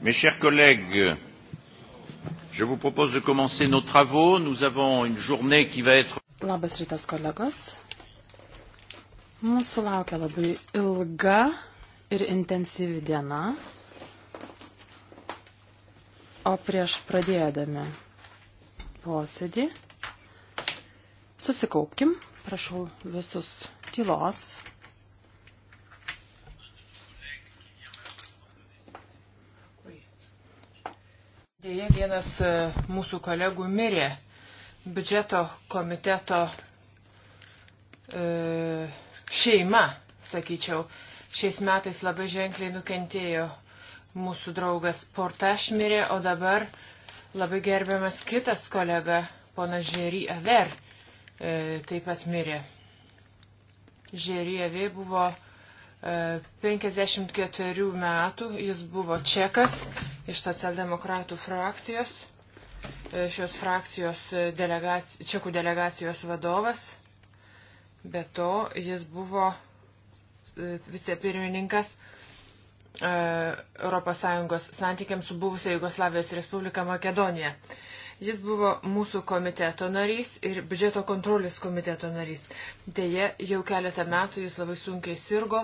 Mes chers collègues, je vous propose de commencer nos travaux. Nous avons une journée qui va être. Labas rytas, kolegos. Mūsų laukia labai ilga ir intensyvi diena. O prieš pradėdami posėdį, susikaupkim, prašau visus tylos. Dėja, vienas e, mūsų kolegų mirė biudžeto komiteto e, šeima, sakyčiau. Šiais metais labai ženkliai nukentėjo mūsų draugas Portaš mirė, o dabar labai gerbiamas kitas kolega, pona Žerį Aver, e, taip pat mirė. Žerį Aver buvo 54 e, metų jis buvo čekas iš socialdemokratų frakcijos, e, šios frakcijos delegac... čekų delegacijos vadovas. Be to, jis buvo e, vicepirmininkas ES santykiams su buvusia Jugoslavijos Respublika Makedonija. Jis buvo mūsų komiteto narys ir biudžeto kontrolės komiteto narys. Deja, jau keletą metų jis labai sunkiai sirgo,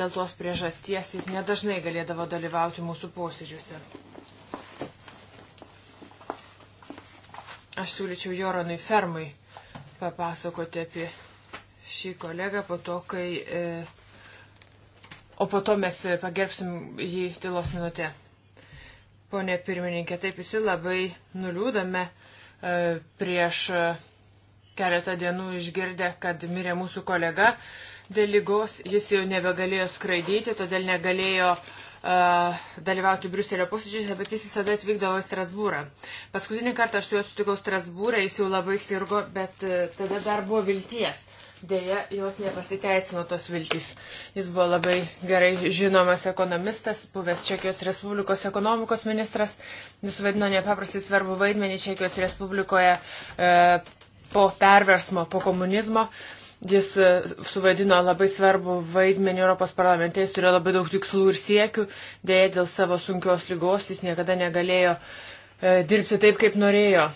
dėl tos priežasties jis nedažnai galėdavo dalyvauti mūsų posėdžiuose. Aš siūlyčiau Joronui Fermui papasakoti apie šį kolegą po to, kai. E, o po to mes pagerbsim jį tylos minutę. Pone pirmininkė, taip visi labai nuliūdame e, prieš e, keletą dienų išgirdę, kad mirė mūsų kolega dėl lygos, jis jau nebegalėjo skraidyti, todėl negalėjo uh, dalyvauti Briuselio posėdžiuose, bet jis visada atvykdavo į Strasbūrą. Paskutinį kartą aš su juo sutikau Strasbūrą, jis jau labai sirgo, bet uh, tada dar buvo vilties. Deja, jos nepasiteisino tos viltys. Jis buvo labai gerai žinomas ekonomistas, buvęs Čekijos Respublikos ekonomikos ministras. Jis vadino nepaprastai svarbu vaidmenį Čekijos Respublikoje e, po perversmo, po komunizmo. Jis e, suvaidino labai svarbu vaidmenį Europos parlamente, jis turėjo labai daug tikslų ir siekių, dėja dėl savo sunkios lygos jis niekada negalėjo e, dirbti taip, kaip norėjo.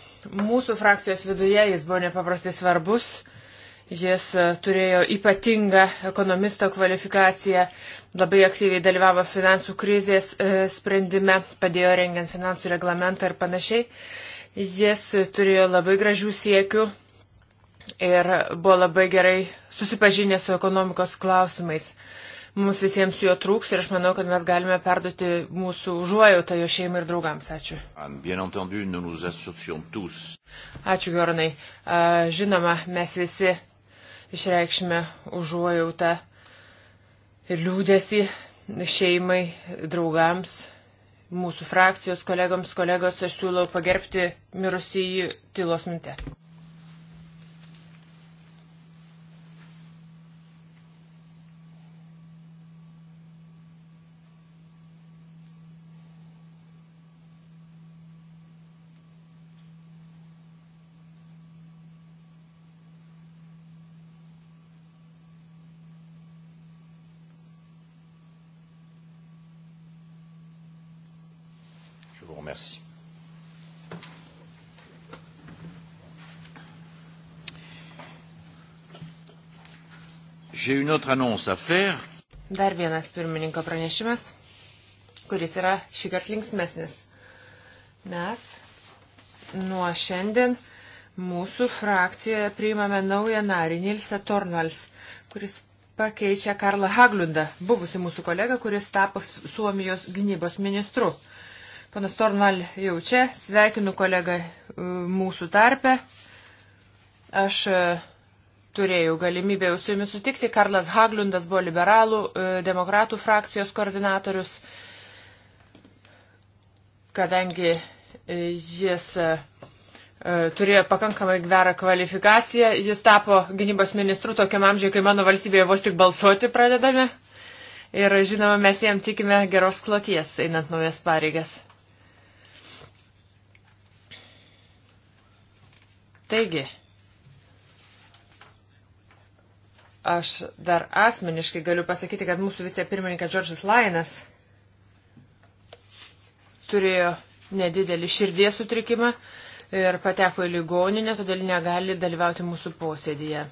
Mūsų frakcijos viduje jis buvo nepaprastai svarbus Jis e, turėjo ypatingą ekonomisto kvalifikaciją, labai aktyviai dalyvavo finansų krizės e, sprendime, padėjo rengiant finansų reglamentą ir panašiai. Jis e, turėjo labai gražių siekių ir buvo labai gerai susipažinęs su ekonomikos klausimais. Mums visiems jo trūks ir aš manau, kad mes galime perduoti mūsų užuojautą jo šeimai ir draugams. Ačiū. Ačiū, Joranai. Žinoma, mes visi Išreikšime užuojautą ir liūdėsi šeimai, draugams, mūsų frakcijos kolegoms, kolegos, aš siūlau pagerbti mirusįjį tylos mintę. Dar vienas pirmininko pranešimas, kuris yra šį kartą linksmesnis. Mes nuo šiandien mūsų frakcijoje priimame naują narį Nilsą Tornvals, kuris pakeičia Karlą Haglundą, buvusi mūsų kolega, kuris tapo Suomijos gynybos ministru. Panas Tornval jau čia, sveikinu kolegą e, mūsų tarpe. Aš e, turėjau galimybę jau su jumis sutikti. Karlas Haglundas buvo liberalų e, demokratų frakcijos koordinatorius, kadangi e, jis e, turėjo pakankamai gerą kvalifikaciją, jis tapo gynybos ministru tokiam amžiui, kai mano valstybėje vos tik balsuoti pradedame. Ir žinoma, mes jam tikime geros kloties, einant naujas pareigas. Taigi, Aš dar asmeniškai galiu pasakyti, kad mūsų vicepirmininkas Džordžas Lainas turėjo nedidelį širdies sutrikimą ir pateko į ligoninę, todėl negali dalyvauti mūsų posėdėje.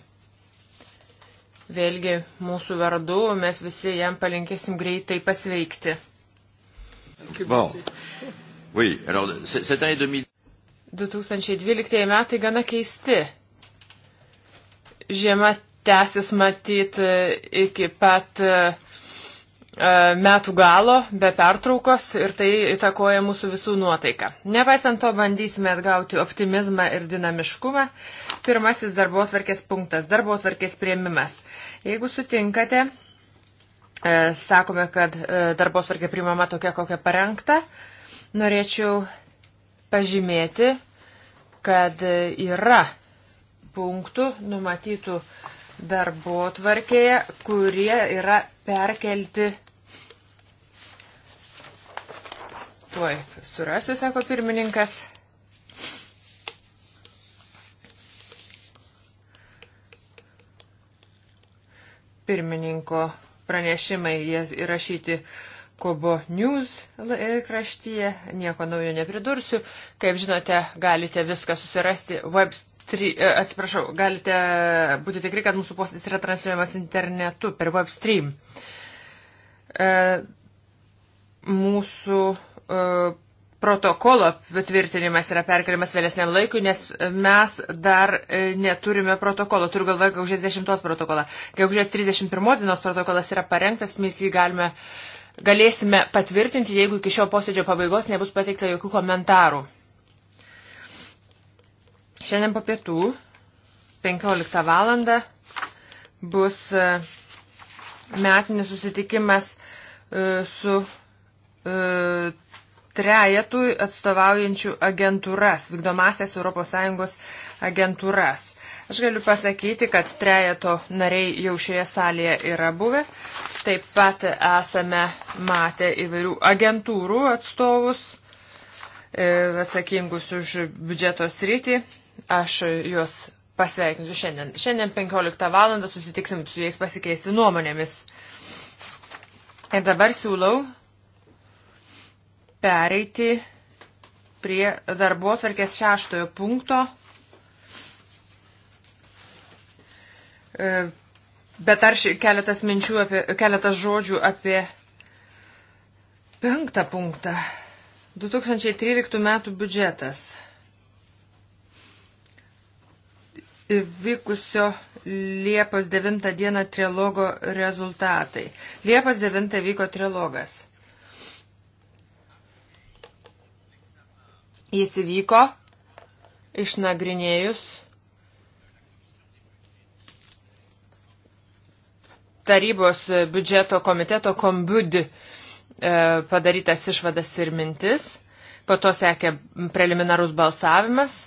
Vėlgi, mūsų vardu mes visi jam palinkėsim greitai pasveikti. Bon. Oui, alors, 2012 metai gana keisti. Žiema tęsis matyt e, iki pat e, e, metų galo, be pertraukos ir tai įtakoja mūsų visų nuotaiką. Nepaisant to, bandysime atgauti optimizmą ir dinamiškumą. Pirmasis darbo atvarkės punktas - darbo atvarkės prieimimas. Jeigu sutinkate, sakome, kad darbo atvarkė priimama tokia, kokia parengta. Norėčiau pažymėti, kad yra punktų numatytų uh, darbo tvarkėje, kurie yra perkelti. Tuoj surasiu, sako pirmininkas. Pirmininko pranešimai jie įrašyti Kobo News kraštyje, nieko naujo nepridursiu. Kaip žinote, galite viską susirasti web Tri, e, atsiprašau, galite būti tikri, kad mūsų postas yra transliuojamas internetu per webstream. E, mūsų e, protokolo patvirtinimas yra perkeliamas vėlesniam laikui, nes mes dar neturime protokolo. Turiu galvoje gegužės 10 protokolą. Gegužės 31 dienos protokolas yra parengtas, mes jį galime, galėsime patvirtinti, jeigu iki šio posėdžio pabaigos nebus pateikta jokių komentarų. Šiandien po pietų 15 val. bus e, metinis susitikimas e, su e, trejetui atstovaujančių agentūras, vykdomasias ES agentūras. Aš galiu pasakyti, kad trejeto nariai jau šioje salėje yra buvę. Taip pat esame matę įvairių agentūrų atstovus, atsakingus už biudžeto sritį. Aš juos pasveikinsiu šiandien. Šiandien 15 val. susitiksim su jais pasikeisti nuomonėmis. Ir dabar siūlau pereiti prie darbo atvarkės šeštojo punkto. E, bet ar keletas minčių, apie, keletas žodžių apie penktą punktą. 2013 metų biudžetas. vykusio Liepos 9 dieną trilogo rezultatai. Liepos 9 vyko trilogas. Jis įvyko išnagrinėjus tarybos biudžeto komiteto kombud e, padarytas išvadas ir mintis. Po to sekė preliminarus balsavimas.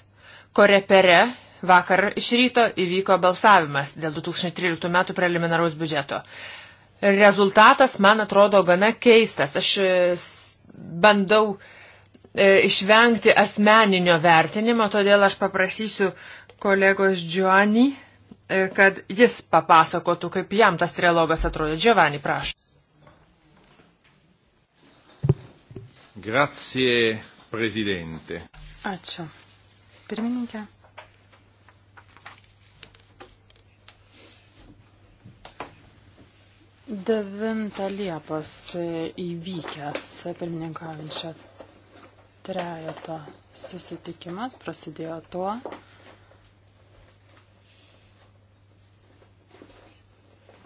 Korepere vakar iš ryto įvyko balsavimas dėl 2013 metų preliminaraus biudžeto. Rezultatas, man atrodo, gana keistas. Aš e, bandau e, išvengti asmeninio vertinimo, todėl aš paprašysiu kolegos Giovanni, e, kad jis papasakotų, kaip jam tas trilogas atrodo. Giovanni, prašau. Grazie, prezidente. Ačiū. Pirmininkė. 9 Liepos įvykęs pirmininkaujančio trejato susitikimas prasidėjo tuo,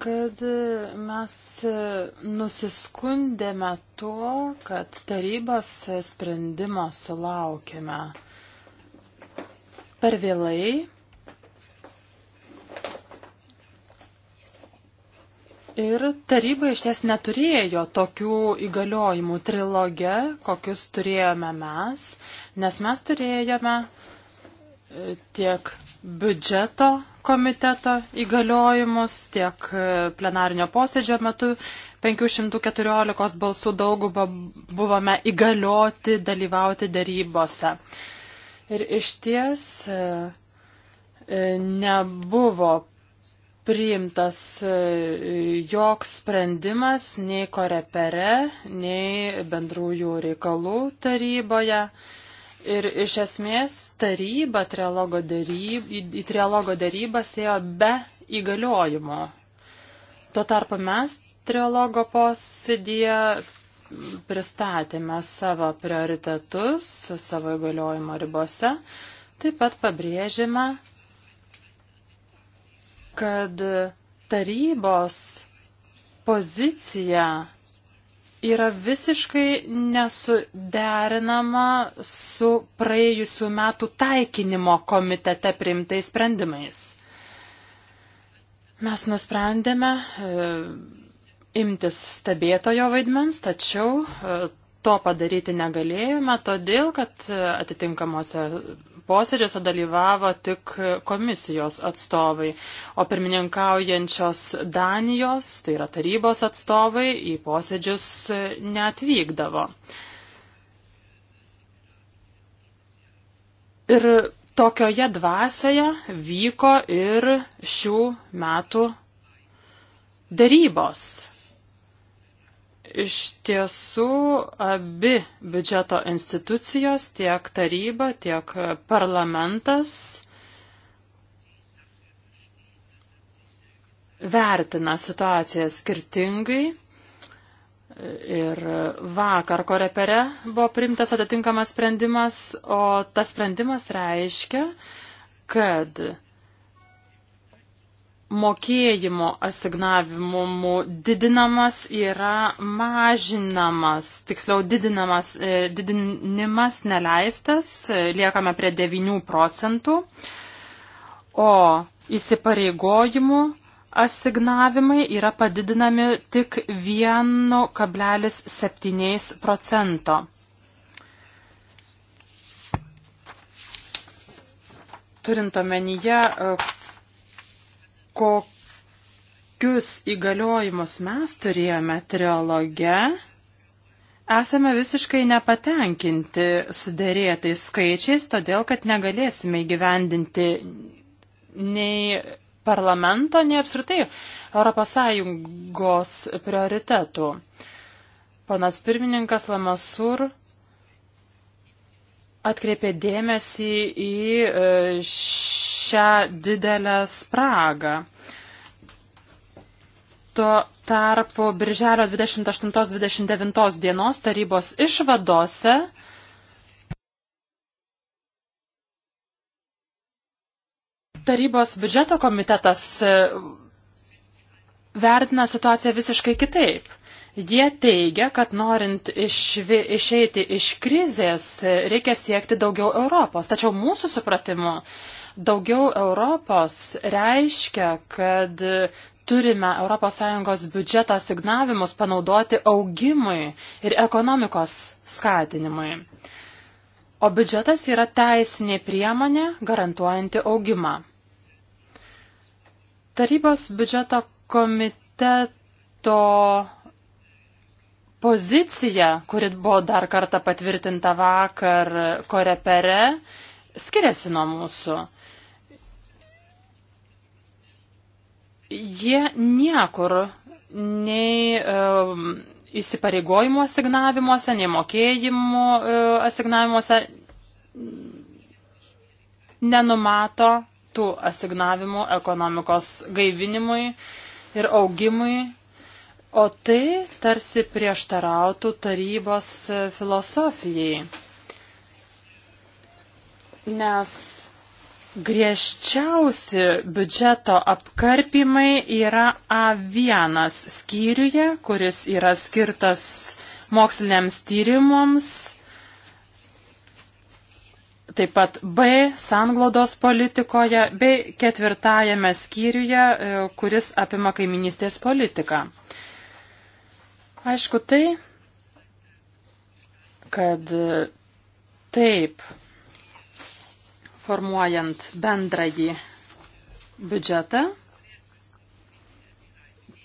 kad mes nusiskundėme tuo, kad tarybos sprendimo sulaukėme per vėlai Ir taryba iš ties neturėjo tokių įgaliojimų trilogė, kokius turėjome mes, nes mes turėjome e, tiek biudžeto komiteto įgaliojimus, tiek e, plenarinio posėdžio metu 514 balsų daugumą buvome įgalioti dalyvauti darybose. Ir iš ties e, nebuvo priimtas e, joks sprendimas nei korepere, nei bendrųjų reikalų taryboje. Ir iš esmės taryba trialogo daryb, į trialogo darybas ėjo be įgaliojimo. Tuo tarpu mes trialogo posėdėje pristatėme savo prioritetus savo įgaliojimo ribose, taip pat pabrėžėme, kad tarybos pozicija yra visiškai nesuderinama su praėjusių metų taikinimo komitete priimtais sprendimais. Mes nusprendėme e, imtis stebėtojo vaidmens, tačiau e, to padaryti negalėjome, todėl kad e, atitinkamuose posėdžiuose dalyvavo tik komisijos atstovai, o pirmininkaujančios Danijos, tai yra tarybos atstovai, į posėdžius neatvykdavo. Ir tokioje dvasioje vyko ir šių metų darybos iš tiesų abi biudžeto institucijos, tiek taryba, tiek parlamentas vertina situaciją skirtingai. Ir vakar korepere buvo primtas atitinkamas sprendimas, o tas sprendimas reiškia, kad mokėjimo asignavimų didinamas yra mažinamas, tiksliau didinamas, e, didinimas neleistas, e, liekame prie 9 procentų, o įsipareigojimų asignavimai yra padidinami tik 1,7 procento. Turint omenyje, e, kokius įgaliojimus mes turėjome triologe, Esame visiškai nepatenkinti sudėrėtais skaičiais, todėl kad negalėsime įgyvendinti nei parlamento, nei apskritai ES prioritetų. Panas pirmininkas Lamasur atkreipė dėmesį į š e, šią didelę spragą. Tuo tarpu Birželio 28-29 dienos tarybos išvadose tarybos biudžeto komitetas e, vertina situaciją visiškai kitaip. Jie teigia, kad norint išvi, išeiti iš krizės, e, reikia siekti daugiau Europos. Tačiau mūsų supratimu, Daugiau Europos reiškia, kad turime ES biudžeto signavimus panaudoti augimui ir ekonomikos skatinimui. O biudžetas yra teisinė priemonė garantuojanti augimą. Tarybos biudžeto komiteto pozicija, kuri buvo dar kartą patvirtinta vakar korepere, skiriasi nuo mūsų. jie niekur nei įsipareigojimo asignavimuose, nei mokėjimų e, asignavimuose nenumato tų asignavimų ekonomikos gaivinimui ir augimui, o tai tarsi prieštarautų tarybos filosofijai. Nes Griežčiausi biudžeto apkarpimai yra A1 skyriuje, kuris yra skirtas moksliniams tyrimams, taip pat B sanglodos politikoje bei ketvirtajame skyriuje, e, kuris apima kaiminystės politiką. Aišku tai, kad taip, formuojant bendrąjį biudžetą,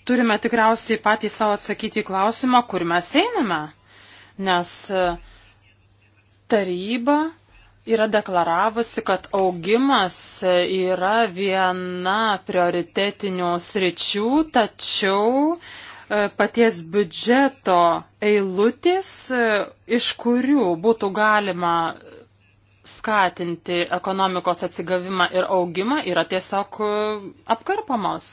turime tikriausiai patys savo atsakyti į klausimą, kur mes einame, nes e, taryba yra deklaravusi, kad augimas e, yra viena prioritetinių sričių, tačiau e, paties biudžeto eilutės, iš kurių būtų galima skatinti ekonomikos atsigavimą ir augimą yra tiesiog e, apkarpamos.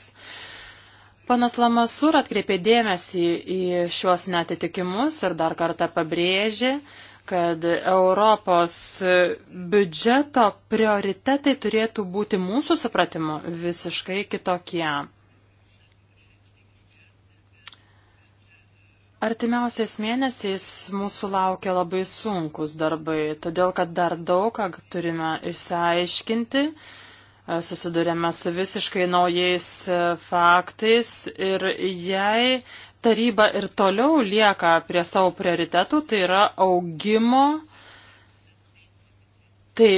Panas Lamasur atkreipė dėmesį į šiuos netitikimus ir dar kartą pabrėžė, kad Europos biudžeto prioritetai turėtų būti mūsų supratimu visiškai kitokie. Artimiausiais mėnesiais mūsų laukia labai sunkus darbai, todėl kad dar daug ką turime išsiaiškinti, e, susidurėme su visiškai naujais e, faktais ir jei taryba ir toliau lieka prie savo prioritetų, tai yra augimo, tai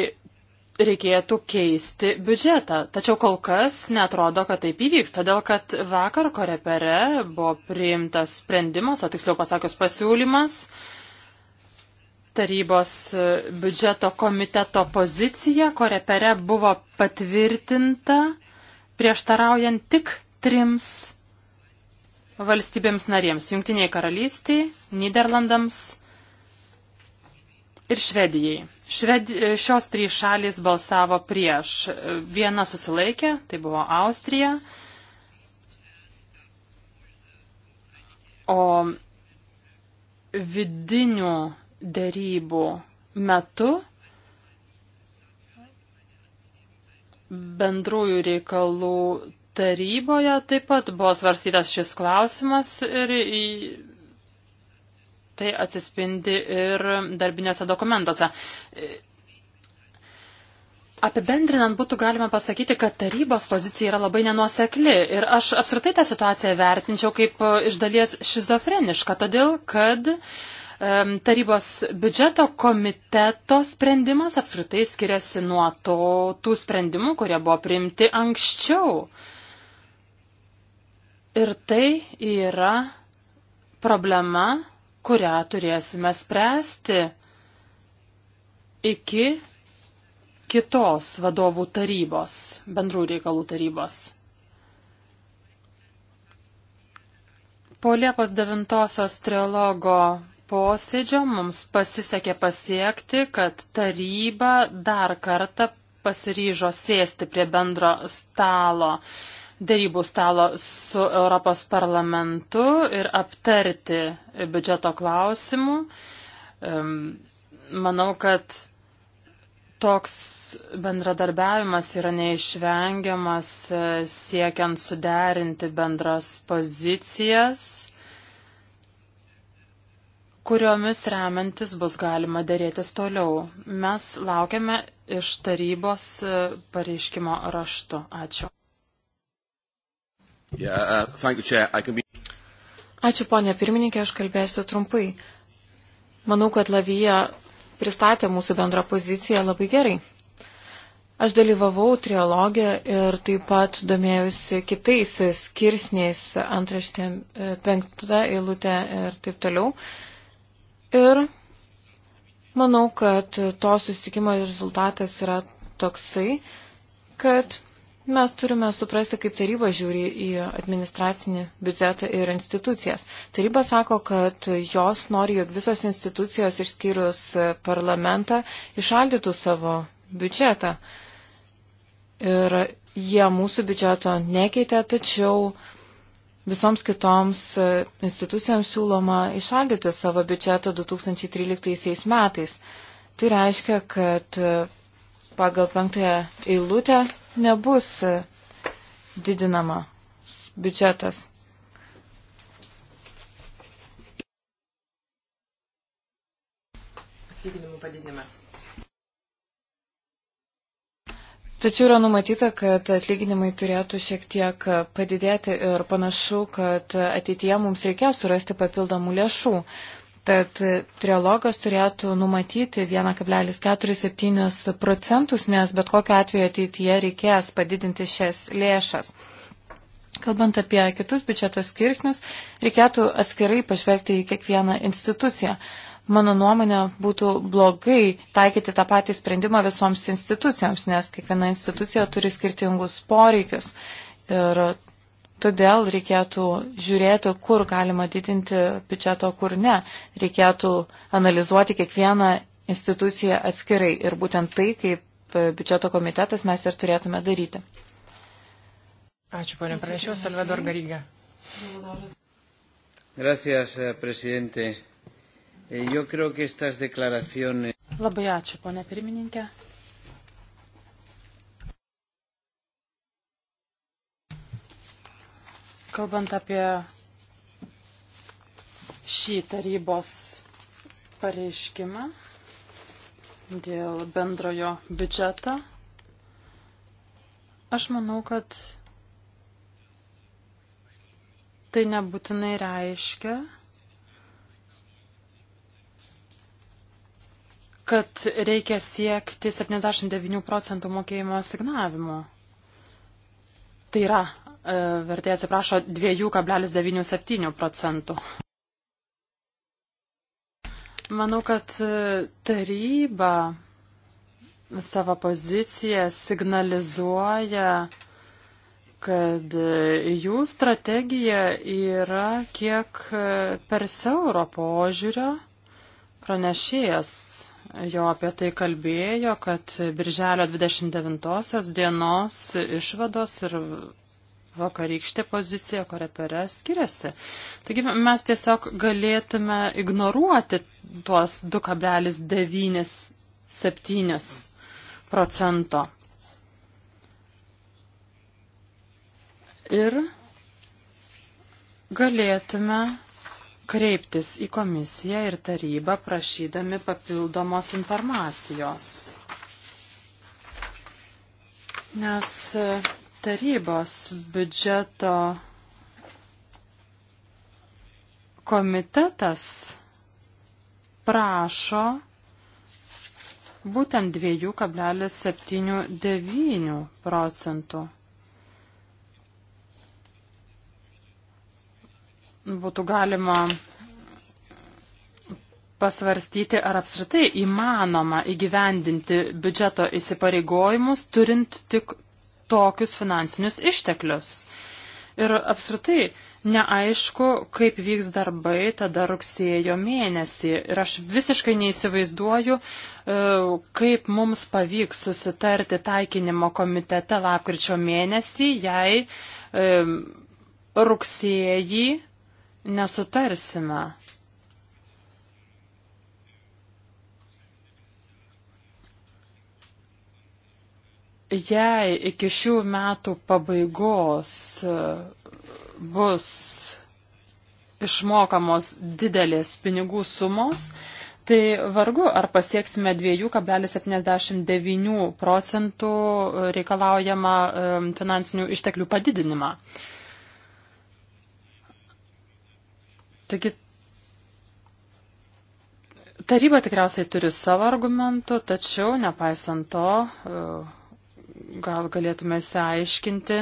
reikėtų keisti biudžetą. Tačiau kol kas netrodo, kad taip įvyks, todėl kad vakar korepere buvo priimtas sprendimas, o tiksliau pasakius pasiūlymas, tarybos biudžeto komiteto pozicija korepere buvo patvirtinta prieštaraujant tik trims valstybėms narėms - Junktiniai karalystiai, Niderlandams ir Švedijai. Šved, šios trys šalys balsavo prieš. Viena susilaikė, tai buvo Austrija. O vidinių dėrybų metu bendrųjų reikalų taryboje taip pat buvo svarstytas šis klausimas ir Tai atsispindi ir darbinėse dokumentuose. Apibendrinant būtų galima pasakyti, kad tarybos pozicija yra labai nenuosekli ir aš apskritai tą situaciją vertinčiau kaip e, iš dalies šizofrenišką, todėl kad um, tarybos biudžeto komiteto sprendimas apskritai skiriasi nuo to, tų sprendimų, kurie buvo priimti anksčiau. Ir tai yra problema, kurią turėsime spręsti iki kitos vadovų tarybos, bendrų reikalų tarybos. Po Liepos 9 trilogo posėdžio mums pasisekė pasiekti, kad taryba dar kartą pasiryžo sėsti prie bendro stalo dėrybų stalo su Europos parlamentu ir aptarti biudžeto klausimų. Manau, kad toks bendradarbiavimas yra neišvengiamas e, siekiant suderinti bendras pozicijas, kuriomis remiantis bus galima dėrėtis toliau. Mes laukiame iš tarybos e, pareiškimo raštu. Ačiū. Yeah, uh, you, Chair. I can be... Ačiū, ponė pirmininkė, aš kalbėsiu trumpai. Manau, kad Lavija pristatė mūsų bendrą poziciją labai gerai. Aš dalyvavau triologę ir taip pat domėjusi kitais skirsniais antraštė e, penktą eilutę ir taip toliau. Ir manau, kad to susitikimo rezultatas yra toksai, kad Mes turime suprasti, kaip taryba žiūri į administracinį biudžetą ir institucijas. Taryba sako, kad jos nori, jog visos institucijos išskyrus parlamentą išaldytų savo biudžetą. Ir jie mūsų biudžeto nekeitė, tačiau visoms kitoms institucijoms siūloma išaldyti savo biudžetą 2013 metais. Tai reiškia, kad pagal penktąją eilutę nebus didinama biudžetas. Atlyginimų padidinimas. Tačiau yra numatyta, kad atlyginimai turėtų šiek tiek padidėti ir panašu, kad ateityje mums reikės surasti papildomų lėšų. Tad trialogas turėtų numatyti 1,47 procentus, nes bet kokiu atveju ateityje reikės padidinti šias lėšas. Kalbant apie kitus biudžeto skirsnius, reikėtų atskirai pažvelgti į kiekvieną instituciją. Mano nuomonė būtų blogai taikyti tą patį sprendimą visoms institucijoms, nes kiekviena institucija turi skirtingus poreikius. Ir Todėl reikėtų žiūrėti, kur galima didinti biudžeto, kur ne. Reikėtų analizuoti kiekvieną instituciją atskirai. Ir būtent tai, kaip biudžeto komitetas mes ir turėtume daryti. Ačiū, ponė pranešiau, Salvador Garyga. Gracias, eh, presidente. Eh, yo creo que estas declaraciones. Labai ačiū, ponė pirmininkė. Kalbant apie šį tarybos pareiškimą dėl bendrojo biudžeto, aš manau, kad tai nebūtinai reiškia, kad reikia siekti 79 procentų mokėjimo asignavimo. Tai yra, E, vertė atsiprašo 2,97 procentų. Manau, kad e, taryba savo poziciją signalizuoja, kad e, jų strategija yra kiek per siauro požiūrio pranešėjas jo apie tai kalbėjo, kad Birželio 29 dienos išvados ir vakarykštė pozicija korepere skiriasi. Taigi mes tiesiog galėtume ignoruoti tuos 2,97 procento. Ir galėtume kreiptis į komisiją ir tarybą prašydami papildomos informacijos. Nes tarybos biudžeto komitetas prašo būtent 2,79 procentų. Būtų galima pasvarstyti, ar apskritai įmanoma įgyvendinti biudžeto įsipareigojimus, turint tik tokius finansinius išteklius. Ir apskritai, neaišku, kaip vyks darbai tada rugsėjo mėnesį. Ir aš visiškai neįsivaizduoju, e, kaip mums pavyks susitarti taikinimo komitete lapkričio mėnesį, jei e, rugsėjį nesutarsime. jei iki šių metų pabaigos e, bus išmokamos didelės pinigų sumos, tai vargu ar pasieksime 2,79 procentų reikalaujamą e, finansinių išteklių padidinimą. Taigi taryba tikriausiai turi savo argumentų, tačiau nepaisant to, e, gal galėtume įsiaiškinti,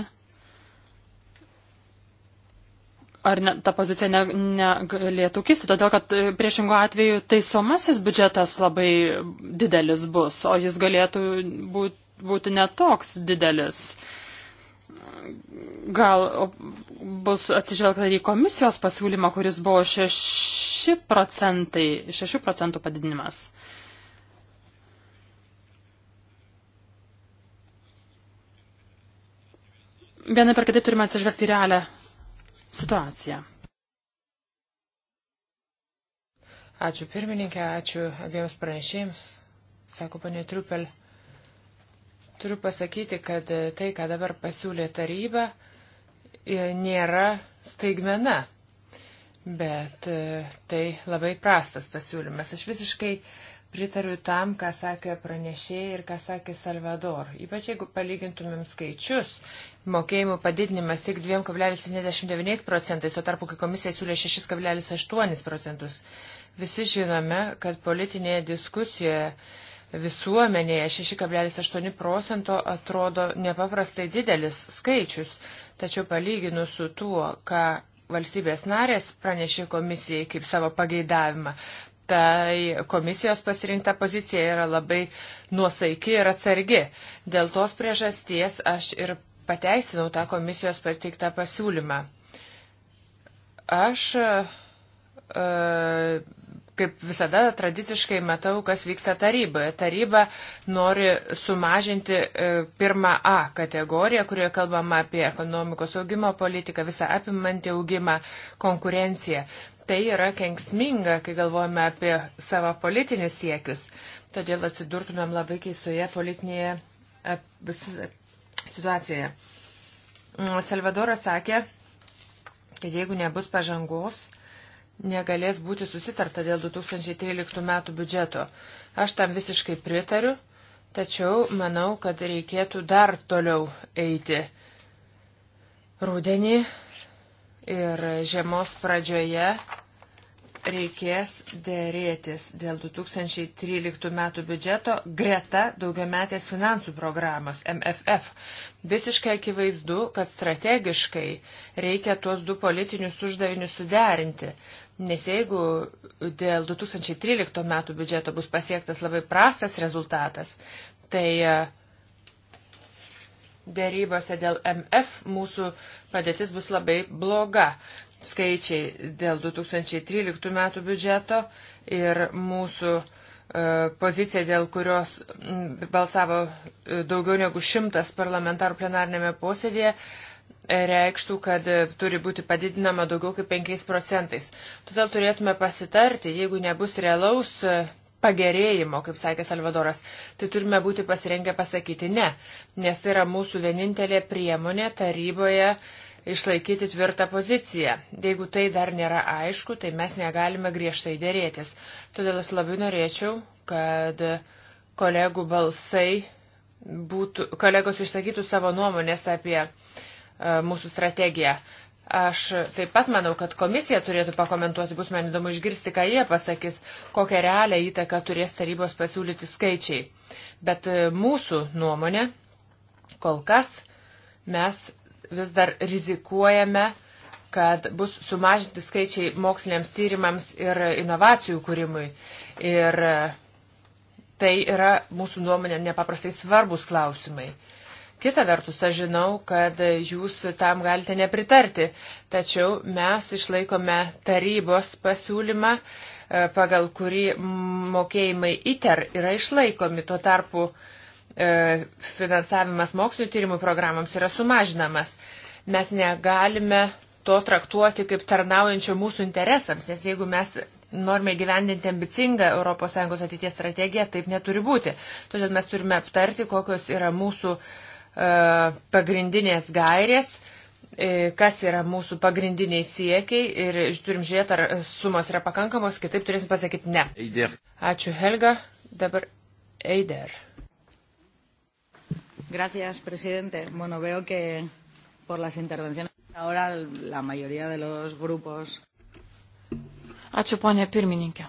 ar ne, ta pozicija negalėtų ne, ne kisti, todėl kad e, priešingų atveju taisomasis biudžetas labai didelis bus, o jis galėtų būt, būti netoks didelis. Gal bus atsižvelgta ir į komisijos pasiūlymą, kuris buvo 6 procentai, 6 procentų padidinimas. vienai per kitaip turime atsižvelgti realią situaciją. Ačiū pirmininkė, ačiū abiems pranešėjams, sako panė Triupel. Turiu pasakyti, kad tai, ką dabar pasiūlė taryba, e, nėra staigmena, bet e, tai labai prastas pasiūlymas. Aš visiškai uh, Pritariu tam, ką sakė pranešėjai ir ką sakė Salvador. Ypač jeigu palygintumėm skaičius, mokėjimų padidinimas tik 2,79 procentais, o tarpu, kai komisija siūlė 6,8 procentus. Visi žinome, kad politinėje diskusijoje visuomenėje 6,8 procento atrodo nepaprastai didelis skaičius, tačiau palyginus su tuo, ką valstybės narės pranešė komisijai kaip savo pageidavimą, tai komisijos pasirinkta pozicija yra labai nuosaiki ir atsargi. Dėl tos priežasties aš ir pateisinau tą komisijos pateiktą pasiūlymą. Aš e, kaip visada, tradiciškai matau, kas vyksta taryboje. Taryba nori sumažinti e, pirmą A kategoriją, kurioje kalbama apie ekonomikos augimo politiką, visą apimantį augimą, konkurenciją. Tai yra kenksminga, kai galvojame apie savo politinius siekius. Todėl atsidurtumėm labai keisoje politinėje e, situacijoje. Mm, Salvadoras sakė, kad jeigu nebus pažangos, negalės būti susitarta dėl 2013 metų biudžeto. Aš tam visiškai pritariu, tačiau manau, kad reikėtų dar toliau eiti. Rūdienį ir žiemos pradžioje reikės dėrėtis dėl 2013 metų biudžeto greta daugiametės finansų programos MFF. Visiškai akivaizdu, kad strategiškai reikia tuos du politinius uždavinius suderinti. Nes jeigu dėl 2013 metų biudžeto bus pasiektas labai prastas rezultatas, tai e, dėrybose dėl MF mūsų padėtis bus labai bloga. Skaičiai dėl 2013 metų biudžeto ir mūsų e, pozicija, dėl kurios balsavo e, daugiau negu šimtas parlamentarų plenarnėme posėdėje, reikštų, kad e, turi būti padidinama daugiau kaip 5 procentais. Todėl turėtume pasitarti, jeigu nebus realaus e, pagerėjimo, kaip sakė Salvadoras, tai turime būti pasirengę pasakyti ne, nes tai yra mūsų vienintelė priemonė taryboje išlaikyti tvirtą poziciją. Jeigu tai dar nėra aišku, tai mes negalime griežtai dėrėtis. Todėl aš labai norėčiau, kad kolegų balsai būtų, kolegos išsakytų savo nuomonės apie uh, E, mūsų strategiją. Aš taip pat manau, kad komisija turėtų pakomentuoti, bus man įdomu išgirsti, ką jie pasakys, kokią realią įtaką turės tarybos pasiūlyti skaičiai. Bet e, mūsų nuomonė, kol kas mes vis dar rizikuojame, kad bus sumažinti skaičiai moksliniams tyrimams ir inovacijų kūrimui. Ir e, tai yra mūsų nuomonė nepaprastai svarbus klausimai. Kita vertus, aš žinau, kad jūs tam galite nepritarti, tačiau mes išlaikome tarybos pasiūlymą, e, pagal kurį mokėjimai ITER yra išlaikomi, tuo tarpu e, finansavimas mokslinio tyrimų programams yra sumažinamas. Mes negalime to traktuoti kaip tarnaujančio mūsų interesams, nes jeigu mes norime gyvendinti ambicingą ES ateities strategiją, taip neturi būti. Todėl mes turime aptarti, kokios yra mūsų uh, E, pagrindinės gairės, e, kas yra mūsų pagrindiniai siekiai ir turim žiūrėti, ar sumos yra pakankamos, kitaip turėsim pasakyti ne. Eider. Ačiū Helga, dabar Eider. Gracias, presidente. Bueno, veo que por las intervenciones ahora la mayoría de los grupos. Ačiū, ponė pirmininkė.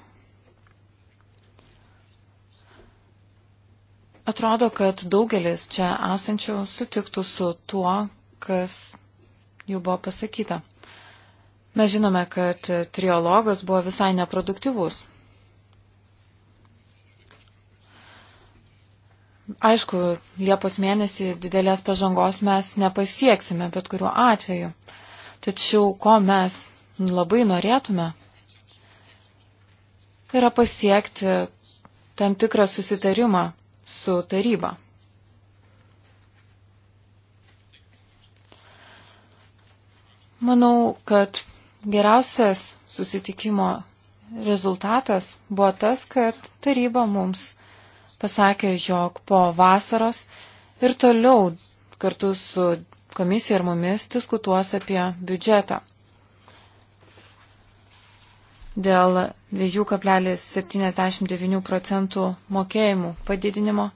Atrodo, kad daugelis čia esančių sutiktų su tuo, kas jau buvo pasakyta. Mes žinome, kad triologas buvo visai neproduktyvus. Aišku, Liepos mėnesį didelės pažangos mes nepasieksime bet kuriuo atveju. Tačiau ko mes labai norėtume, yra pasiekti tam tikrą susitarimą su taryba. Manau, kad geriausias susitikimo rezultatas buvo tas, kad taryba mums pasakė, jog po vasaros ir toliau kartu su komisija ir mumis diskutuos apie biudžetą dėl 2,79 procentų mokėjimų padidinimo.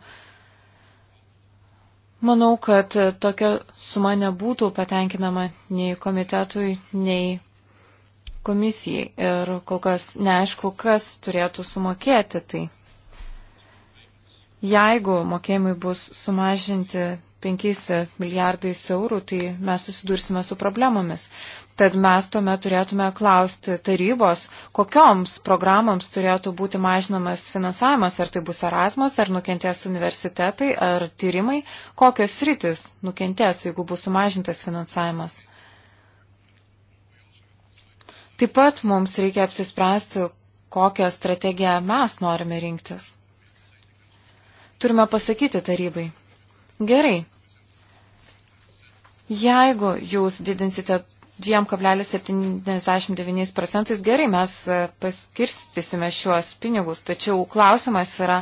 Manau, kad tokia suma nebūtų patenkinama nei komitetui, nei komisijai. Ir kol kas neaišku, kas turėtų sumokėti tai. Jeigu mokėjimai bus sumažinti 5 milijardais eurų, tai mes susidursime su problemomis. Tad mes tuomet turėtume klausti tarybos, kokioms programoms turėtų būti mažinamas finansavimas, ar tai bus Erasmus, ar nukentės universitetai, ar tyrimai, kokios rytis nukentės, jeigu bus sumažintas finansavimas. Taip pat mums reikia apsispręsti, kokią strategiją mes norime rinktis. Turime pasakyti tarybai. Gerai. Jeigu jūs didinsite 2,79 procentais gerai mes e, paskirstysime šiuos pinigus, tačiau klausimas yra,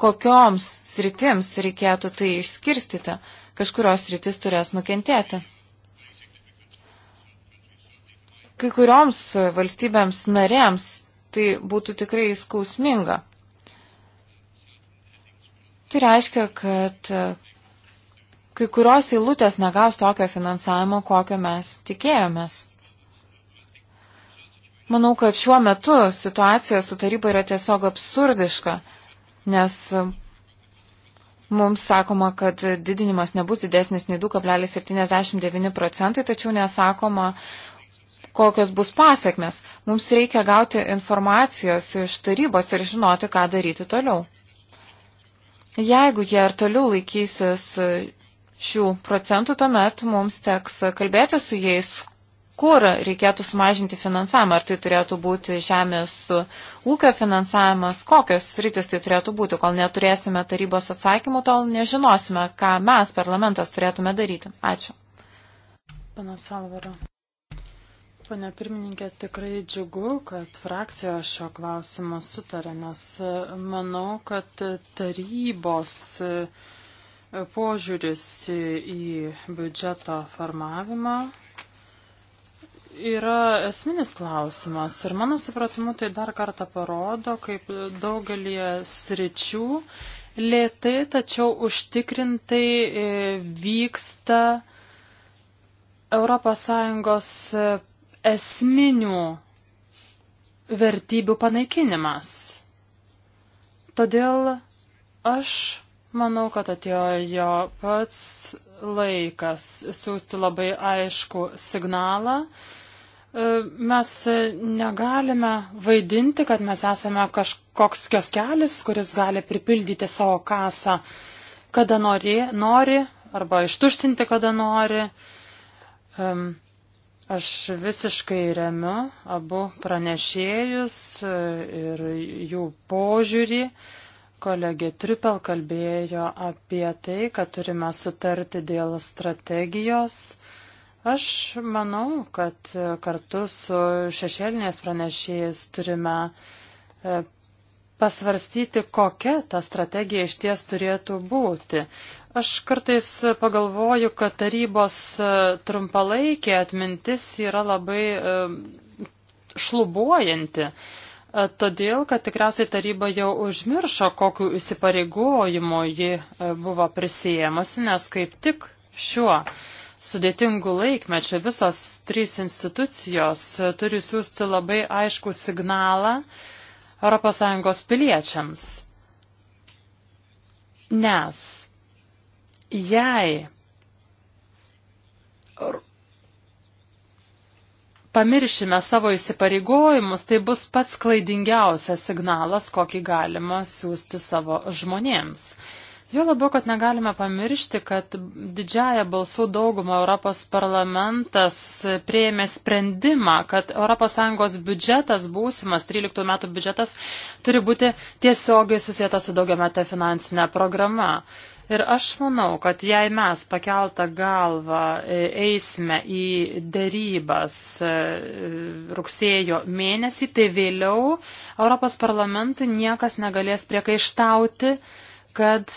kokioms sritims reikėtų tai išskirstyti, kažkurios sritis turės nukentėti. Kai kurioms valstybėms narėms tai būtų tikrai skausminga. Tai reiškia, kad e, kai kurios eilutės negaus tokio finansavimo, kokio mes tikėjomės. Manau, kad šiuo metu situacija su taryba yra tiesiog absurdiška, nes mums sakoma, kad didinimas nebus didesnis nei 2,79 procentai, tačiau nesakoma, kokios bus pasiekmes. Mums reikia gauti informacijos iš tarybos ir žinoti, ką daryti toliau. Jeigu jie ir toliau laikysis šių procentų, tuomet mums teks kalbėti su jais, kur reikėtų sumažinti finansavimą. Ar tai turėtų būti žemės ūkio finansavimas, kokios rytis tai turėtų būti. Kol neturėsime tarybos atsakymų, tol nežinosime, ką mes, parlamentas, turėtume daryti. Ačiū. Pana Salvaro. Pane pirmininkė, tikrai džiugu, kad frakcija šio klausimo sutarė, nes manau, kad tarybos uh, požiūris į biudžeto formavimą yra esminis klausimas ir mano supratimu tai dar kartą parodo, kaip daugelį sričių lėtai, tačiau užtikrintai e, vyksta ES e, esminių vertybių panaikinimas. Todėl aš Manau, kad atėjo jo pats laikas siūsti labai aišku signalą. E, mes negalime vaidinti, kad mes esame kažkoks kioskelis, kuris gali pripildyti savo kasą, kada nori, nori arba ištuštinti, kada nori. Aš visiškai remiu abu pranešėjus e, ir jų požiūrį. Kolegė Tripel kalbėjo apie tai, kad turime sutarti dėl strategijos. Aš manau, kad kartu su šešėlinės pranešėjais turime e, pasvarstyti, kokia ta strategija iš ties turėtų būti. Aš kartais pagalvoju, kad tarybos e, trumpalaikė atmintis yra labai e, šlubuojanti. Uh, E, todėl, kad tikriausiai taryba jau užmiršo, kokiu įsipareigojimu ji e, buvo prisijėmusi, nes kaip tik šiuo sudėtingu laikmečiu visos trys institucijos e, turi siūsti labai aišku signalą ES piliečiams. Nes jei pamiršime savo įsipareigojimus, tai bus pats klaidingiausias signalas, kokį galima siūsti savo žmonėms. Jo labiau, kad negalime pamiršti, kad didžiaja balsų dauguma Europos parlamentas prieėmė sprendimą, kad ES biudžetas, būsimas 13 metų biudžetas, turi būti tiesiogiai susijęta su daugiametė finansinė programa. Ir aš manau, kad jei mes pakeltą galvą e, eisime į dėrybas e, rugsėjo mėnesį, tai vėliau Europos parlamentui niekas negalės priekaištauti, kad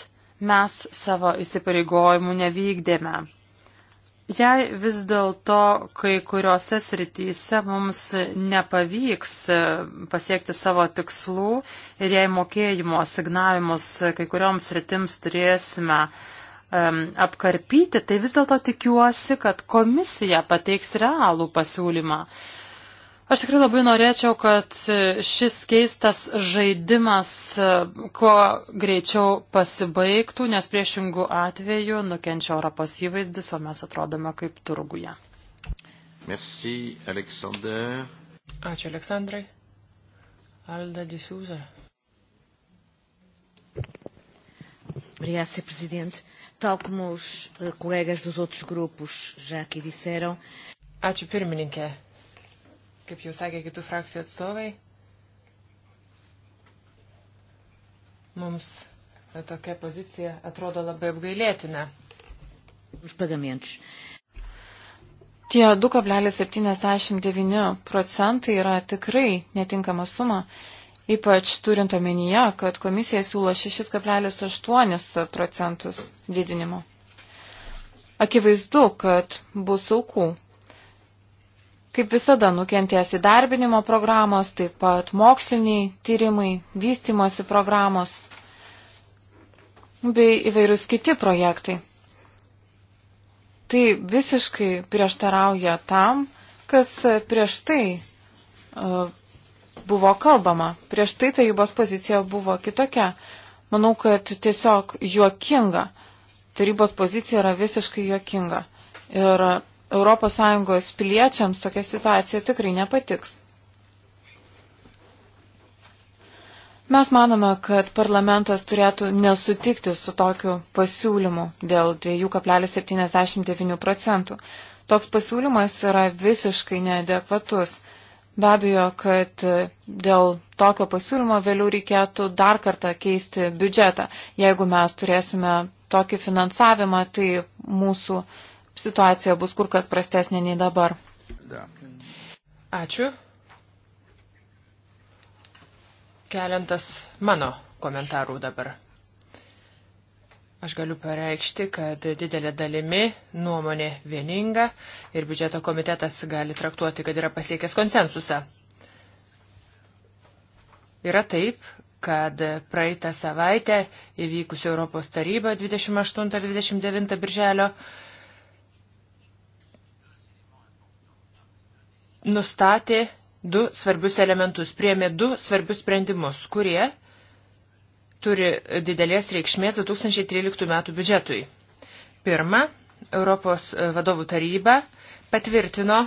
mes savo įsipareigojimų nevykdėme. Jei vis dėlto kai kuriuose srityse mums nepavyks e, pasiekti savo tikslų ir jei mokėjimo asignavimus kai kurioms sritims turėsime um, apkarpyti, tai vis dėlto tikiuosi, kad komisija pateiks realų pasiūlymą. Uh, Aš tikrai labai norėčiau, kad šis keistas žaidimas e, kuo greičiau pasibaigtų, nes priešingų atveju nukenčia Europos įvaizdis, o mes atrodome kaip turguje. Merci, Aleksandr. Ačiū, Aleksandrai. Alda Disūza. Obrigada, Sr. Presidente. Tal como os eh, colegas dos outros grupos já aqui disseram. Ačiū pirmininkė kaip jau sakė kitų frakcijų atstovai, mums tokia pozicija atrodo labai apgailėtina. Už pagamienčių. Tie 2,79 procentai yra tikrai netinkama suma, ypač turint omenyje, kad komisija siūlo 6,8 procentus didinimo. Akivaizdu, kad bus aukų. Kaip visada nukentės įdarbinimo programos, taip pat moksliniai tyrimai, vystimosi programos bei įvairius kiti projektai. Tai visiškai prieštarauja tam, kas prieš tai uh, buvo kalbama. Prieš tai tarybos pozicija buvo kitokia. Manau, kad tiesiog juokinga. Tarybos pozicija yra visiškai juokinga. Ir ES piliečiams tokia situacija tikrai nepatiks. Mes manome, kad parlamentas turėtų nesutikti su tokiu pasiūlymu dėl 2,79 procentų. Toks pasiūlymas yra visiškai neadekvatus. Be abejo, kad dėl tokio pasiūlymo vėliau reikėtų dar kartą keisti biudžetą. Jeigu mes turėsime tokį finansavimą, tai mūsų uh, situacija bus kur kas prastesnė nei dabar. Ačiū. Keliantas mano komentarų dabar. Aš galiu pareikšti, kad didelė dalimi nuomonė vieninga ir biudžeto komitetas gali traktuoti, kad yra pasiekęs konsensusą. Yra taip, kad praeitą savaitę įvykusi Europos taryba 28-29 birželio nustatė du svarbius elementus, priemė du svarbius sprendimus, kurie turi didelės reikšmės 2013 m. biudžetui. Pirma, Europos vadovų taryba patvirtino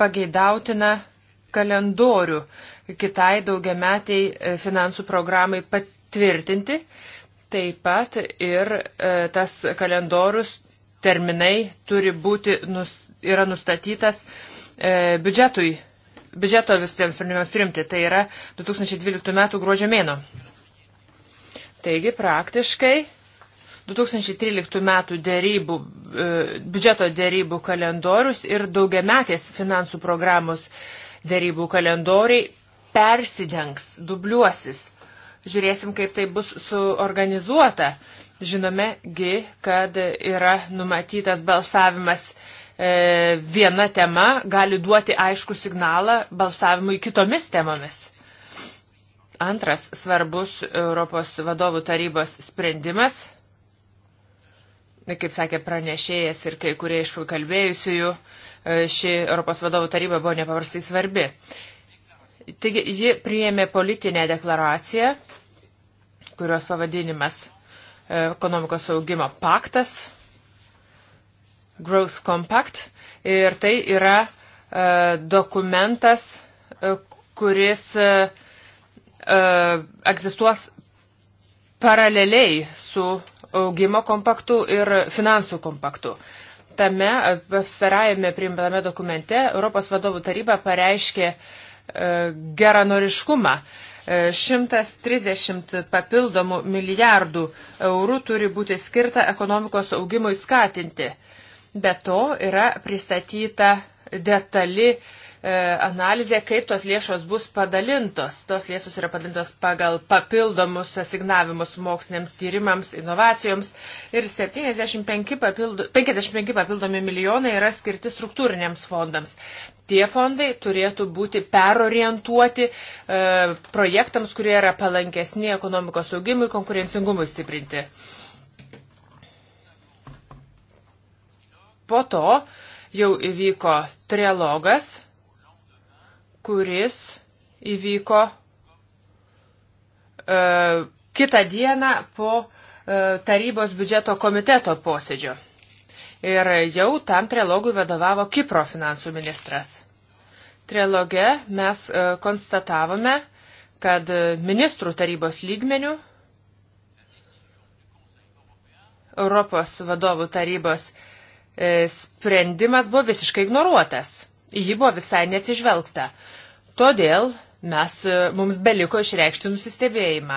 pageidautiną kalendorių kitai daugiametiai finansų programai patvirtinti. Taip pat ir e, tas kalendorius terminai turi būti nus, yra nustatytas e, biudžetui, biudžeto visiems sprendimams priimti. Tai yra 2012 m. gruodžio mėno. Taigi praktiškai 2013 metų dėrybų, e, biudžeto dėrybų kalendorius ir daugiametės finansų programos dėrybų kalendoriai persidengs, dubliuosis. Žiūrėsim, kaip tai bus suorganizuota. Žinomegi, kad yra numatytas balsavimas E, viena tema gali duoti aišku signalą balsavimui kitomis temomis. Antras svarbus Europos vadovų tarybos sprendimas, kaip sakė pranešėjas ir kai kurie iš kalbėjusiųjų, e, ši Europos vadovų taryba buvo nepaprastai svarbi. Taigi ji priėmė politinę deklaraciją, kurios pavadinimas e, ekonomikos saugimo paktas Growth Compact ir tai yra e, dokumentas, e, kuris e, egzistuos paraleliai su augimo kompaktu ir finansų kompaktu. Tame pasarajame priimtame dokumente Europos vadovų taryba pareiškė geranoriškumą. 130 papildomų milijardų eurų turi būti skirta ekonomikos augimui skatinti. Be to yra pristatyta detali e, analizė, kaip tos lėšos bus padalintos. Tos lėšos yra padalintos pagal papildomus asignavimus moksliniams tyrimams, inovacijoms ir 75 papildo, 55 papildomi milijonai yra skirti struktūriniams fondams. Tie fondai turėtų būti perorientuoti e, projektams, kurie yra palankesni ekonomikos augimui, konkurencingumui stiprinti. E, Po to jau įvyko trialogas, kuris įvyko e, kitą dieną po e, tarybos biudžeto komiteto posėdžio. Ir jau tam trilogui vadovavo Kipro finansų ministras. Triloge mes e, konstatavome, kad ministrų tarybos lygmenių Europos vadovų tarybos E, sprendimas buvo visiškai ignoruotas. Į jį buvo visai neatsižvelgta. Todėl mes, e, mums beliko išreikšti nusistebėjimą.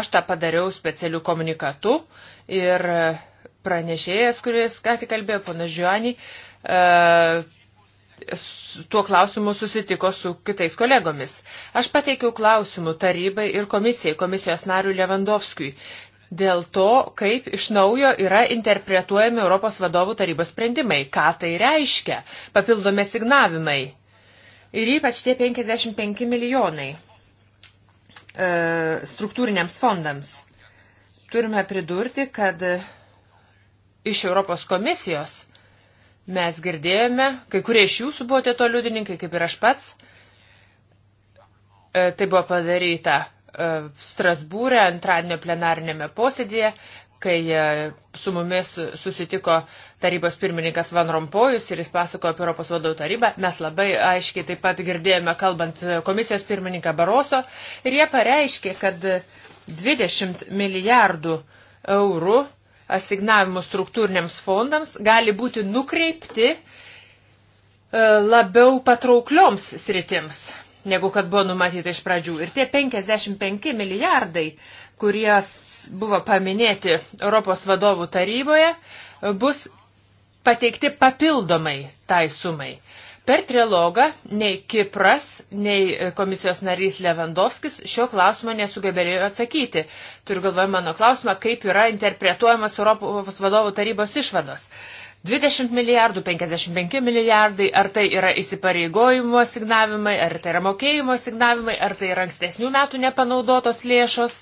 Aš tą padariau specialių komunikatų ir e, pranešėjas, kuris ką tik kalbėjo, ponas Žiuanį, tuo klausimu susitiko su kitais kolegomis. Aš pateikiau klausimų tarybai ir komisijai, komisijos nariui Levandovskijui dėl to, kaip iš naujo yra interpretuojami Europos vadovų tarybos sprendimai, ką tai reiškia, papildomi signavimai. Ir ypač tie 55 milijonai e, struktūriniams fondams. Turime pridurti, kad iš Europos komisijos mes girdėjome, kai kurie iš jūsų buvote to liudininkai, kaip ir aš pats, e, tai buvo padaryta E, Strasbūrė antradienio plenarinėme posėdėje, kai e, su mumis susitiko tarybos pirmininkas Van Rompojus ir jis pasakojo apie Europos vadovų tarybą. Mes labai aiškiai taip pat girdėjome kalbant e, komisijos pirmininką Baroso ir jie pareiškė, kad 20 milijardų eurų asignavimų struktūriniams fondams gali būti nukreipti labiau patrauklioms sritims negu kad buvo numatyta iš pradžių. Ir tie 55 milijardai, kurie buvo paminėti Europos vadovų taryboje, bus pateikti papildomai tai sumai. Per trilogą nei Kipras, nei komisijos narys Levandovskis šio klausimo nesugebėjo atsakyti. Turiu galvoje mano klausimą, kaip yra interpretuojamas Europos vadovų tarybos išvados. 20 milijardų, 55 milijardai, ar tai yra įsipareigojimo signavimai, ar tai yra mokėjimo signavimai, ar tai yra ankstesnių metų nepanaudotos lėšos,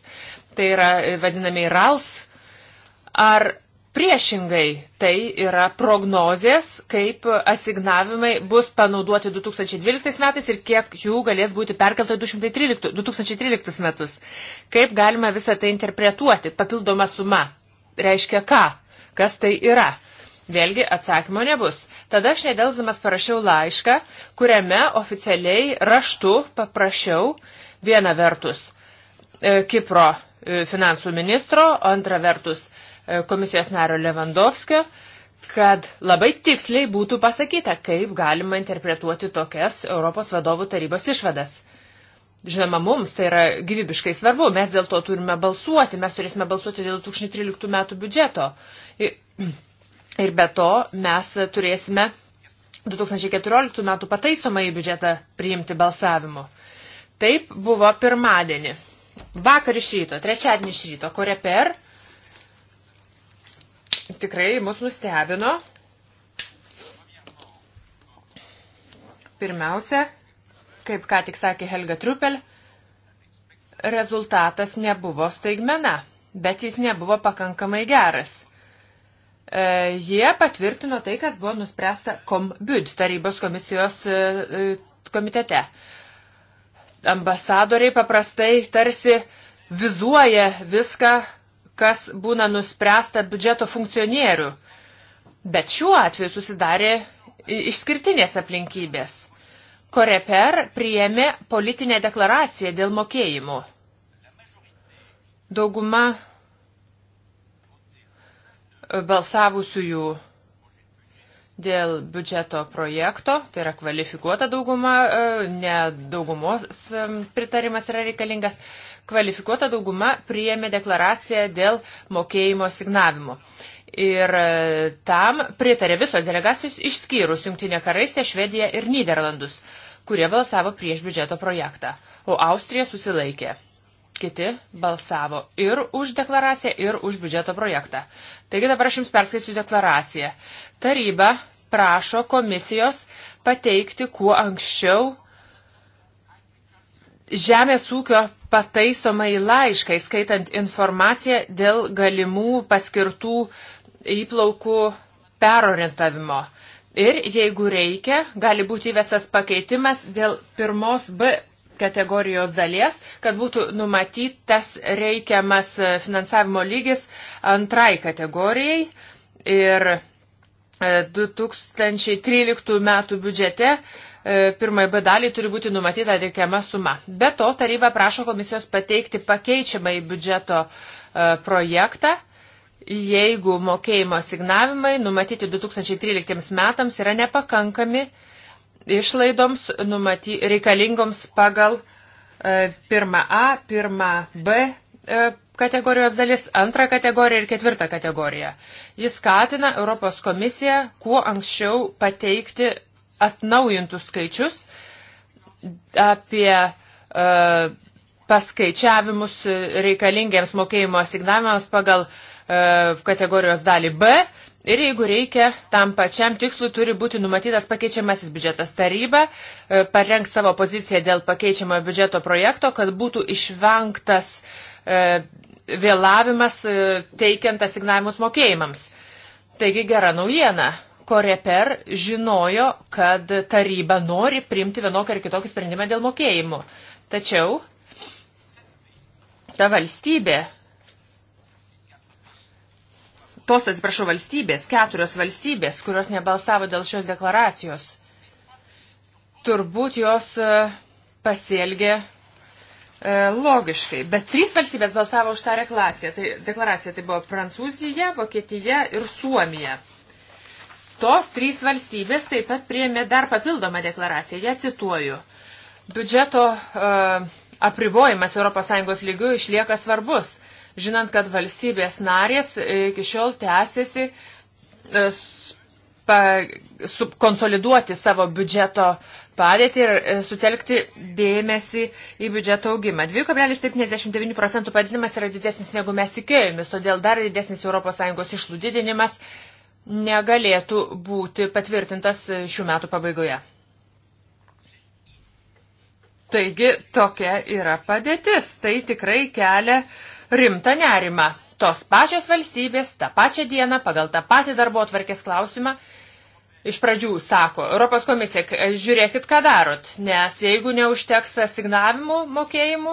tai yra e, vadinamiai RALS, ar Priešingai, tai yra prognozės, kaip asignavimai bus panaudoti 2012 metais ir kiek jų galės būti perkelta 2013, 2013 metus. Kaip galima visą tai interpretuoti? Papildoma suma reiškia ką? Kas tai yra? Vėlgi atsakymo nebus. Tada aš nedelsdamas parašiau laišką, kuriame oficialiai raštu paprašiau vieną vertus e, Kipro e, finansų ministro, antrą vertus e, komisijos nario Levandovskio, kad labai tiksliai būtų pasakyta, kaip galima interpretuoti tokias Europos vadovų tarybos išvadas. Žinoma, mums tai yra gyvybiškai svarbu, mes dėl to turime balsuoti, mes turėsime balsuoti dėl 2013 metų biudžeto. Ir Ir be to mes turėsime 2014 m. pataisomą į biudžetą priimti balsavimu. Taip buvo pirmadienį. Vakar iš ryto, trečiadienį iš ryto, kurie per tikrai mus nustebino. Pirmiausia, kaip ką tik sakė Helga Trupel, rezultatas nebuvo staigmena, bet jis nebuvo pakankamai geras. E, jie patvirtino tai, kas buvo nuspręsta kombid tarybos komisijos e, e, komitete. Ambasadoriai paprastai tarsi vizuoja viską, kas būna nuspręsta biudžeto funkcionierių. Bet šiuo atveju susidarė išskirtinės aplinkybės. Koreper priėmė politinę deklaraciją dėl mokėjimų. Dauguma balsavusiųjų dėl biudžeto projekto, tai yra kvalifikuota dauguma, e, ne daugumos e, pritarimas yra reikalingas, kvalifikuota dauguma priėmė deklaraciją dėl mokėjimo signavimo. Ir e, tam pritarė visos delegacijos išskyrus Junktinė karalystė, Švedija ir Niderlandus, kurie balsavo prieš biudžeto projektą, o Austrija susilaikė kiti balsavo ir už deklaraciją, ir už biudžeto projektą. Taigi dabar aš jums perskaičiu deklaraciją. Taryba prašo komisijos pateikti kuo anksčiau žemės ūkio pataisomai laiškai, skaitant informaciją dėl galimų paskirtų įplaukų perorientavimo. Ir jeigu reikia, gali būti įvestas pakeitimas dėl pirmos B kategorijos dalies, kad būtų numatytas reikiamas e, finansavimo lygis antrai kategorijai. Ir 2013 e, metų biudžete e, pirmai B daliai turi būti numatyta reikiama suma. Be to, taryba prašo komisijos pateikti pakeičiamą į biudžeto projektą, jeigu mokėjimo signavimai numatyti 2013 metams yra nepakankami išlaidoms numaty, reikalingoms pagal e, pirmą A, pirmą B e, kategorijos dalis, antrą kategoriją ir ketvirtą kategoriją. Jis skatina Europos komisiją kuo anksčiau pateikti atnaujintus skaičius apie uh, paskaičiavimus reikalingiams mokėjimo asignavimams pagal uh, kategorijos dalį B Ir jeigu reikia, tam pačiam tikslui turi būti numatytas pakeičiamasis biudžetas. Taryba e, parengs savo poziciją dėl pakeičiamo biudžeto projekto, kad būtų išvengtas e, vėlavimas e, teikiant asignavimus mokėjimams. Taigi gera naujiena. Koreper žinojo, kad taryba nori priimti vienokį ar kitokį sprendimą dėl mokėjimų. Tačiau ta valstybė tos, atsiprašau, valstybės, keturios valstybės, kurios nebalsavo dėl šios deklaracijos, turbūt jos e, pasielgė e, logiškai. Bet trys valstybės balsavo už tą reklasiją. Tai, deklaraciją. Tai buvo Prancūzija, Vokietija ir Suomija. Tos trys valstybės taip pat priėmė dar papildomą deklaraciją. Ja cituoju. Biudžeto uh, apribojimas ES lygių išlieka svarbus žinant, kad valstybės narės e, iki šiol tęsiasi e, konsoliduoti savo biudžeto padėtį ir e, sutelkti dėmesį į biudžeto augimą. 2,79 procentų padidinimas yra didesnis negu mes tikėjomės, todėl dar didesnis ES išlų didinimas negalėtų būti patvirtintas šių metų pabaigoje. Taigi tokia yra padėtis. Tai tikrai kelia uh, rimtą nerimą. Tos pačios valstybės tą pačią dieną pagal tą patį darbo atvarkės klausimą iš pradžių sako, Europos komisija, žiūrėkit, ką darot, nes jeigu neužteks asignavimų mokėjimų,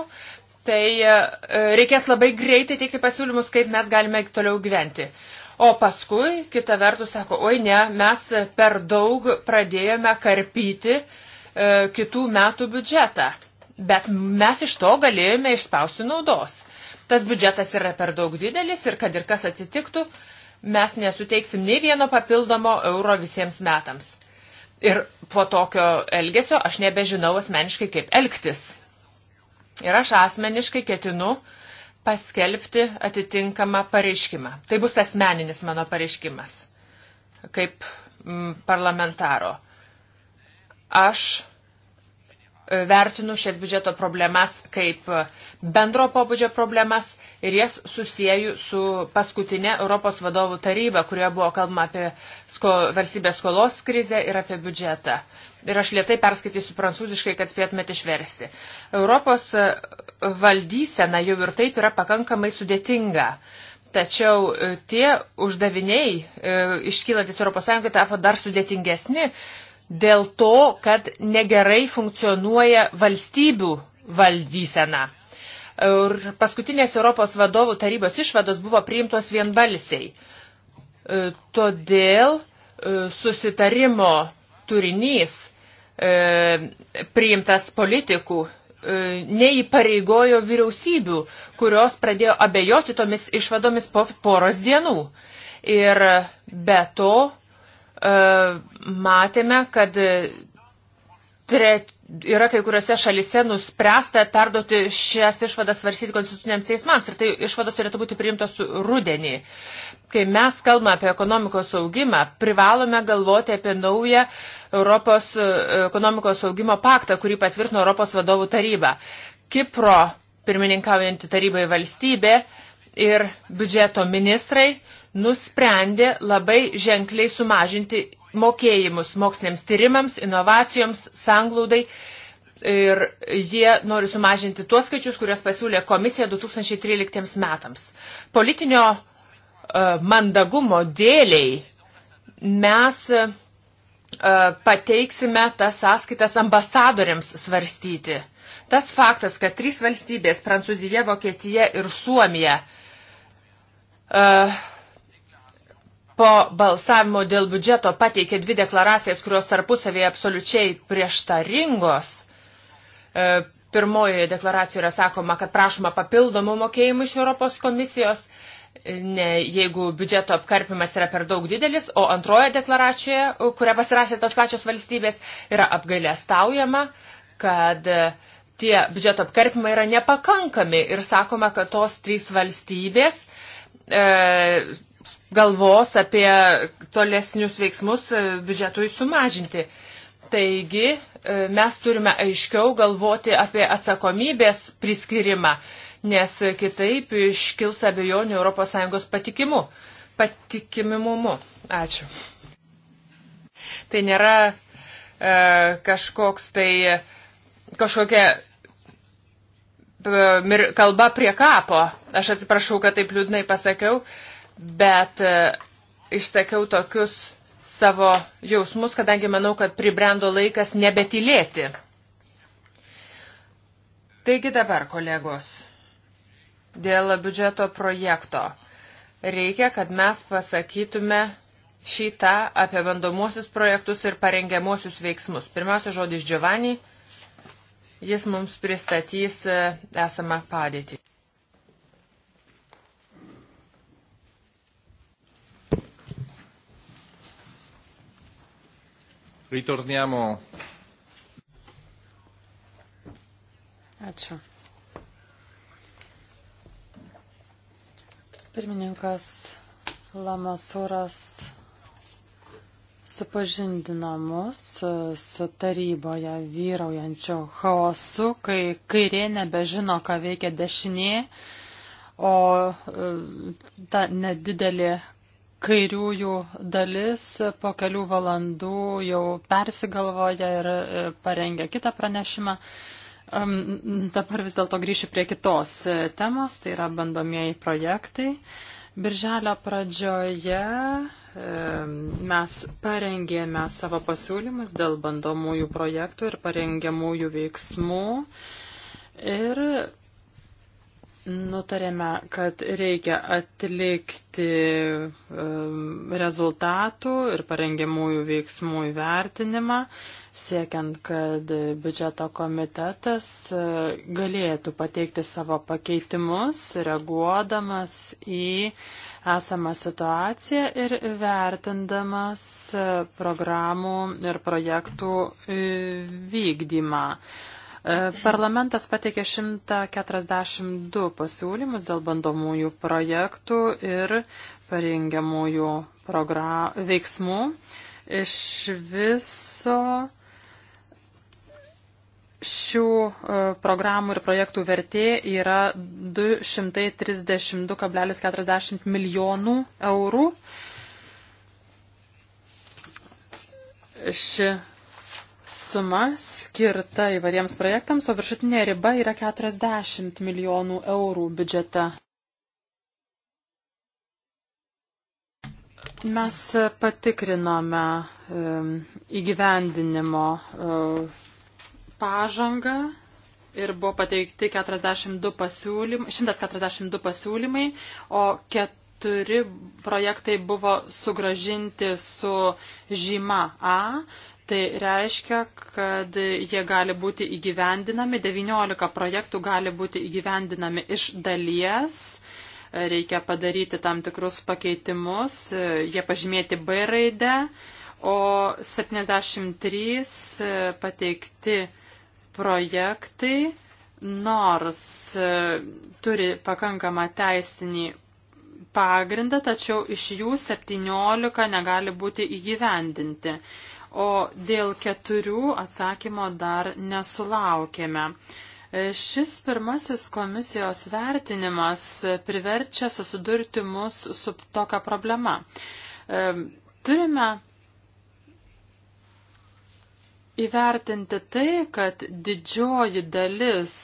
tai e, e, reikės labai greitai teikti pasiūlymus, kaip mes galime toliau gyventi. O paskui, kita vertus, sako, oi ne, mes per daug pradėjome karpyti e, kitų metų biudžetą, bet mes iš to galėjome išspausti naudos tas biudžetas yra per daug didelis ir kad ir kas atsitiktų, mes nesuteiksim nei vieno papildomo euro visiems metams. Ir po tokio elgesio aš nebežinau asmeniškai, kaip elgtis. Ir aš asmeniškai ketinu paskelbti atitinkamą pareiškimą. Tai bus asmeninis mano pareiškimas kaip mm, parlamentaro. Aš E, vertinu šias biudžeto problemas kaip e, bendro pobūdžio problemas ir jas susijęju su paskutinė Europos vadovų taryba, kurioje buvo kalbama apie sko, valstybės skolos krizę ir apie biudžetą. Ir aš lietai perskaitysiu prancūziškai, kad spėtumėte išversti. Europos e, valdysena jau ir taip yra pakankamai sudėtinga. Tačiau tie uždaviniai iškylantis ES tapo dar sudėtingesni, dėl to, kad negerai funkcionuoja valstybių valdysena. Ir paskutinės Europos vadovų tarybos išvados buvo priimtos vienbalsiai. E, todėl e, susitarimo turinys e, priimtas politikų neįpareigojo vyriausybių, kurios pradėjo abejoti tomis išvadomis po poros dienų. Ir be to E, matėme, kad tre, yra kai kuriuose šalise nuspręsta perduoti šias išvadas svarsyti konstituciniams teismams ir tai išvados turėtų būti priimtos rudenį. Kai mes kalbame apie ekonomikos augimą, privalome galvoti apie naują Europos e, ekonomikos augimo paktą, kurį patvirtino Europos vadovų taryba. Kipro pirmininkaujanti tarybai valstybė ir biudžeto ministrai nusprendė labai ženkliai sumažinti mokėjimus moksliniams tyrimams, inovacijoms, sanglaudai. Ir jie nori sumažinti tuos skaičius, kuriuos pasiūlė komisija 2013 metams. Politinio uh, mandagumo dėliai mes uh, pateiksime tas sąskaitas ambasadoriams svarstyti. Tas faktas, kad trys valstybės - Prancūzija, Vokietija ir Suomija uh, po balsavimo dėl biudžeto pateikė dvi deklaracijas, kurios tarpusavėje absoliučiai prieštaringos. E, Pirmojoje deklaracijoje yra sakoma, kad prašoma papildomų mokėjimų iš Europos komisijos, ne, jeigu biudžeto apkarpimas yra per daug didelis, o antroje deklaracijoje, kurią pasirašė tos pačios valstybės, yra apgailę staujama, kad e, tie biudžeto apkarpimai yra nepakankami ir sakoma, kad tos trys valstybės e, galvos apie tolesnius veiksmus e, biudžetui sumažinti. Taigi e, mes turime aiškiau galvoti apie atsakomybės priskirimą, nes kitaip iškils abejonių ES patikimu, patikimimumu. Ačiū. Tai nėra e, kažkoks tai kažkokia e, kalba prie kapo. Aš atsiprašau, kad taip liūdnai pasakiau. E, bet e, išsakiau tokius savo jausmus, kadangi manau, kad pribrendo laikas nebetylėti. Taigi dabar, kolegos, dėl biudžeto projekto reikia, kad mes pasakytume šitą apie bandomuosius projektus ir parengiamuosius veiksmus. Pirmiausia, žodis Giovanni, jis mums pristatys e, esamą padėtį. Ritorniamo. Ačiū. Pirmininkas Lamasūras supažindino mus su, su taryboje vyraujančiu chaosu, kai kairė nebežino, ką veikia dešinė, o e, ta nedidelė kairiųjų dalis po kelių valandų jau persigalvoja ir e, parengia kitą pranešimą. Dabar vis dėlto grįšiu prie kitos e, temos, tai yra bandomieji projektai. Birželio pradžioje e, mes parengėme savo pasiūlymus dėl bandomųjų projektų ir parengiamųjų veiksmų. Ir Nutarėme, kad reikia atlikti um, rezultatų ir parengiamųjų veiksmų įvertinimą, siekiant, kad biudžeto komitetas uh, galėtų pateikti savo pakeitimus, reaguodamas į esamą situaciją ir vertindamas uh, programų ir projektų uh, vykdymą. E, Parlamentas pateikė 142 pasiūlymus dėl bandomųjų projektų ir parengiamųjų veiksmų. Iš viso šių e, programų ir projektų vertė yra 232,40 milijonų eurų. Ši suma skirta įvariems projektams, o viršutinė riba yra 40 milijonų eurų biudžete. Mes patikrinome įgyvendinimo e, pažangą ir buvo pateikti 42 pasiūlymai, 142 pasiūlymai, o 4 projektai buvo sugražinti su žyma A, Tai reiškia, kad jie gali būti įgyvendinami, 19 projektų gali būti įgyvendinami iš dalies, reikia padaryti tam tikrus pakeitimus, jie pažymėti B raidę, o 73 pateikti projektai, nors turi pakankamą teisinį pagrindą, tačiau iš jų 17 negali būti įgyvendinti o dėl keturių atsakymo dar nesulaukėme. E, šis pirmasis komisijos vertinimas priverčia susidurti mus su tokia problema. E, turime įvertinti tai, kad didžioji dalis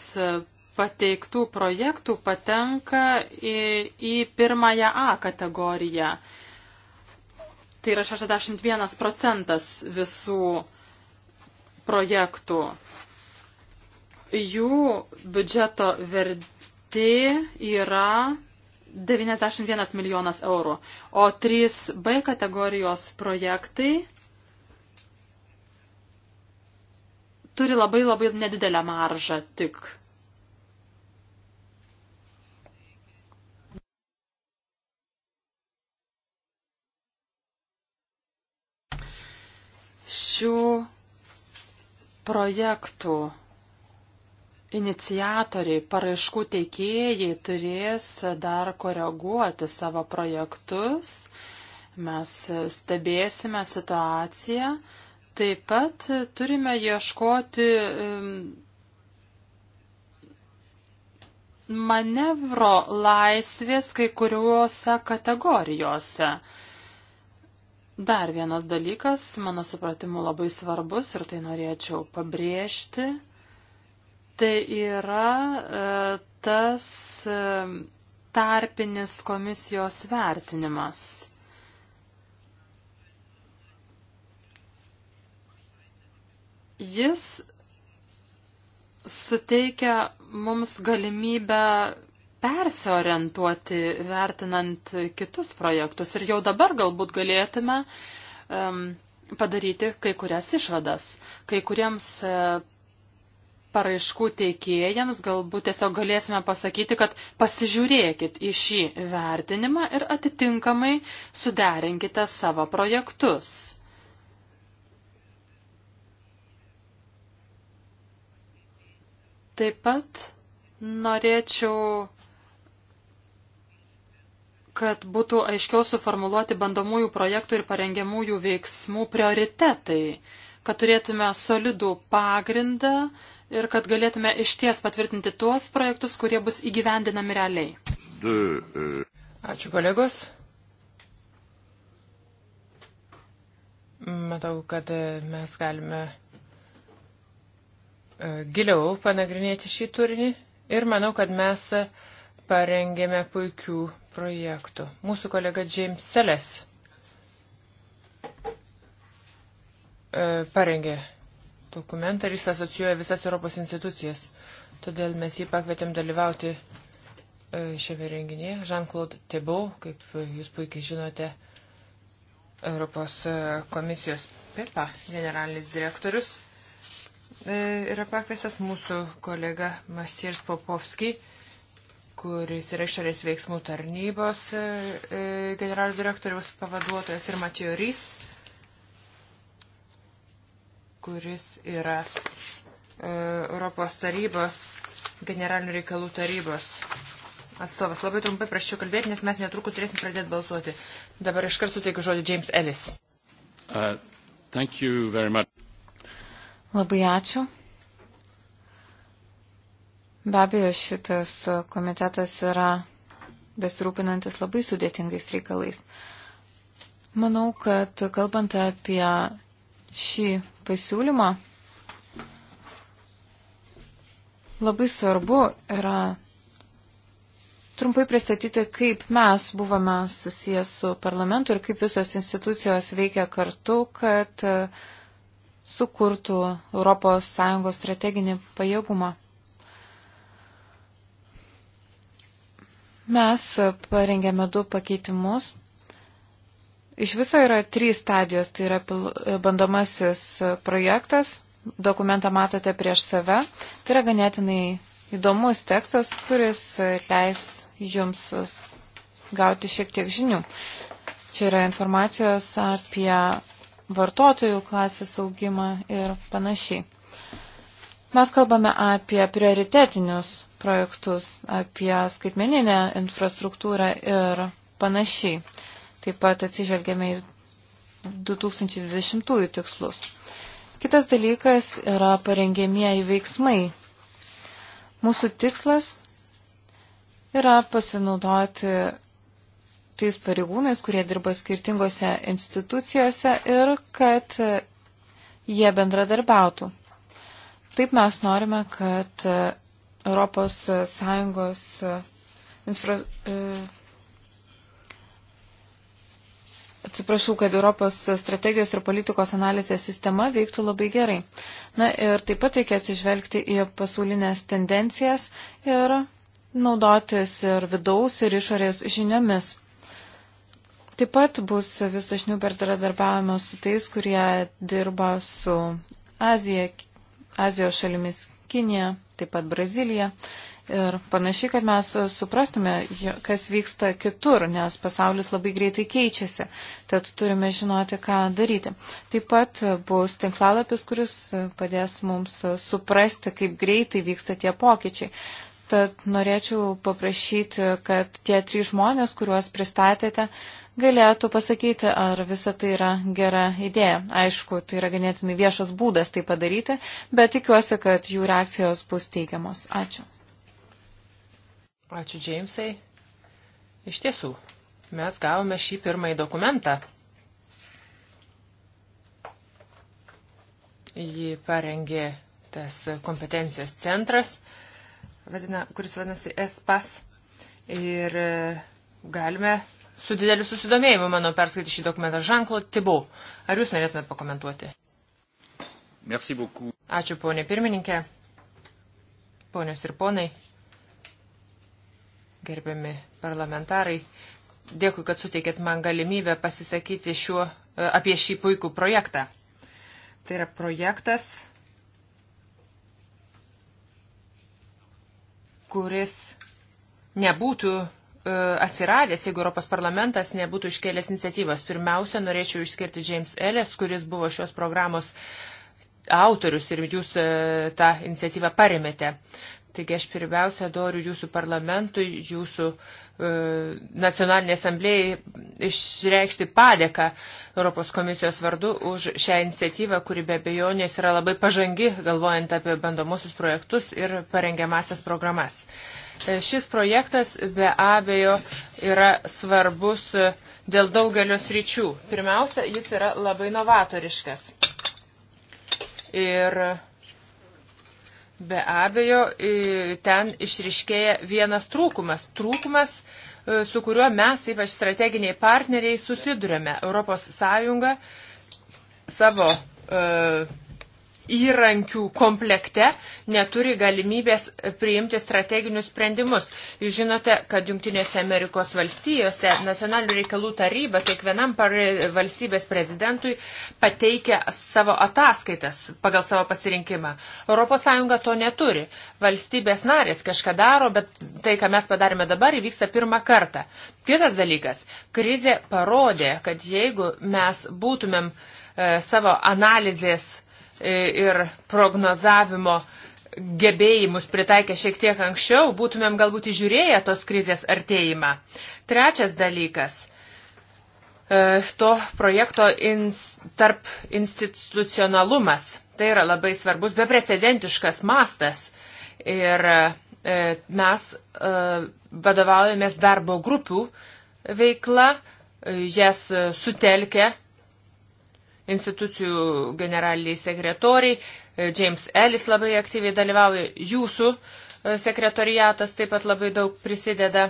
pateiktų projektų patenka į, į pirmąją A kategoriją. Tai yra 61 procentas visų projektų. Jų biudžeto vertė yra 91 milijonas eurų, o 3B kategorijos projektai turi labai labai nedidelę maržą tik Šių projektų iniciatoriai, paraiškų teikėjai turės dar koreguoti savo projektus. Mes stebėsime situaciją. Taip pat turime ieškoti manevro laisvės kai kuriuose kategorijose. Dar vienas dalykas, mano supratimu, labai svarbus ir tai norėčiau pabrėžti, tai yra e, tas e, tarpinis komisijos vertinimas. Jis suteikia mums galimybę persiorientuoti vertinant kitus projektus ir jau dabar galbūt galėtume um, padaryti kai kurias išvadas. Kai kuriems uh, paraiškų teikėjams galbūt tiesiog galėsime pasakyti, kad pasižiūrėkit į šį vertinimą ir atitinkamai suderinkite savo projektus. Taip pat norėčiau kad būtų aiškiau suformuluoti bandomųjų projektų ir parengiamųjų veiksmų prioritetai, kad turėtume solidų pagrindą ir kad galėtume išties patvirtinti tuos projektus, kurie bus įgyvendinami realiai. E. Ačiū kolegos. Matau, kad e, mes galime e, giliau panagrinėti šį turinį ir manau, kad mes uh, parengėme puikių projektų. Mūsų kolega James Seles e, parengė dokumentą ir jis asocijuoja visas Europos institucijas. Todėl mes jį pakvietėm dalyvauti e, šiame renginėje. Jean-Claude Thibault, kaip jūs puikiai žinote, Europos e, komisijos PEPA generalinis direktorius yra pakviestas mūsų kolega Masirs Popovski kuris yra išorės veiksmų tarnybos e, e, generalinio direktoriaus pavaduotojas ir Matijo Rys, kuris yra e, Europos tarybos generalinių reikalų tarybos atstovas. Labai trumpai praščiau kalbėti, nes mes netrukus turėsim pradėti balsuoti. Dabar iškart suteikiu žodį James Ellis. Uh, Labai ačiū. Be abejo, šitas komitetas yra besirūpinantis labai sudėtingais reikalais. Manau, kad kalbant apie šį pasiūlymą, labai svarbu yra trumpai pristatyti, kaip mes buvome susijęs su parlamentu ir kaip visos institucijos veikia kartu, kad sukurtų ES strateginį pajėgumą. Mes parengėme du pakeitimus. Iš viso yra trys stadijos. Tai yra bandomasis projektas. Dokumentą matote prieš save. Tai yra ganėtinai įdomus tekstas, kuris leis jums gauti šiek tiek žinių. Čia yra informacijos apie vartotojų klasės augimą ir panašiai. Mes kalbame apie prioritetinius projektus, apie skaitmeninę infrastruktūrą ir panašiai. Taip pat atsižvelgiame į 2020 tikslus. Kitas dalykas yra parengėmieji veiksmai. Mūsų tikslas yra pasinaudoti tais pareigūnais, kurie dirba skirtingose institucijose ir kad jie bendradarbiautų. Taip mes norime, kad Europos e, Sąjungos e, infra... E, atsiprašau, kad Europos strategijos ir politikos analizės sistema veiktų labai gerai. Na ir taip pat reikia atsižvelgti į pasaulinės tendencijas ir naudotis ir vidaus, ir išorės žiniomis. Taip pat bus vis dažniau bendradarbiavimo su tais, kurie dirba su Azija, Azijos šalimis Kinija, taip pat Brazilija ir panašiai, kad mes suprastume, kas vyksta kitur, nes pasaulis labai greitai keičiasi, tad turime žinoti, ką daryti. Taip pat bus tinklalapis, kuris padės mums suprasti, kaip greitai vyksta tie pokyčiai. Tad norėčiau paprašyti, kad tie trys žmonės, kuriuos pristatėte, uh, galėtų pasakyti, ar visa tai yra gera idėja. Aišku, tai yra ganėtinai viešas būdas tai padaryti, bet tikiuosi, kad jų reakcijos bus teigiamos. Ačiū. Ačiū, Džeimsai. Iš tiesų, mes gavome šį pirmąjį dokumentą. Jį parengė tas kompetencijos centras, vadina, kuris vadinasi ESPAS. Ir e, galime su dideliu susidomėjimu mano perskaityti šį dokumentą. Žanklo Tibau, ar jūs norėtumėt pakomentuoti? Merci beaucoup. Ačiū, ponė pirmininkė, ponios ir ponai, gerbiami parlamentarai. Dėkui, kad suteikėt man galimybę pasisakyti šiuo, e, apie šį puikų projektą. Tai yra projektas, kuris nebūtų E, atsiradęs, jeigu Europos parlamentas nebūtų iškėlęs iniciatyvas. Pirmiausia, norėčiau išskirti James Ellis, kuris buvo šios programos autorius ir jūs e, tą iniciatyvą paremėte. Taigi aš pirmiausia doriu jūsų parlamentui, jūsų e, nacionalinė asamblėjai išreikšti padėką Europos komisijos vardu už šią iniciatyvą, kuri be abejonės yra labai pažangi, galvojant apie bandomusius projektus ir parengiamasias programas. E, E, šis projektas be abejo yra svarbus e, dėl daugelio sričių. Pirmiausia, jis yra labai novatoriškas. Ir be abejo, e, ten išriškėja vienas trūkumas. Trūkumas, su kuriuo mes, ypač strateginiai partneriai, susidurėme. Europos Sąjunga savo įrankių komplekte neturi galimybės priimti strateginius sprendimus. Jūs žinote, kad Junktinėse Amerikos valstijose nacionalinių reikalų taryba kiekvienam valstybės prezidentui pateikia savo ataskaitas pagal savo pasirinkimą. ES to neturi. Valstybės narės kažką daro, bet tai, ką mes padarėme dabar, įvyksta pirmą kartą. Kitas dalykas, krizė parodė, kad jeigu mes būtumėm e, savo analizės E, ir prognozavimo gebėjimus pritaikę šiek tiek anksčiau, būtumėm galbūt įžiūrėję tos krizės artėjimą. Trečias dalykas e, to projekto ins, tarp institucionalumas. Tai yra labai svarbus, beprecedentiškas mastas. Ir e, mes vadovaujamės darbo grupių veikla, jas sutelkia institucijų generaliniai sekretoriai, e, James Ellis labai aktyviai dalyvauja, jūsų e, sekretoriatas taip pat labai daug prisideda.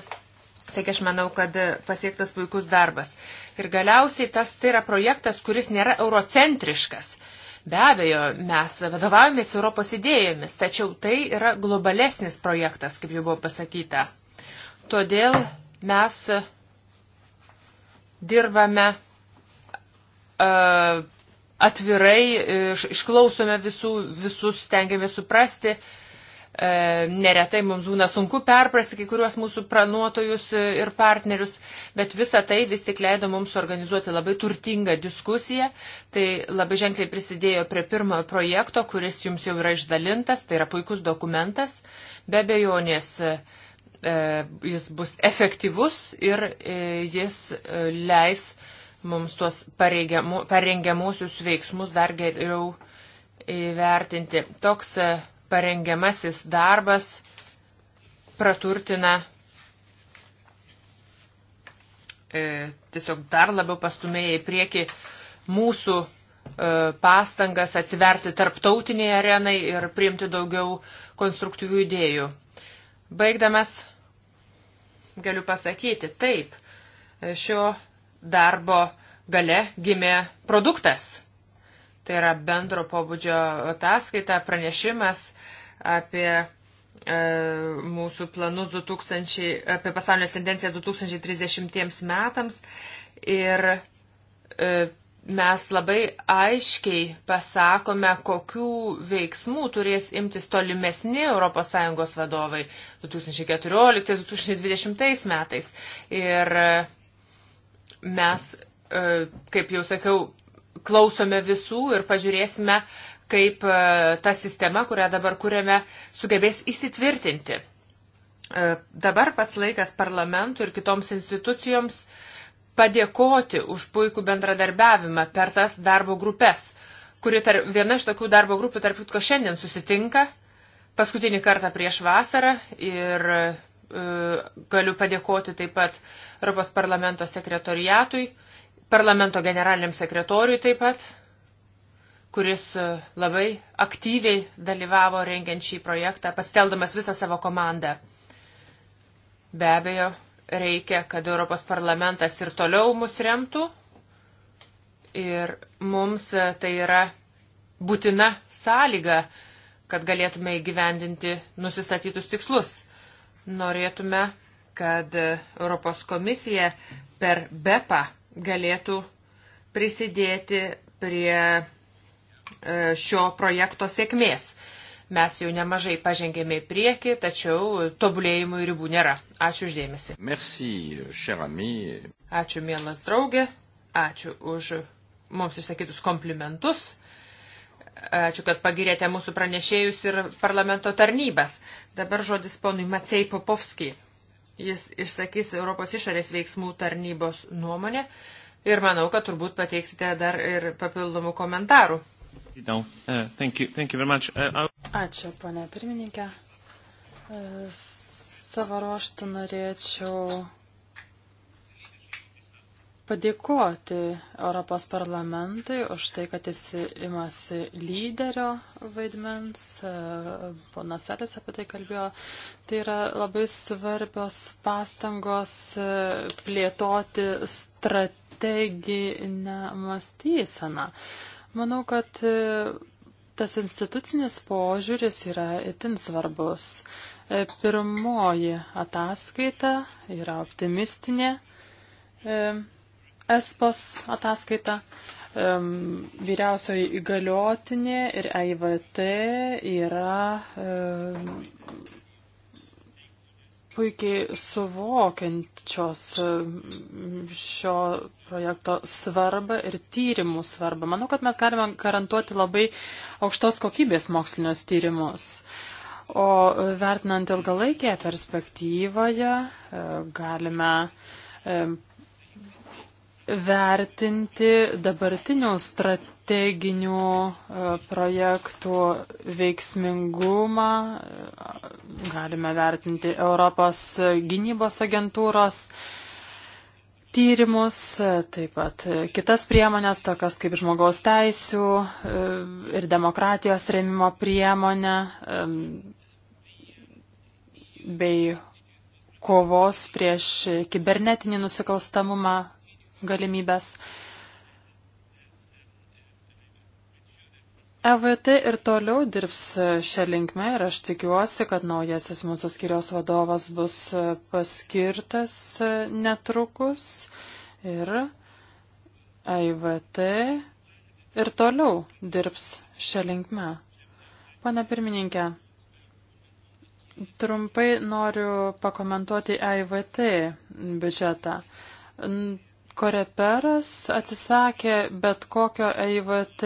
Taigi aš manau, kad e, pasiektas puikus darbas. Ir galiausiai tas tai yra projektas, kuris nėra eurocentriškas. Be abejo, mes vadovavomės Europos idėjomis, tačiau tai yra globalesnis projektas, kaip jau buvo pasakyta. Todėl mes dirbame atvirai išklausome visų, visus, stengiamės suprasti. Neretai mums būna sunku perprasti kai kuriuos mūsų planuotojus ir partnerius, bet visa tai vis tik leido mums organizuoti labai turtingą diskusiją. Tai labai ženkliai prisidėjo prie pirmojo projekto, kuris jums jau yra išdalintas, tai yra puikus dokumentas. Be abejonės jis bus efektyvus ir e, jis e, leis mums tuos parengiamusius veiksmus dar geriau įvertinti. Toks e, parengiamasis darbas praturtina e, tiesiog dar labiau pastumėja į priekį mūsų e, pastangas atsiverti tarptautiniai arenai ir priimti daugiau konstruktyvių idėjų. Baigdamas, galiu pasakyti, taip, šio darbo gale gimė produktas. Tai yra bendro pobūdžio ataskaita, pranešimas apie e, mūsų planus 2000, apie pasaulinės tendencijas 2030 metams. Ir e, mes labai aiškiai pasakome, kokių veiksmų turės imtis tolimesni ES vadovai 2014-2020 metais. Ir mes, e, kaip jau sakiau, klausome visų ir pažiūrėsime, kaip e, ta sistema, kurią dabar kuriame, sugebės įsitvirtinti. E, dabar pats laikas parlamentui ir kitoms institucijoms padėkoti už puikų bendradarbiavimą per tas darbo grupės, kuri tar, viena iš tokių darbo grupių, tarp kitko, šiandien susitinka paskutinį kartą prieš vasarą ir E, galiu padėkoti taip pat Europos parlamento sekretoriatui, parlamento generaliniam sekretoriui taip pat, kuris e, labai aktyviai dalyvavo rengiant šį projektą, pasteldamas visą savo komandą. Be abejo, reikia, kad Europos parlamentas ir toliau mus remtų. Ir mums e, tai yra būtina sąlyga, kad galėtume įgyvendinti nusistatytus tikslus. Norėtume, kad Europos komisija per BEPA galėtų prisidėti prie e, šio projekto sėkmės. Mes jau nemažai pažengėme į priekį, tačiau tobulėjimų ribų nėra. Ačiū uždėmesi. Merci, Ačiū, mielas draugė. Ačiū už mums išsakytus komplimentus. Ačiū, kad pagirėte mūsų pranešėjus ir parlamento tarnybas. Dabar žodis ponui Macei Popovskijai. Jis išsakys Europos išorės veiksmų tarnybos nuomonę ir manau, kad turbūt pateiksite dar ir papildomų komentarų. Uh, uh, Ačiū, ponė pirmininkė. Uh, savo ruoštų norėčiau padėkoti Europos parlamentui už tai, kad jis imasi lyderio vaidmens. Ponas Elės apie tai kalbėjo. Tai yra labai svarbios pastangos plėtoti strateginę mąstyseną. Manau, kad tas institucinis požiūris yra itin svarbus. Pirmoji ataskaita yra optimistinė. ESPOS ataskaitą. Vyriausioji įgaliotinė ir EIVT yra puikiai suvokiančios šio projekto svarbą ir tyrimų svarbą. Manau, kad mes galime garantuoti labai aukštos kokybės mokslinius tyrimus. O vertinant ilgalaikėje perspektyvoje, galime vertinti dabartinių strateginių e, projektų veiksmingumą, galime vertinti Europos gynybos agentūros tyrimus, e, taip pat kitas priemonės, tokias kaip žmogaus teisų e, ir demokratijos rėmimo priemonė bei kovos prieš kibernetinį nusikalstamumą galimybės. EVT ir toliau dirbs šią linkmę ir aš tikiuosi, kad naujasis mūsų skiriaus vadovas bus paskirtas netrukus ir EVT ir toliau dirbs šią linkmę. Pane pirmininkė, trumpai noriu pakomentuoti EVT biudžetą. Koreperas atsisakė bet kokio EIVT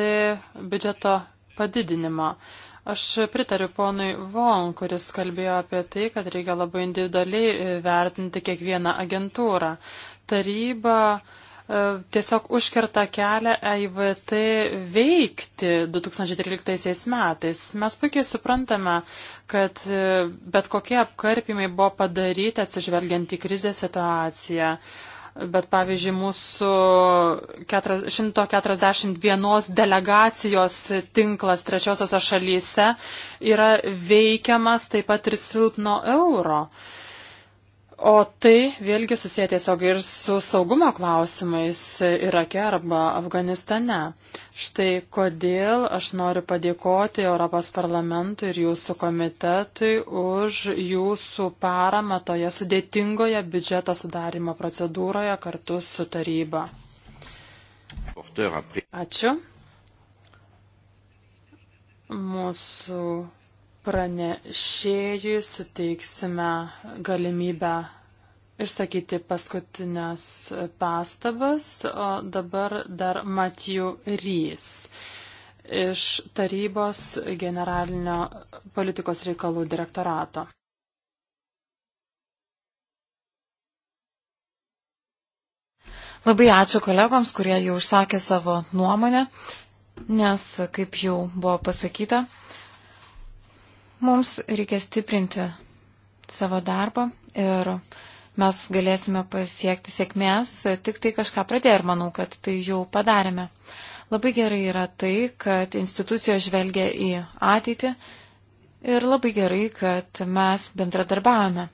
biudžeto padidinimo. Aš pritariu ponui Von, kuris kalbėjo apie tai, kad reikia labai individualiai e, vertinti kiekvieną agentūrą. Taryba e, tiesiog užkerta kelią EIVT veikti 2013 metais. Mes puikiai suprantame, kad e, bet kokie apkarpimai buvo padaryti atsižvelgiant į krizės situaciją bet pavyzdžiui, mūsų 141 delegacijos tinklas trečiosiose šalyse yra veikiamas taip pat ir silpno euro. O tai vėlgi susiję tiesiog ir su saugumo klausimais Irake arba Afganistane. Štai kodėl aš noriu padėkoti Europos parlamentui ir jūsų komitetui už jūsų paramą toje sudėtingoje biudžeto sudarimo procedūroje kartu su taryba. Ačiū. Mūsų pranešėjui suteiksime galimybę išsakyti paskutinės pastabas, o dabar dar Matijų Rys iš tarybos generalinio politikos reikalų direktorato. Labai ačiū kolegoms, kurie jau užsakė savo nuomonę, nes, kaip jau buvo pasakyta, Mums reikia stiprinti savo darbą ir mes galėsime pasiekti sėkmės, tik tai kažką pradėję ir manau, kad tai jau padarėme. Labai gerai yra tai, kad institucijos žvelgia į ateitį ir labai gerai, kad mes bendradarbiavame.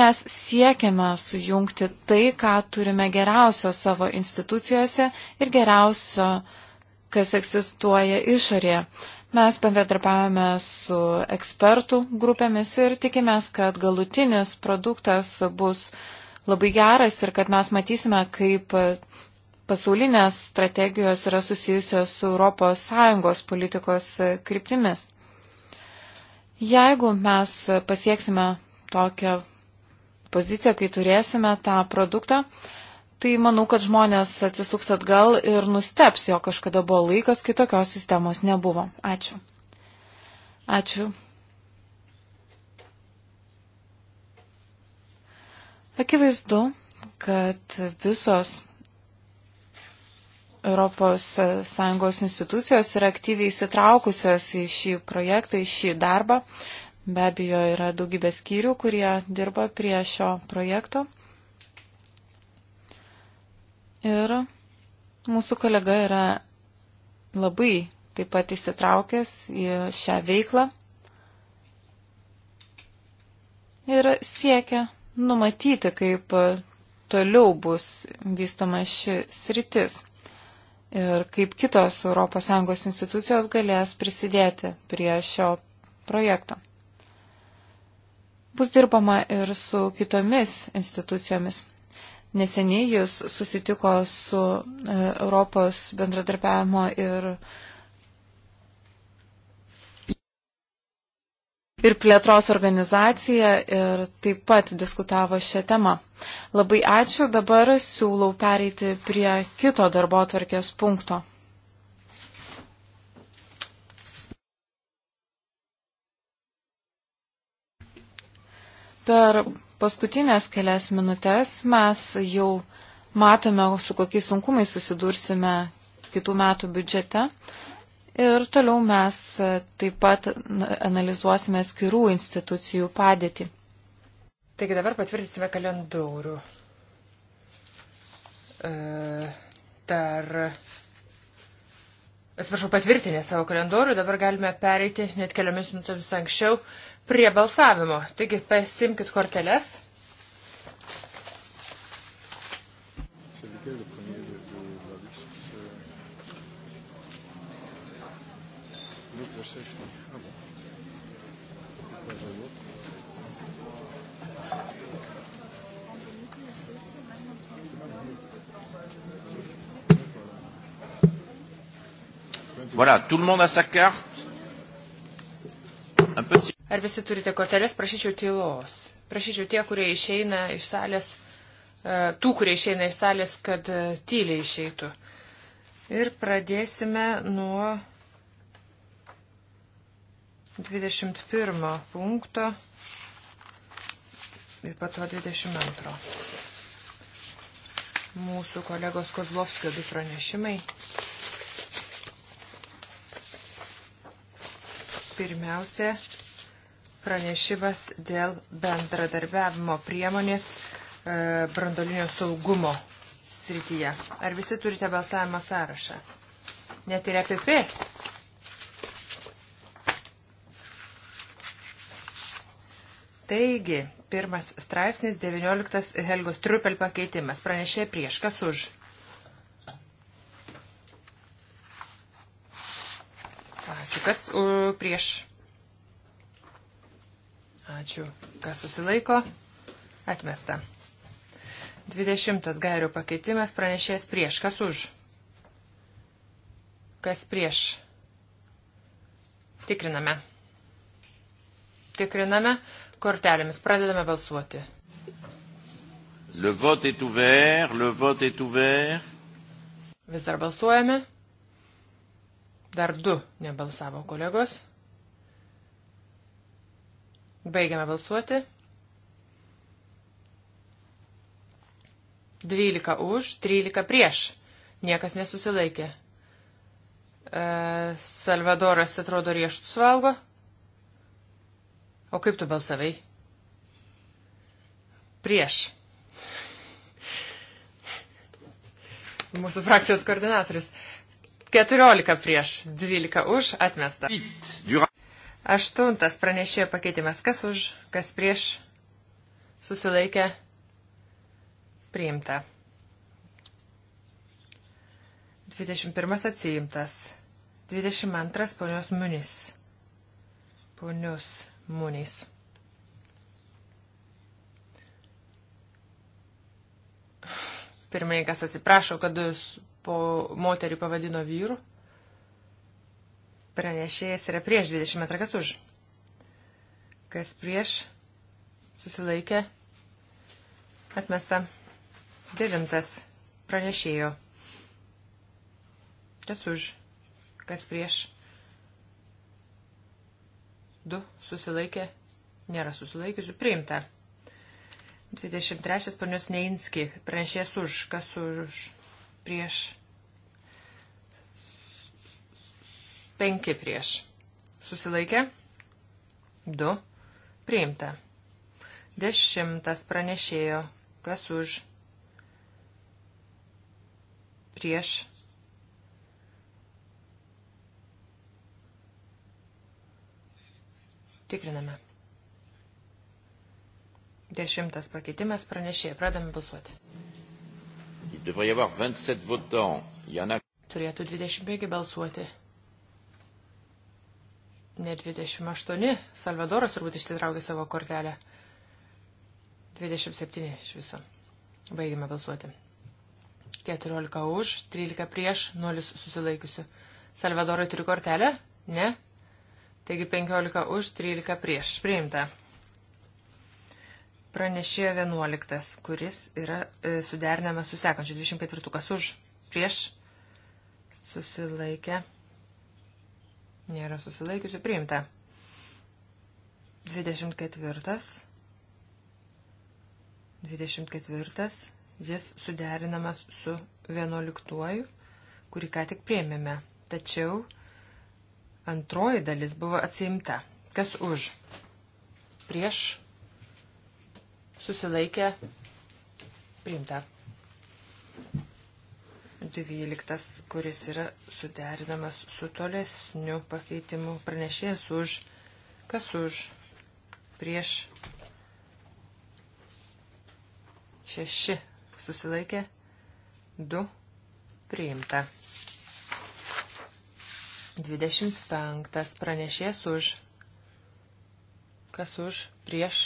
Mes siekiame sujungti tai, ką turime geriausio savo institucijose ir geriausio, kas egzistuoja išorėje. Mes bendradarbiavame su ekspertų grupėmis ir tikimės, kad galutinis produktas bus labai geras ir kad mes matysime, kaip pasaulinės strategijos yra susijusios su ES politikos kryptimis. Jeigu mes pasieksime tokią poziciją, kai turėsime tą produktą, tai manau, kad žmonės atsisuks atgal ir nusteps, jo kažkada buvo laikas, kai tokios sistemos nebuvo. Ačiū. Ačiū. Akivaizdu, kad visos ES institucijos yra aktyviai įsitraukusios į šį projektą, į šį darbą. Be abejo, yra daugybė skyrių, kurie dirba prie šio projekto. Ir mūsų kolega yra labai taip pat įsitraukęs į šią veiklą ir siekia numatyti, kaip toliau bus vystoma ši sritis ir kaip kitos ES institucijos galės prisidėti prie šio projekto. Bus dirbama ir su kitomis institucijomis. Neseniai jis susitiko su e, Europos bendradarbiavimo ir, ir plėtros organizacija ir taip pat diskutavo šią temą. Labai ačiū, dabar siūlau pereiti prie kito darbo atvarkės punkto. per paskutinės kelias minutės mes jau matome, su kokiais sunkumais susidursime kitų metų biudžete. Ir toliau mes taip pat analizuosime skirų institucijų padėtį. Taigi dabar patvirtinsime kalendorių. E, dar atsiprašau, patvirtinę savo kalendorių, dabar galime pereiti net keliomis minutėmis anksčiau prie balsavimo. Taigi pasimkite korteles. Voilà, tout le monde a sa carte. Un peu de... Ar visi turite korteles, prašyčiau tylos. Prašyčiau tie, kurie išeina iš salės, e, tų, kurie išeina iš salės, kad e, tyliai išeitų. Ir pradėsime nuo 21 punkto ir pato 22. Mūsų kolegos Kozlovskio du pranešimai. Pirmiausia, pranešimas dėl bendradarbiavimo priemonės e, brandolinio saugumo srityje. Ar visi turite balsavimo sąrašą? Net ir EPP? Taigi, pirmas straipsnis 19 Helgos Trupel pakeitimas. Pranešė prieš, kas už? Ačiū. Kas uh, prieš? Ačiū. Kas susilaiko? Atmesta. 20. gairių pakeitimas pranešės prieš. Kas už? Kas prieš? Tikriname. Tikriname kortelėmis. Pradedame balsuoti. Le vote est ouvert, le vote est ouvert. Vis dar balsuojame. Dar du nebalsavo kolegos. Baigiame balsuoti. 12 už, 13 prieš. Niekas nesusilaikė. E, Salvadoras atrodo riešutus valgo. O kaip tu balsavai? Prieš. Mūsų frakcijos koordinatorius. 14 prieš, 12 už, atmesta. Aštuntas pranešėjo pakeitimas, kas už, kas prieš, susilaikė, priimta. 21 atsiimtas, 22 ponios munis. Ponios munis. Pirmininkas atsiprašau, kad jūs po moterį pavadino vyru. Pranešėjas yra prieš 20 metrą, kas už. Kas prieš susilaikė atmesta devintas pranešėjo. Kas už, kas prieš. Du susilaikė, nėra susilaikiusių, priimta. 23 ponios Neinski, pranešės už, kas už prieš. 5 prieš. Susilaikė? 2. Priimta. Dešimtas pranešėjo. Kas už? Prieš. Tikriname. Dešimtas pakeitimas pranešėjo. Pradame balsuoti. Turėtų 25 balsuoti. Ne 28. Salvadoras turbūt išsitraukė savo kortelę. 27 iš viso. Baigime balsuoti. 14 už, 13 prieš, 0 susilaikiusių. Salvadorai turi kortelę? Ne. Taigi 15 už, 13 prieš. Priimta. Pranešėjo 11, kuris yra e, suderinamas su sekančiu 24, kas už, prieš, susilaikė, nėra susilaikiusių, priimta. 24, 24, jis suderinamas su 11, kurį ką tik priėmėme. Tačiau antroji dalis buvo atsiimta. Kas už? Prieš susilaikė, priimta. 12, kuris yra suderinamas su tolesniu pakeitimu. Pranešėjas už, kas už, prieš, šeši susilaikė, du, priimta. 25, pranešėjas už, kas už, prieš,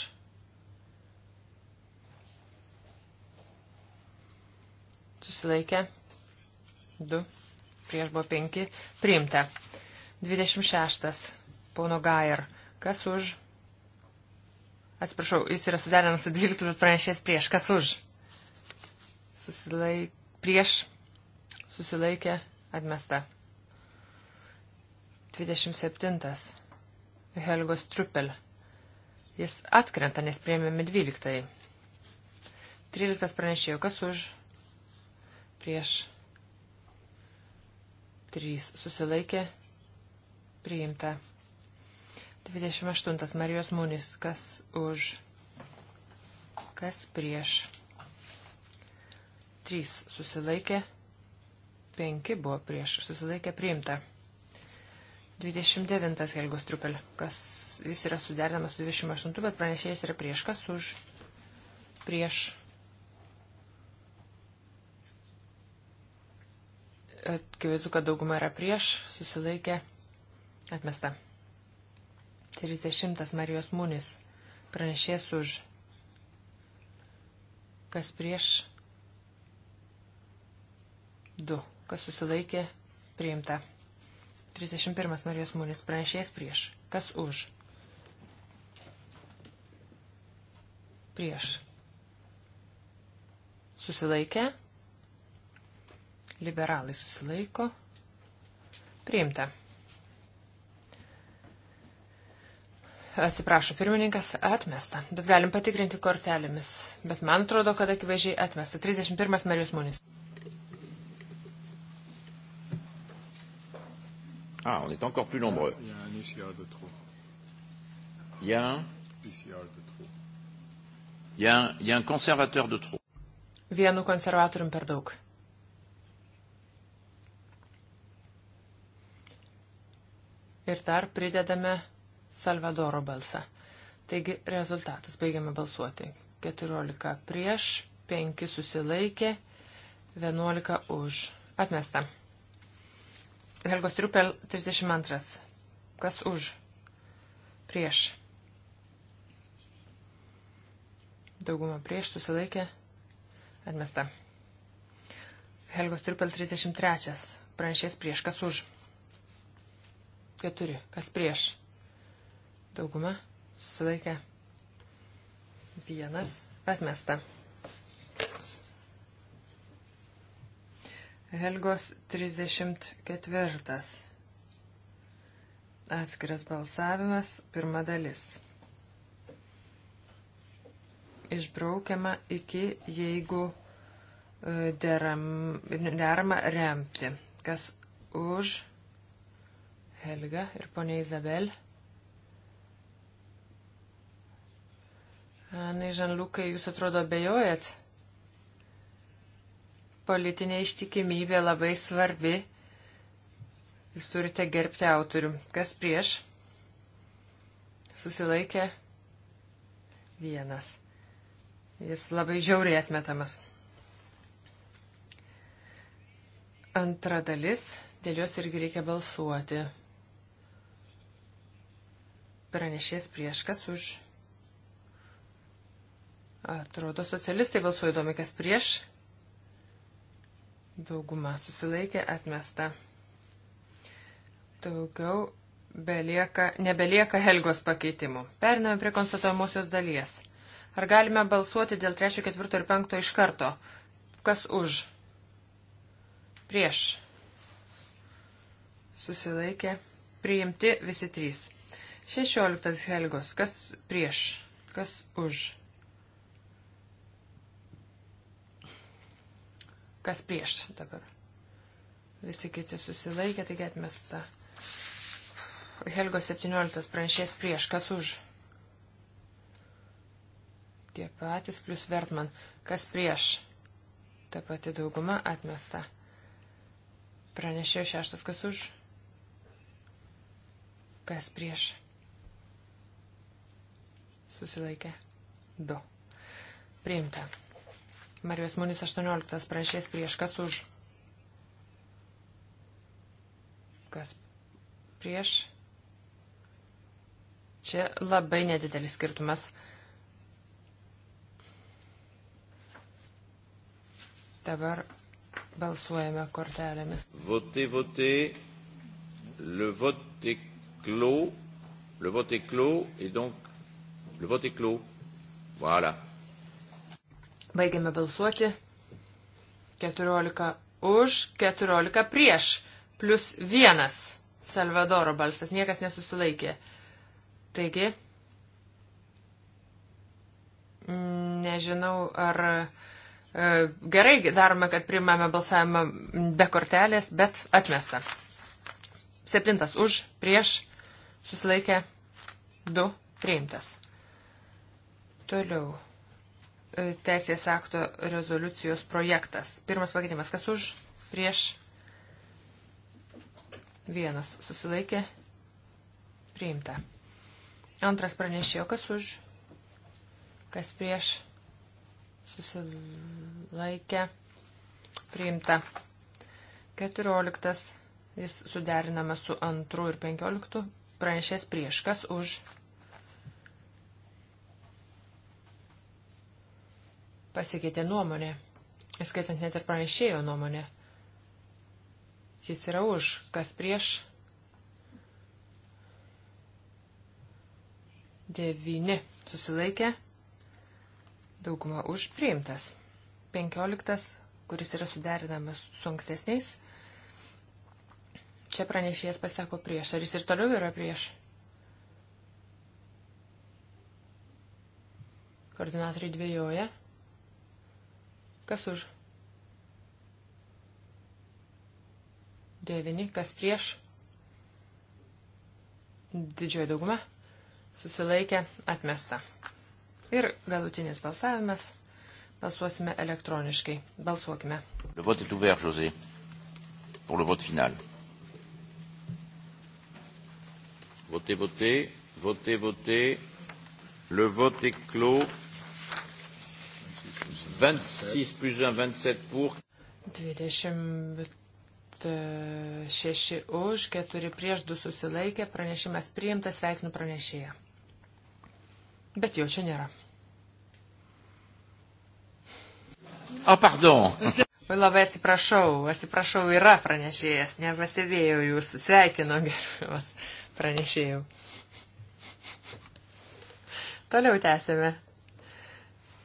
susilaikė, 2, prieš buvo 5, priimta. 26. Pono Gair, kas už? Atsiprašau, jis yra suderinamas su 12, bet pranešės prieš, kas už? Susilaik, prieš, susilaikė, atmesta. 27. Helgos Trupel. Jis atkrenta, nes priėmėme 12. 13 pranešėjo, kas už prieš, trys susilaikė, priimta. 28. Marijos Mūnis, kas už, kas prieš. 3 susilaikė, 5 buvo prieš, susilaikė priimta. 29. Helgos Trupel, kas jis yra suderinamas su 28, bet pranešėjas yra prieš, kas už, prieš Akivaizdu, kad dauguma yra prieš, susilaikė, atmesta. 30 Marijos Mūnis, pranešės už. Kas prieš? 2. Kas susilaikė, priimta. 31 Marijos Mūnis, pranešės prieš. Kas už? Prieš. Susilaikė, Liberalai susilaiko. Priimta. Atsiprašau, pirmininkas atmesta. Bet galim patikrinti kortelėmis. Bet man atrodo, kad akivaizdžiai atmesta. 31 Marijos Munis. Ah, on est encore plus nombreux. Il y a un ICR de trop. Il y a un ICR de trop. Il y a un, il y a un conservateur de trop. Vienu konservatorium per daug. ir dar pridedame Salvadoro balsą. Taigi rezultatas, baigiame balsuoti. 14 prieš, 5 susilaikė, 11 už. Atmesta. Helgos Triupel 32. Kas už? Prieš. Dauguma prieš susilaikė. Atmesta. Helgos Triupel 33. Pranešės prieš. Kas už? Keturi. Kas prieš? Dauguma susilaikė. Vienas atmesta. Helgos 34. Atskiras balsavimas, pirma dalis. Išbraukiama iki jeigu e, deram, derama remti. Kas už Helga ir ponė Izabel. Anai Žanlukai, jūs atrodo abejojat? Politinė ištikimybė labai svarbi. Jūs turite gerbti autorių. Kas prieš? Susilaikė vienas. Jis labai žiauriai atmetamas. Antra dalis, dėl jos irgi reikia balsuoti pranešės prieš kas už. Atrodo, socialistai balsuoja įdomi, kas prieš. Dauguma susilaikė, atmesta. Daugiau belieka, nebelieka Helgos pakeitimų. Periname prie konstatuojamosios dalies. Ar galime balsuoti dėl 3, 4 ir 5 iš karto? Kas už? Prieš. Susilaikė. Priimti visi trys. 16 Helgos. Kas prieš? Kas už? Kas prieš dabar? Visi kiti susilaikė, taigi atmesta. Helgos 17 pranšės prieš. Kas už? Tie patys plus Vertman. Kas prieš? Ta pati dauguma atmesta. Pranešėjo šeštas, kas už? Kas prieš? Susilaikė. 2. Priimta. Marijos Munis 18 prašės prieš kas už. Kas prieš. Čia labai nedidelis skirtumas. Dabar balsuojame kortelėmis. Votez, votez. Le vote est clos. Le vote est clos et donc Le vote est clos. Voilà. Baigiame balsuoti. 14 už, 14 prieš, plus 1 Salvadoro balsas, niekas nesusilaikė. Taigi, nežinau, ar e, gerai darome, kad primame balsavimą be kortelės, bet atmesta. Septintas už, prieš, susilaikė, du, priimtas. Toliau. E, teisės akto rezoliucijos projektas. Pirmas pakeitimas. Kas už? Prieš? Vienas susilaikė. Priimta. Antras pranešėjo. Kas už? Kas prieš? Susilaikė. Priimta. Keturioliktas. Jis suderinama su antru ir penkioliktu. Pranešės prieš. Kas už? Prieš pasikeitė nuomonė, skaitant net ir pranešėjo nuomonė. Jis yra už, kas prieš. Devini susilaikė, dauguma už priimtas. Penkioliktas, kuris yra suderinamas su ankstesniais. Čia pranešėjas pasako prieš. Ar jis ir toliau yra prieš? Koordinatoriai dvėjoja. Kas už? 9. Kas prieš? Didžioji dauguma susilaikė atmesta. Ir galutinis balsavimas. Balsuosime elektroniškai. Balsuokime. Le vote est ouvert, José, pour le vote final. Votez, votez, votez, votez. Le vote est clos. 26 plus 1, 27 pour. 26 už, 4 prieš 2 susilaikė, pranešimas priimtas, sveikinu pranešėją. Bet jo čia nėra. O, ah, pardon. Oi, labai atsiprašau, atsiprašau, yra pranešėjas, nepasivėjau jūsų, sveikinu gerbiamas pranešėjau. Toliau tęsime.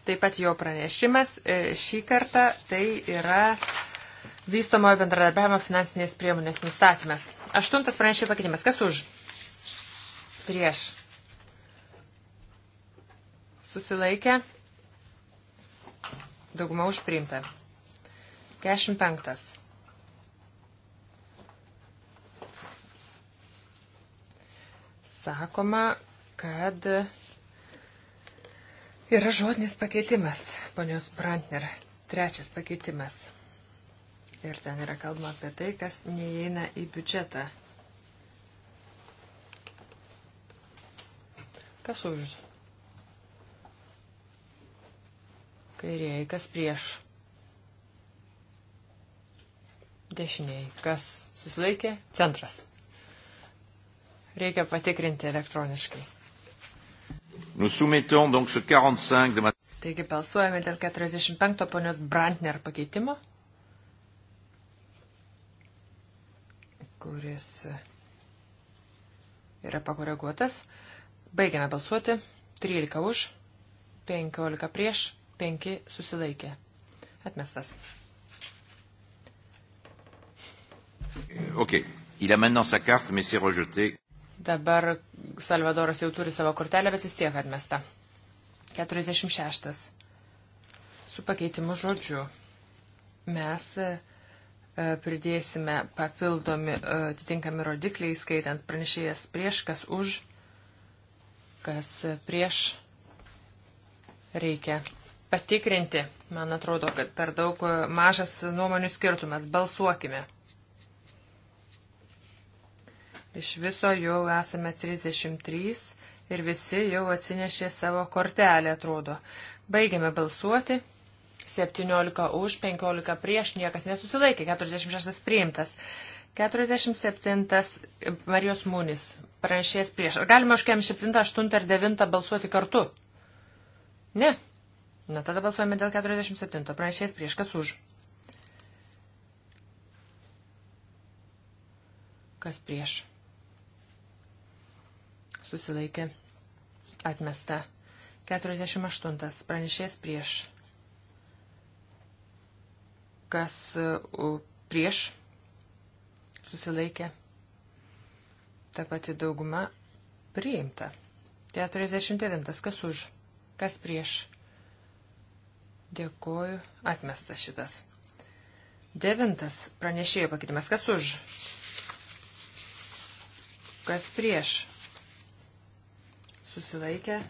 Taip pat jo pranešimas e, šį kartą tai yra vystomojo bendradarbiavimo finansinės priemonės nustatymas. Aštuntas pranešėjo pakeitimas. Kas už? Prieš. Susilaikė. Dauguma užpriimta. 45. Sakoma, kad Yra žodinis pakeitimas, ponios Brantner, trečias pakeitimas. Ir ten yra kalbama apie tai, kas neįeina į biudžetą. Kas už? Kairieji, kas prieš? Dešiniai, kas susilaikė? Centras. Reikia patikrinti elektroniškai. Nous soumettons donc ce 45 de madame. Taigi balsuojame dėl 45 ponios Brantner pakeitimo, kuris yra pakoreguotas. Baigiame balsuoti. 13 už, 15 prieš, 5 susilaikė. Atmestas. Ok. Il a maintenant sa carte, mais c'est rejeté. Dabar Salvadoras jau turi savo kortelę, bet vis tiek atmesta. 46. Su pakeitimu žodžiu mes e, pridėsime papildomi e, atitinkami rodikliai, skaitant pranešėjas prieš, kas už, kas prieš reikia patikrinti. Man atrodo, kad per daug e, mažas nuomonių skirtumas. Balsuokime. Iš viso jau esame 33 ir visi jau atsinešė savo kortelę, atrodo. Baigiame balsuoti. 17 už, 15 prieš, niekas nesusilaikė, 46 priimtas. 47 e, Marijos Mūnis, pranešėjas prieš. Ar galima už 7, 8 ir 9 balsuoti kartu? Ne. Na tada balsuojame dėl 47, pranešėjas prieš, kas už? Kas prieš? susilaikė atmesta. 48. Pranešės prieš. Kas e, prieš susilaikė. Ta pati dauguma priimta. 49. Kas už? Kas prieš? Dėkoju. Atmestas šitas. Devintas. Pranešėjo pakeitimas. Kas už? Kas prieš? susilaikę.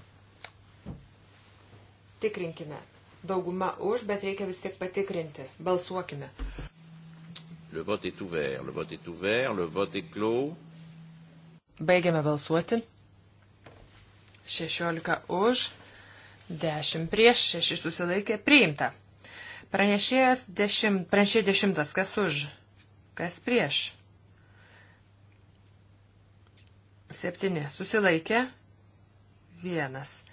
Tikrinkime. Dauguma už, bet reikia vis tiek patikrinti. Balsuokime. Le vote est ouvert, le vote est ouvert, le vote est clos. Baigiame balsuoti. 16 už, 10 prieš, 6 susilaikė, priimta. Pranešėjas 10, pranešė 10, kas už, kas prieš. 7 susilaikė, vienas.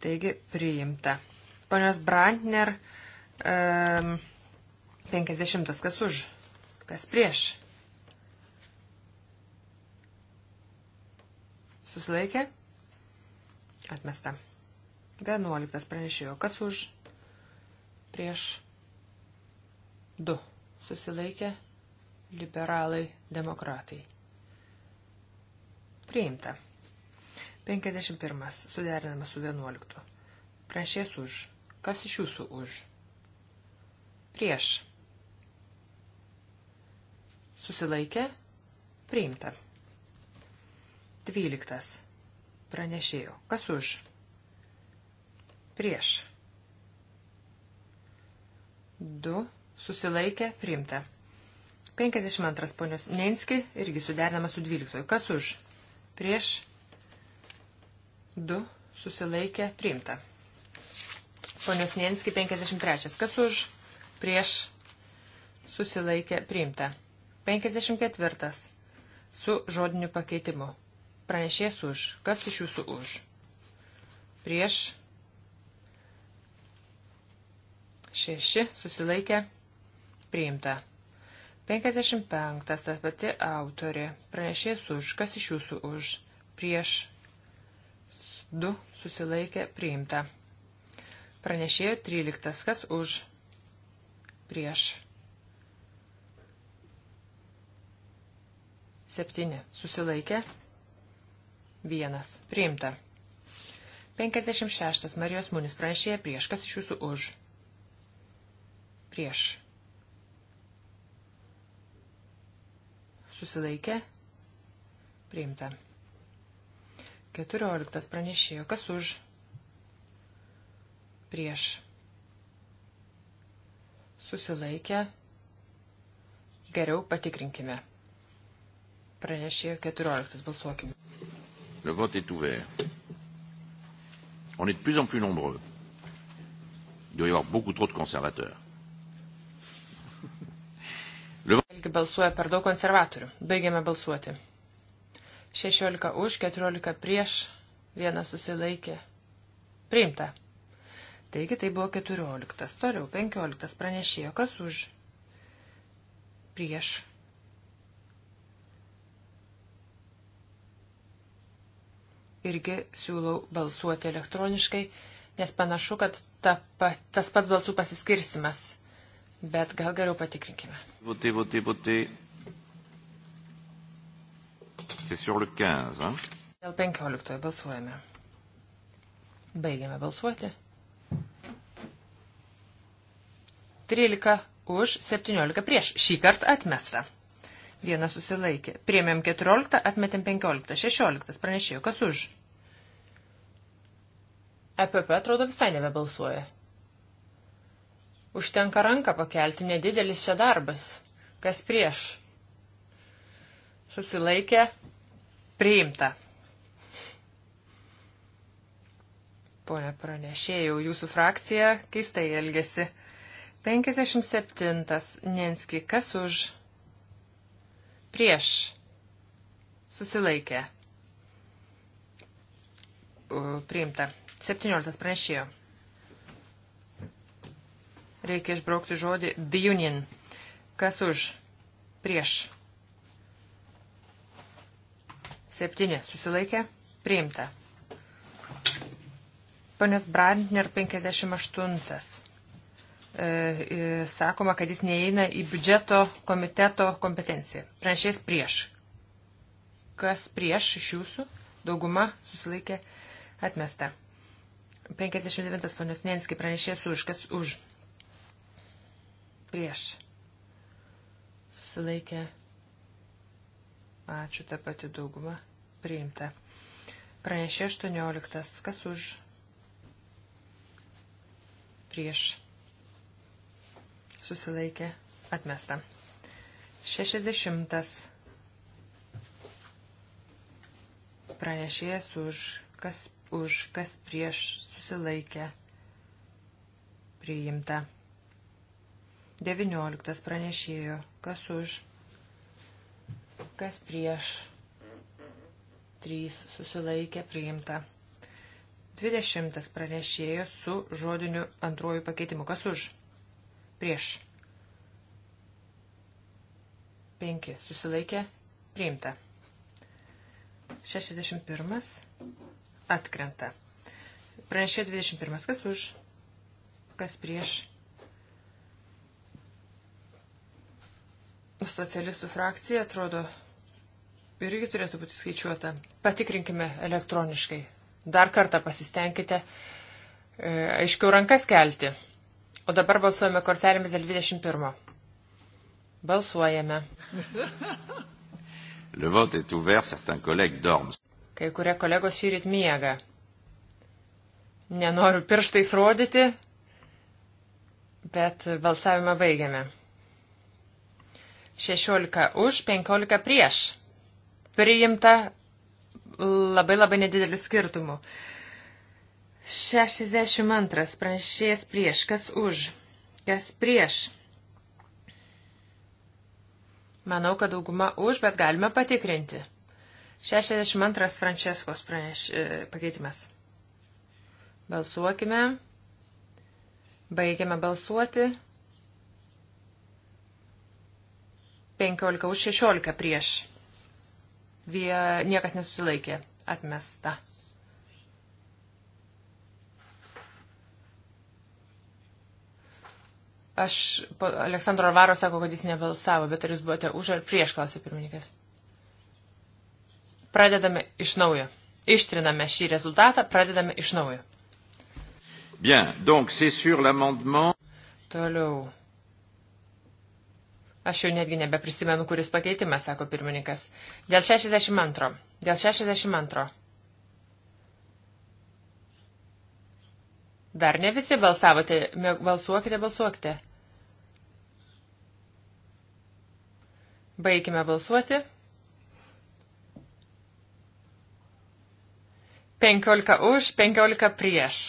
Taigi priimta. Ponios Brantner, um, 50. Kas už? Kas prieš? Susilaikė? Atmesta. 11. Pranešėjo. Kas už? Prieš. 2. Susilaikė liberalai demokratai. Priimta. 51. Suderinamas su 11. Pranšės už. Kas iš jūsų už? Prieš. Susilaikė. Priimta. 12. Pranešėjo. Kas už? Prieš. 2. Susilaikė. Priimta. 52. Ponios Nenski irgi suderinamas su 12. Kas už? Prieš 2 susilaikė priimta. Ponios Nienski 53. Kas už prieš susilaikė priimta. 54. Su žodiniu pakeitimu. Pranešės už. Kas iš jūsų už? Prieš. Šeši susilaikė priimta. 55. Ta pati autorė. Pranešės už. Kas iš jūsų už? Prieš 2 susilaikė priimta. Pranešėjo 13. Kas už? Prieš. 7. Susilaikė. 1. Priimta. 56. Marijos Munis pranešėja prieš. Kas iš jūsų už? Prieš. Susilaikė. Priimta. 14 pranešėjo. Kas už? Prieš. Susilaikę. Geriau patikrinkime. Pranešėjo 14. Balsuokime. Le vote est ouvert. On est de plus en plus nombreux. Il doit y avoir beaucoup trop de conservateurs. Le... Balsuoja per daug konservatorių. Baigiame balsuoti. 16 už, 14 prieš, vienas susilaikė. Priimta. Taigi tai buvo 14. Toliau 15 pranešėjo, kas už. Prieš. Irgi siūlau balsuoti elektroniškai, nes panašu, kad ta, pa, tas pats balsų pasiskirstimas. Bet gal geriau patikrinkime. Būtai, būtai, būtai. C'est sur le 15. Hein? Dėl 15 balsuojame. Baigiame balsuoti. 13 už 17 prieš. Šį kartą atmesta. Vienas susilaikė. Priemėm 14, atmetėm 15, 16. Pranešėjo, kas už. EPP atrodo visai nebebalsuoja. Užtenka ranką pakelti, nedidelis čia darbas. Kas prieš? Susilaikė, Priimta. Pone pranešėjau, jūsų frakcija keistai elgesi. 57. Nenski, kas už? Prieš. Susilaikė. Priimta. 17. Pranešėjo. Reikia išbraukti žodį the union. Kas už? Prieš. 7 susilaikė, priimta. Ponės Brandner 58. E, e, sakoma, kad jis neįeina į biudžeto komiteto kompetenciją. Pranešės prieš. Kas prieš iš jūsų? Dauguma susilaikė atmesta. 59 ponios Nenski pranešės už. Kas už? Prieš. Susilaikė atmesta Ačiū, ta pati dauguma priimta. Pranešė 18. Kas už? Prieš. Susilaikė. Atmesta. 60. Pranešėjas už. Kas už? Kas prieš? Susilaikė. Priimta. 19. Pranešėjo. Kas už? Prieš kas prieš, trys susilaikė priimta. 20 pranešėjo su žodiniu antruoju pakeitimu. Kas už? Prieš. 5 susilaikė priimta. 61 atkrenta. Pranešė 21. Kas už? Kas prieš? Socialistų frakcija atrodo irgi turėtų būti skaičiuota. Patikrinkime elektroniškai. Dar kartą pasistengkite e, aiškiau rankas kelti. O dabar balsuojame kortelėmis dėl 21. Balsuojame. Le vote est ouvert, certains collègues dorment. Kai kurie kolegos šį rytį miega. Nenoriu pirštais rodyti, bet balsavimą baigiame. 16 už, 15 prieš priimta labai labai nedidelių skirtumų. 62. Pranešėjas prieš. Kas už? Kas prieš? Manau, kad dauguma už, bet galime patikrinti. 62. Frančeskos praneš, e, pakeitimas. Balsuokime. Baigiame balsuoti. 15 už 16 prieš. Vie, niekas nesusilaikė. Atmesta. Aš, Aleksandro Alvaro sako, kad jis nebalsavo, bet ar jūs buvote už ar prieš, klausė pirmininkas. Pradedame iš naujo. Ištriname šį rezultatą, pradedame iš naujo. Bien, donc c'est sur l'amendement. Toliau. Aš jau netgi nebeprisimenu, kuris pakeitimas, sako pirmininkas. Dėl 62. Dėl 62. Dar ne visi balsavote. Balsuokite, balsuokite. Baigime balsuoti. 15 už, 15 prieš.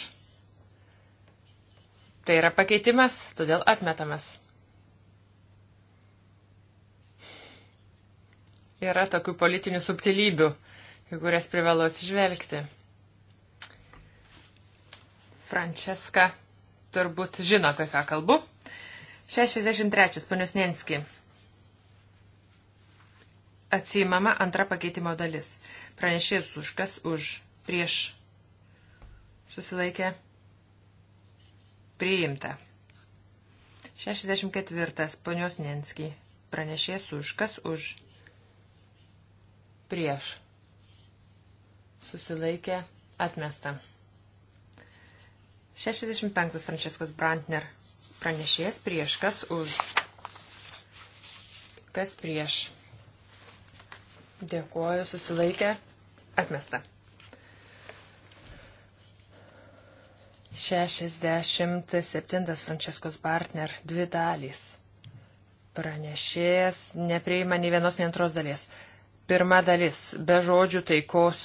Tai yra pakeitimas, todėl atmetamas. yra tokių politinių subtilybių, į kurias privalu atsižvelgti. Frančeska turbūt žino, apie ką kalbu. 63. Ponios Nenski. Atsijimama antra pakeitimo dalis. Pranešėjas už kas už prieš susilaikė priimta. 64. Ponios Nenski. Pranešėjas už kas už prieš, susilaikė, atmesta. 65 Frančiskos Brantner pranešėjas prieš, kas už, kas prieš. Dėkuoju, susilaikė, atmesta. 67 Frančiskos partner, dvi dalys. Pranešėjas nepriima nei vienos, nei antros dalies. Pirma dalis - be žodžių taikos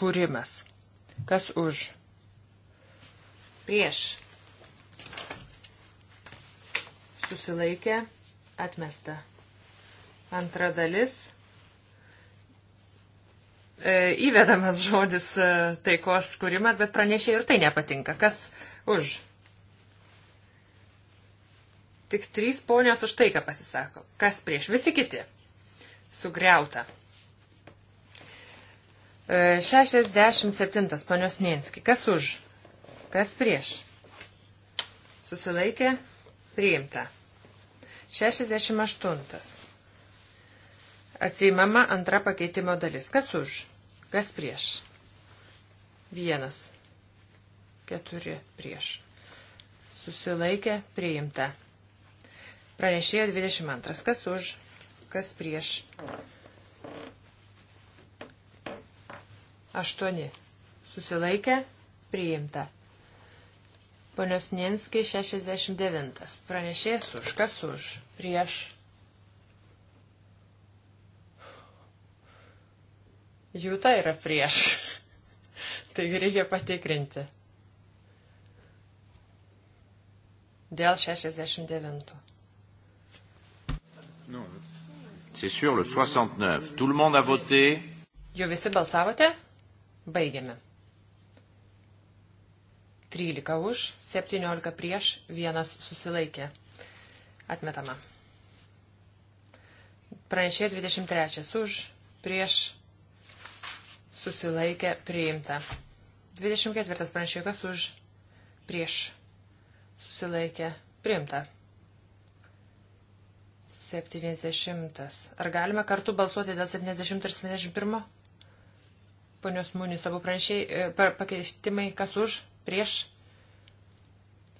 kūrimas. Kas už? Prieš. Susilaikė, atmesta. Antra dalis. E, įvedamas žodis e, taikos kūrimas, bet pranešė ir tai nepatinka. Kas už? Tik trys ponios už taiką pasisako. Kas prieš? Visi kiti. Sugriauta. 67. E, Panios Nienski. Kas už? Kas prieš? Susilaikė? Priimta. 68. Atsiimama antra pakeitimo dalis. Kas už? Kas prieš? Vienas. Keturi prieš. Susilaikė? Priimta. Pranešėjo 22. Kas už? Kas prieš? 8. Susilaikę, priimta. Ponios Nienskiai 69. Pranešėjas už, kas už, prieš. Jūta yra prieš. Taigi reikia patikrinti. Dėl 69. C'est sur le 69. Tout le monde a voté. Jau visi balsavote? Baigiame. 13 už, 17 prieš, 1 susilaikė. Atmetama. Pranešė 23 už, prieš, susilaikė, priimta. 24 pranešė kas už, prieš, susilaikė, priimta. 70. Ar galime kartu balsuoti dėl 70 ir 71? ponios Mūnis abu pranešiai, e, pakeitimai, kas už, prieš,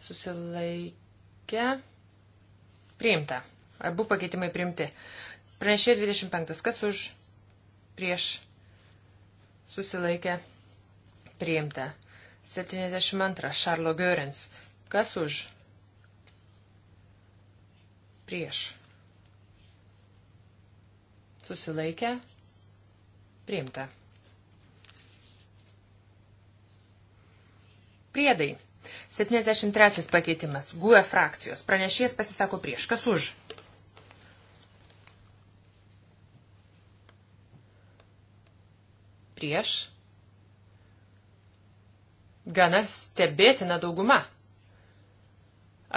susilaikę, priimta. Abu pakeitimai priimti. Pranešė 25. Kas už, prieš, susilaikę, priimta. 72. Šarlo Görens. Kas už, prieš, susilaikę, priimta. Priedai. 73 pakeitimas. GUE frakcijos. Pranešėjas pasisako prieš. Kas už? Prieš. Gana stebėtina dauguma.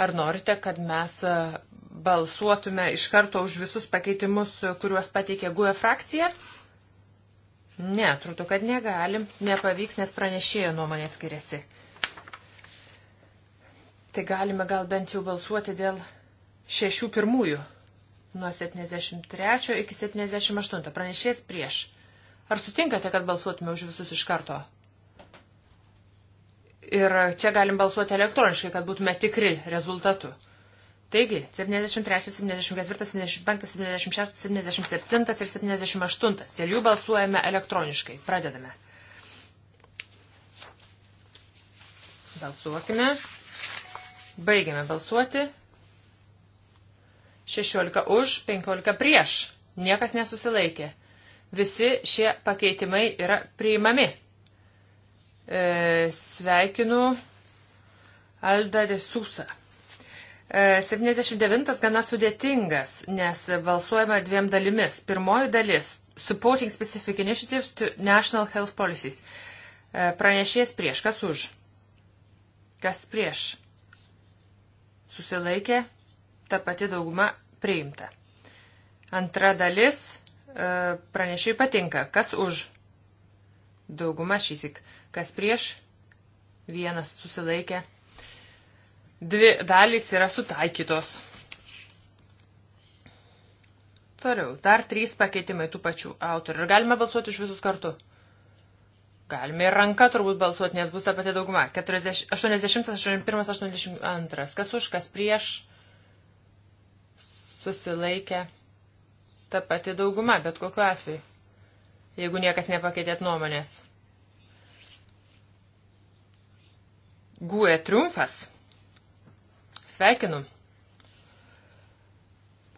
Ar norite, kad mes e, balsuotume iš karto už visus pakeitimus, kuriuos pateikė GUE frakcija? Ne, atrodo, kad negalim, nepavyks, nes pranešėjo nuomonė skiriasi tai galime gal bent jau balsuoti dėl šešių pirmųjų. Nuo 73 iki 78. Pranešės prieš. Ar sutinkate, kad balsuotume už visus iš karto? Ir čia galim balsuoti elektroniškai, kad būtume tikri rezultatu. Taigi, 73, 74, 75, 76, 77 ir 78. Dėl jų balsuojame elektroniškai. Pradedame. Balsuokime. Baigiame balsuoti. 16 už, 15 prieš. Niekas nesusilaikė. Visi šie pakeitimai yra priimami. E, sveikinu Alda de Susa. 79 e, gana sudėtingas, nes balsuojama dviem dalimis. Pirmoji dalis - Supporting Specific Initiatives to National Health Policies. E, pranešėjas prieš, kas už? Kas prieš? susilaikė, ta pati dauguma priimta. Antra dalis e, pranešiui patinka, kas už dauguma šįsik, kas prieš vienas susilaikė. Dvi dalys yra sutaikytos. Toliau, dar trys pakeitimai tų pačių autorių. Ir galime balsuoti už visus kartu. Galime ir ranka turbūt balsuoti, nes bus ta pati dauguma. 40, 80, 81, 82. Kas už, kas prieš susilaikė ta pati dauguma, bet kokiu atveju. Jeigu niekas nepakeitėt nuomonės. Guė triumfas. Sveikinu.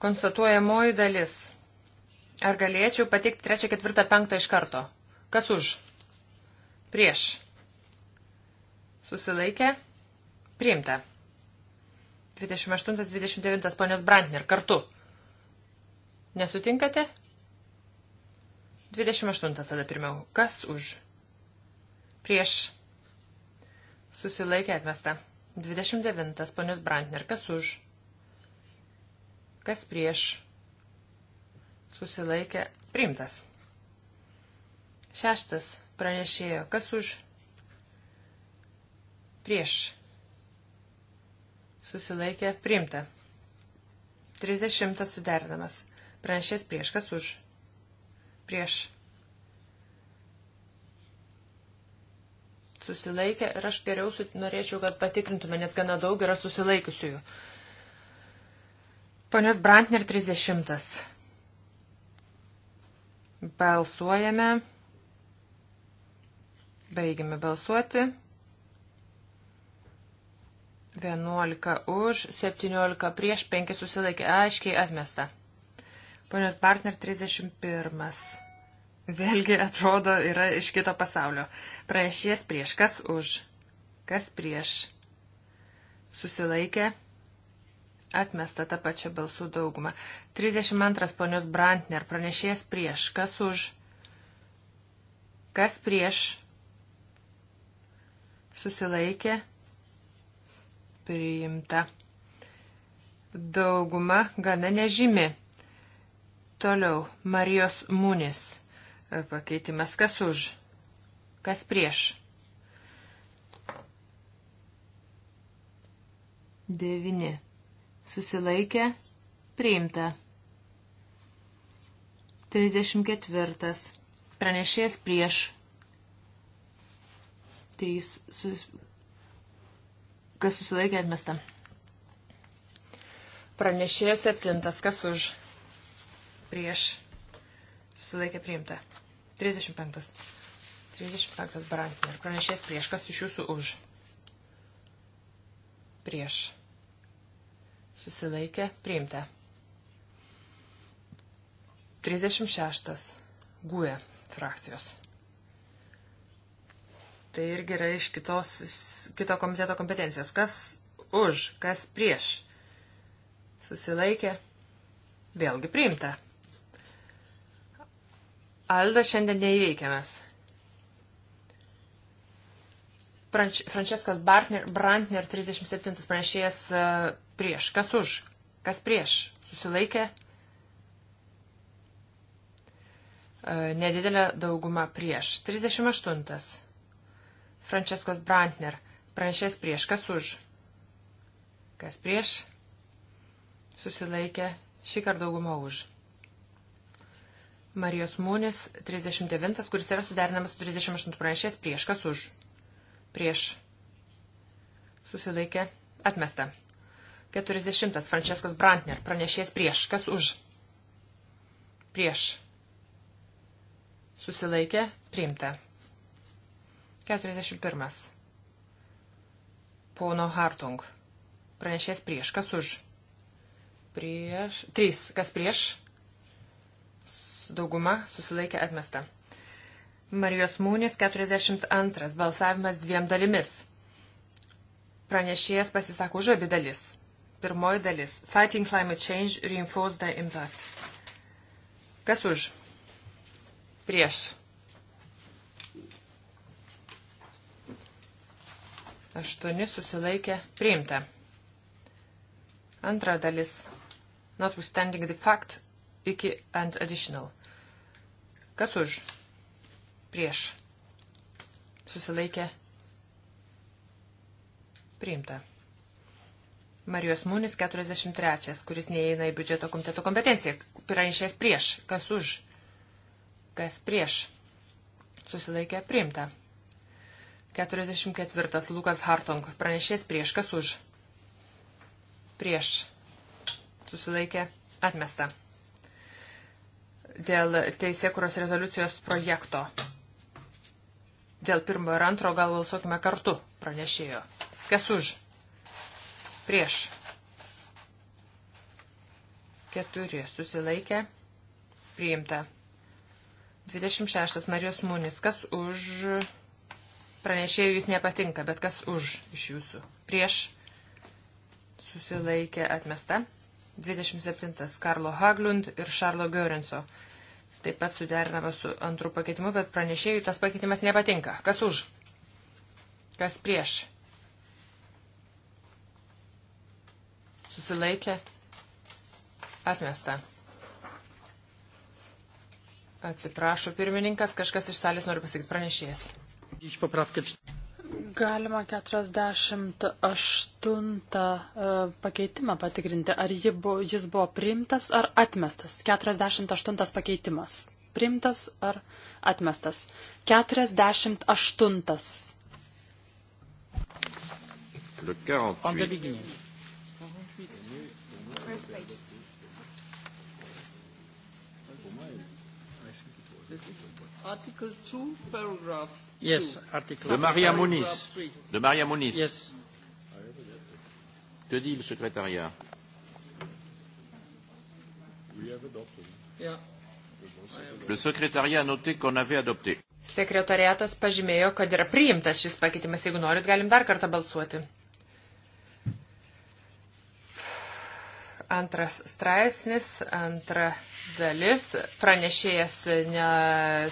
Konstatuojamoji dalis. Ar galėčiau patikti trečią, ketvirtą, penktą iš karto? Kas už? Prieš. Susilaikė. Priimta. 28-29 ponios Brantner kartu. Nesutinkate? 28 tada pirmiau. Kas už? Prieš. Susilaikė atmesta. 29 ponios Brantner. Kas už? Kas prieš? Susilaikė priimtas. Šeštas pranešėjo. Kas už? Prieš. Susilaikė. Primta. 30 suderinamas. Pranešės prieš. Kas už? Prieš. Susilaikė ir aš geriau su, norėčiau, kad patikrintume, nes gana daug yra susilaikiusiųjų. Ponios Brantner 30. Balsuojame. Baigime balsuoti. 11 už, 17 prieš, 5 susilaikė. Aiškiai atmesta. Ponios partner 31. Vėlgi atrodo yra iš kito pasaulio. Pranešies prieš, kas už, kas prieš. Susilaikė. Atmesta tą pačią balsų daugumą. 32 ponios Brantner pranešėjas prieš. Kas už? Kas prieš? susilaikė, priimta. Dauguma gana nežymi. Toliau Marijos Munis e, pakeitimas. Kas už? Kas prieš? 9. Susilaikė, priimta. 34. Pranešėjas prieš trys, sus... kas susilaikė atmesta. Pranešėjo septintas, kas už prieš susilaikė priimta. 35. 35 Brantner. Pranešės prieš, kas iš jūsų už? Prieš. Susilaikė priimta. 36. Guė frakcijos. Tai irgi yra iš kitos, kito komiteto kompetencijos. Kas už, kas prieš? Susilaikė. Vėlgi priimta. Alda šiandien neįveikiamas. Franč, Franceskos Bartner, Brantner 37 pranešėjas e, prieš. Kas už? Kas prieš? Susilaikė? E, nedidelė dauguma prieš. 38. Franceskos Brantner. Pranešės prieš. Kas už? Kas prieš? Susilaikė. Šį kartą dauguma už. Marijos Mūnis 39, kuris yra suderinamas su 38 pranešės prieš. Kas už? Prieš. Susilaikė. Atmesta. 40. Franceskos Brantner. Pranešės prieš. Kas už? Prieš. Susilaikė. Priimta. 41. Pono Hartung. Pranešės prieš. Kas už? Prieš. 3. Kas prieš? Dauguma susilaikė atmesta. Marijos Mūnis 42. Balsavimas dviem dalimis. Pranešėjas pasisako už abi dalis. Pirmoji dalis. Fighting climate change reinforce the impact. Kas už? Prieš 8 susilaikė priimta. Antra dalis. Notwithstanding the fact iki and additional. Kas už? Prieš. Susilaikė priimta. Marijos Mūnis 43, kuris neįeina į biudžeto komiteto kompetenciją. Piranšės prieš. Kas už? Kas prieš? Susilaikė priimta. 44. Lukas Hartong. Pranešės prieš. Kas už? Prieš. Susilaikė. Atmesta. Dėl teisėkuros rezoliucijos projekto. Dėl pirmo ir antro gal balsuokime kartu, pranešėjo. Kas už? Prieš. Keturi. Susilaikė. Priimta. 26. Marijos Mūnis. Kas už? Pranešėjų jūs nepatinka, bet kas už iš jūsų? Prieš susilaikė atmesta. 27. Karlo Haglund ir Šarlo Görenso. Taip pat suderinama su antrų pakeitimu, bet pranešėjų tas pakeitimas nepatinka. Kas už? Kas prieš? Susilaikė. Atmesta. Atsiprašau, pirmininkas, kažkas iš salės nori pasakyti pranešėjas. Galima 48 e, pakeitimą patikrinti, ar buvo, jis buvo priimtas ar atmestas. 48 pakeitimas. Priimtas ar atmestas. 48. Le 48. Article 2, paragraph Yes, article de Maria Mounis. De Maria Mounis. Yes. Que dit le secrétariat Le secrétariat a noté qu'on avait adopté. Sekretariatas pažymėjo, kad yra priimtas šis pakeitimas. Jeigu norit, galim dar kartą balsuoti. Antras straipsnis, antra dalis, pranešėjas ne,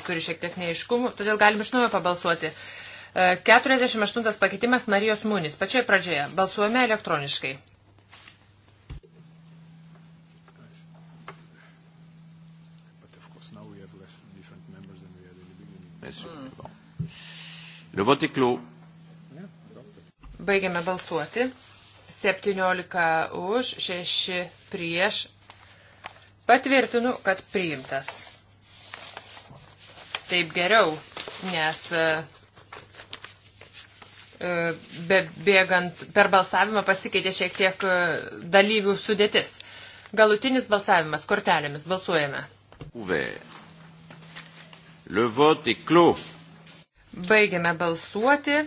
turi šiek tiek neiškumų, todėl galim iš naujo pabalsuoti. 48 e, pakeitimas Marijos Mūnis. Pačioje pradžioje balsuojame elektroniškai. Baigiame balsuoti. 17 už, 6 prieš, Patvirtinu, kad priimtas. Taip geriau, nes e, e, be, bėgant per balsavimą pasikeitė šiek tiek e, dalyvių sudėtis. Galutinis balsavimas kortelėmis. Balsuojame. Baigiame balsuoti.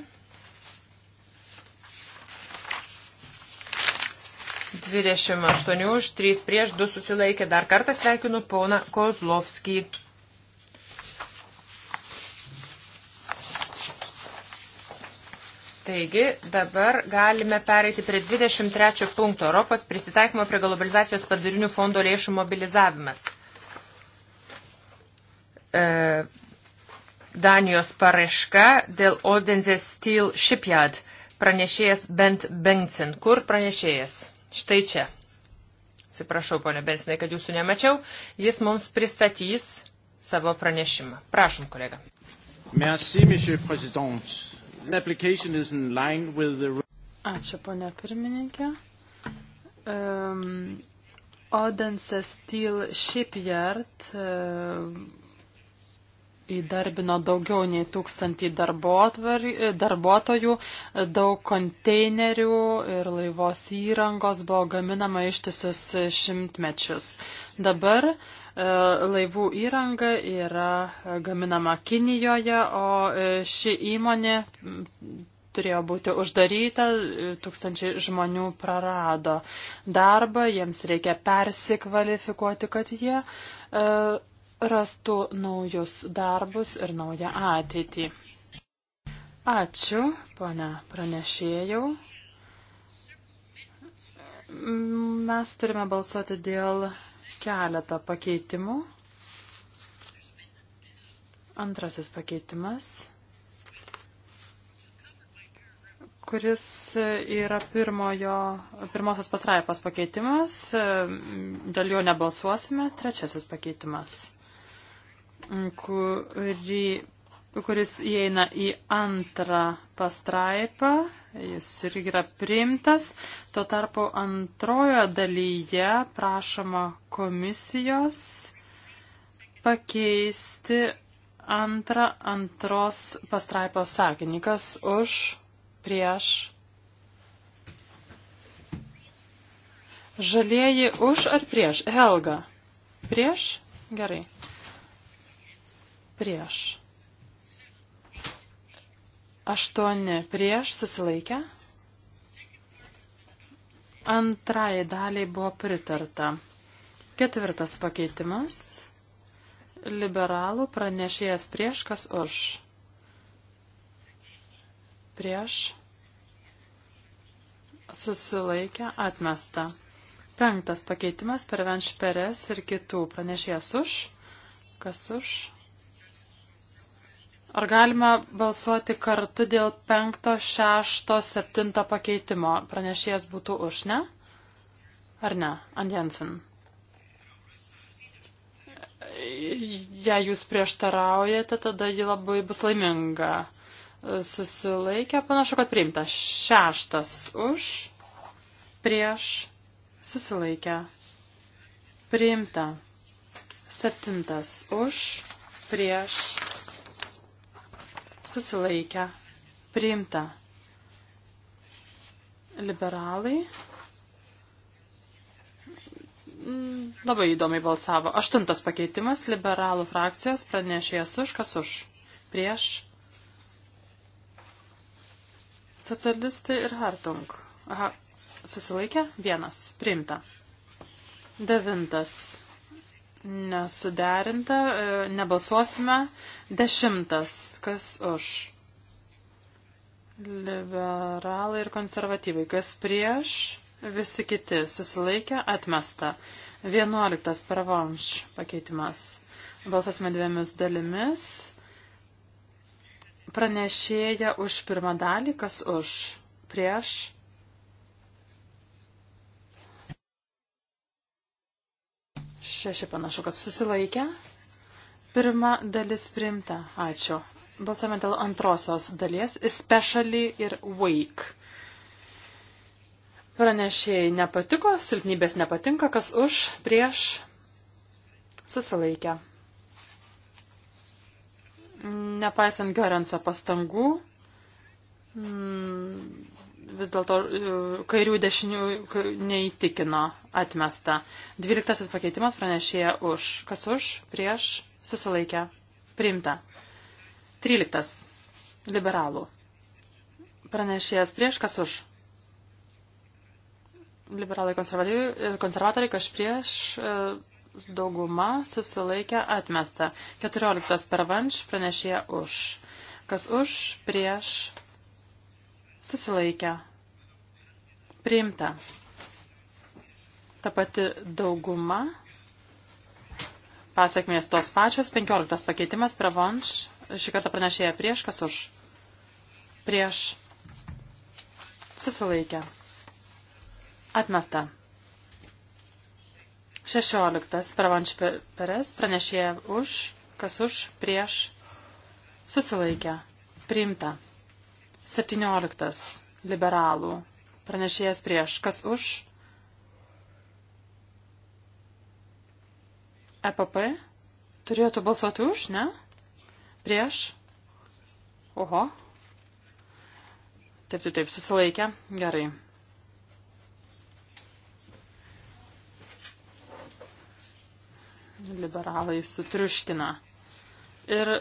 28 už 3 prieš 2 susilaikė. Dar kartą sveikinu poną Kozlovskį. Taigi dabar galime pereiti prie 23 punkto Europos prisitaikymo prie globalizacijos padarinių fondo lėšų mobilizavimas. E, Danijos paraiška dėl Odense Steel Shipyard pranešėjas Bent Bengtsen. Kur pranešėjas? Štai čia. Atsiprašau, ponė Bensinai, kad jūsų nemačiau. Jis mums pristatys savo pranešimą. Prašom, kolega. Merci, monsieur président. The application is in line with the... Ačiū, ponė pirmininkė. Um, Odense Steel Shipyard um, įdarbino daugiau nei tūkstantį darbuotojų, daug konteinerių ir laivos įrangos buvo gaminama ištisus šimtmečius. Dabar e, laivų įranga yra gaminama Kinijoje, o e, ši įmonė turėjo būti uždaryta, e, tūkstančiai žmonių prarado darbą, jiems reikia persikvalifikuoti, kad jie rastų naujus darbus ir naują ateitį. Ačiū, ponia pranešėjau. Mes turime balsuoti dėl keletą pakeitimų. Antrasis pakeitimas, kuris yra pirmojo, pirmosios pastraipos pakeitimas, dėl jo nebalsuosime. Trečiasis pakeitimas kuri, kuris įeina į antrą pastraipą, jis irgi yra priimtas. Tuo tarpu antrojo dalyje prašoma komisijos pakeisti antrą antros pastraipos sakinį. Kas už, prieš. Žalieji už ar prieš? Helga. Prieš? Gerai prieš. Aštuoni prieš susilaikę. Antrai daliai buvo pritarta. Ketvirtas pakeitimas. Liberalų pranešėjas prieš, kas už. Prieš. Susilaikę atmesta. Penktas pakeitimas per Venšperes ir kitų pranešėjas už. Kas už? Ar galima balsuoti kartu dėl 5, 6, 7 pakeitimo? Pranešėjas būtų už, ne? Ar ne? Andjensen. Jei jūs prieštaraujate, tada ji labai bus laiminga. Susilaikė, panašu, kad priimta. Šeštas už, prieš, susilaikė. Priimta. Septintas už, prieš, susilaikę, priimta. Liberalai mm, labai įdomiai balsavo. Aštuntas pakeitimas liberalų frakcijos pranešėjas už, kas už, prieš socialistai ir Hartung. Aha, susilaikė? Vienas, priimta. Devintas, nesuderinta, e, nebalsuosime. Dešimtas. Kas už? Liberalai ir konservatyvai. Kas prieš? Visi kiti. Susilaikė. Atmesta. Vienuoliktas. Pervonš pakeitimas. Balsas medvėmis dalimis. Pranešėja už pirmą dalį. Kas už? Prieš? Šeši panašu, kad susilaikė. Pirma dalis priimta. Ačiū. Balsuojame dėl antrosios dalies. Especially ir wake. Pranešėjai nepatiko, silpnybės nepatinka, kas už, prieš, susilaikę. Nepaisant Gerenso pastangų, mm, vis dėlto e, kairių dešinių neįtikino atmesta. Dvyliktasis pakeitimas pranešėja už. Kas už? Prieš? Susilaikę. Priimta. Tryliktas. Liberalų. Pranešėjas prieš? Kas už? Liberalai e, konservatoriai, kas prieš? E, dauguma susilaikę atmesta. Keturioliktas pervanš pranešėja už. Kas už? Prieš? Susilaikę. Priimta. Ta pati dauguma. Pasakmės tos pačios. 15 pakeitimas. Pravonš. Šį kartą pranešėja prieš. Kas už? Prieš. Susilaikę. Atmesta. 16. Pravonš peres. Pranešėja už. Kas už? Prieš. Susilaikę. Priimta. 17. Liberalų. Pranešėjas prieš. Kas už? EPP? Turėtų balsuoti už, ne? Prieš? Oho. Taip, taip, taip, susilaikė. Gerai. Liberalai sutriuškina. Ir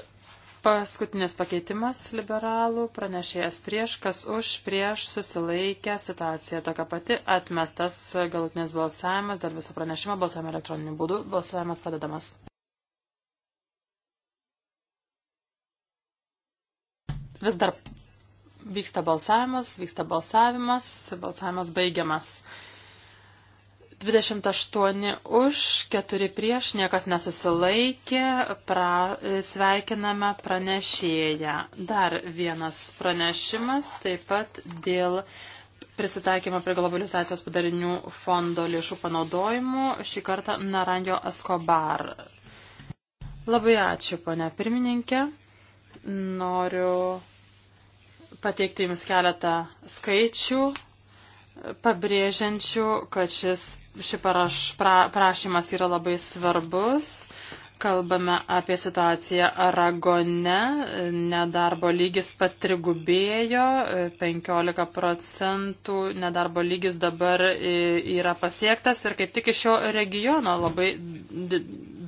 Paskutinis pakeitimas liberalų, pranešėjas prieš, kas už, prieš, susilaikę, situacija tokia pati, atmestas galutinis balsavimas, dar viso pranešimo balsavimo elektroniniu būdu, balsavimas padedamas. Vis dar vyksta balsavimas, vyksta balsavimas, balsavimas baigiamas. 28 už, 4 prieš, niekas nesusilaikė, pra, sveikiname pranešėją. Dar vienas pranešimas taip pat dėl prisitaikymo prie globalizacijos padarinių fondo lėšų panaudojimų, šį kartą Naranjo Escobar. Labai ačiū, ponia pirmininkė. Noriu pateikti Jums keletą skaičių pabrėžiančių, kad šis ši paraš, pra, prašymas yra labai svarbus. Kalbame apie situaciją Aragone. Nedarbo lygis patrigubėjo, 15 procentų nedarbo lygis dabar yra pasiektas ir kaip tik iš šio regiono labai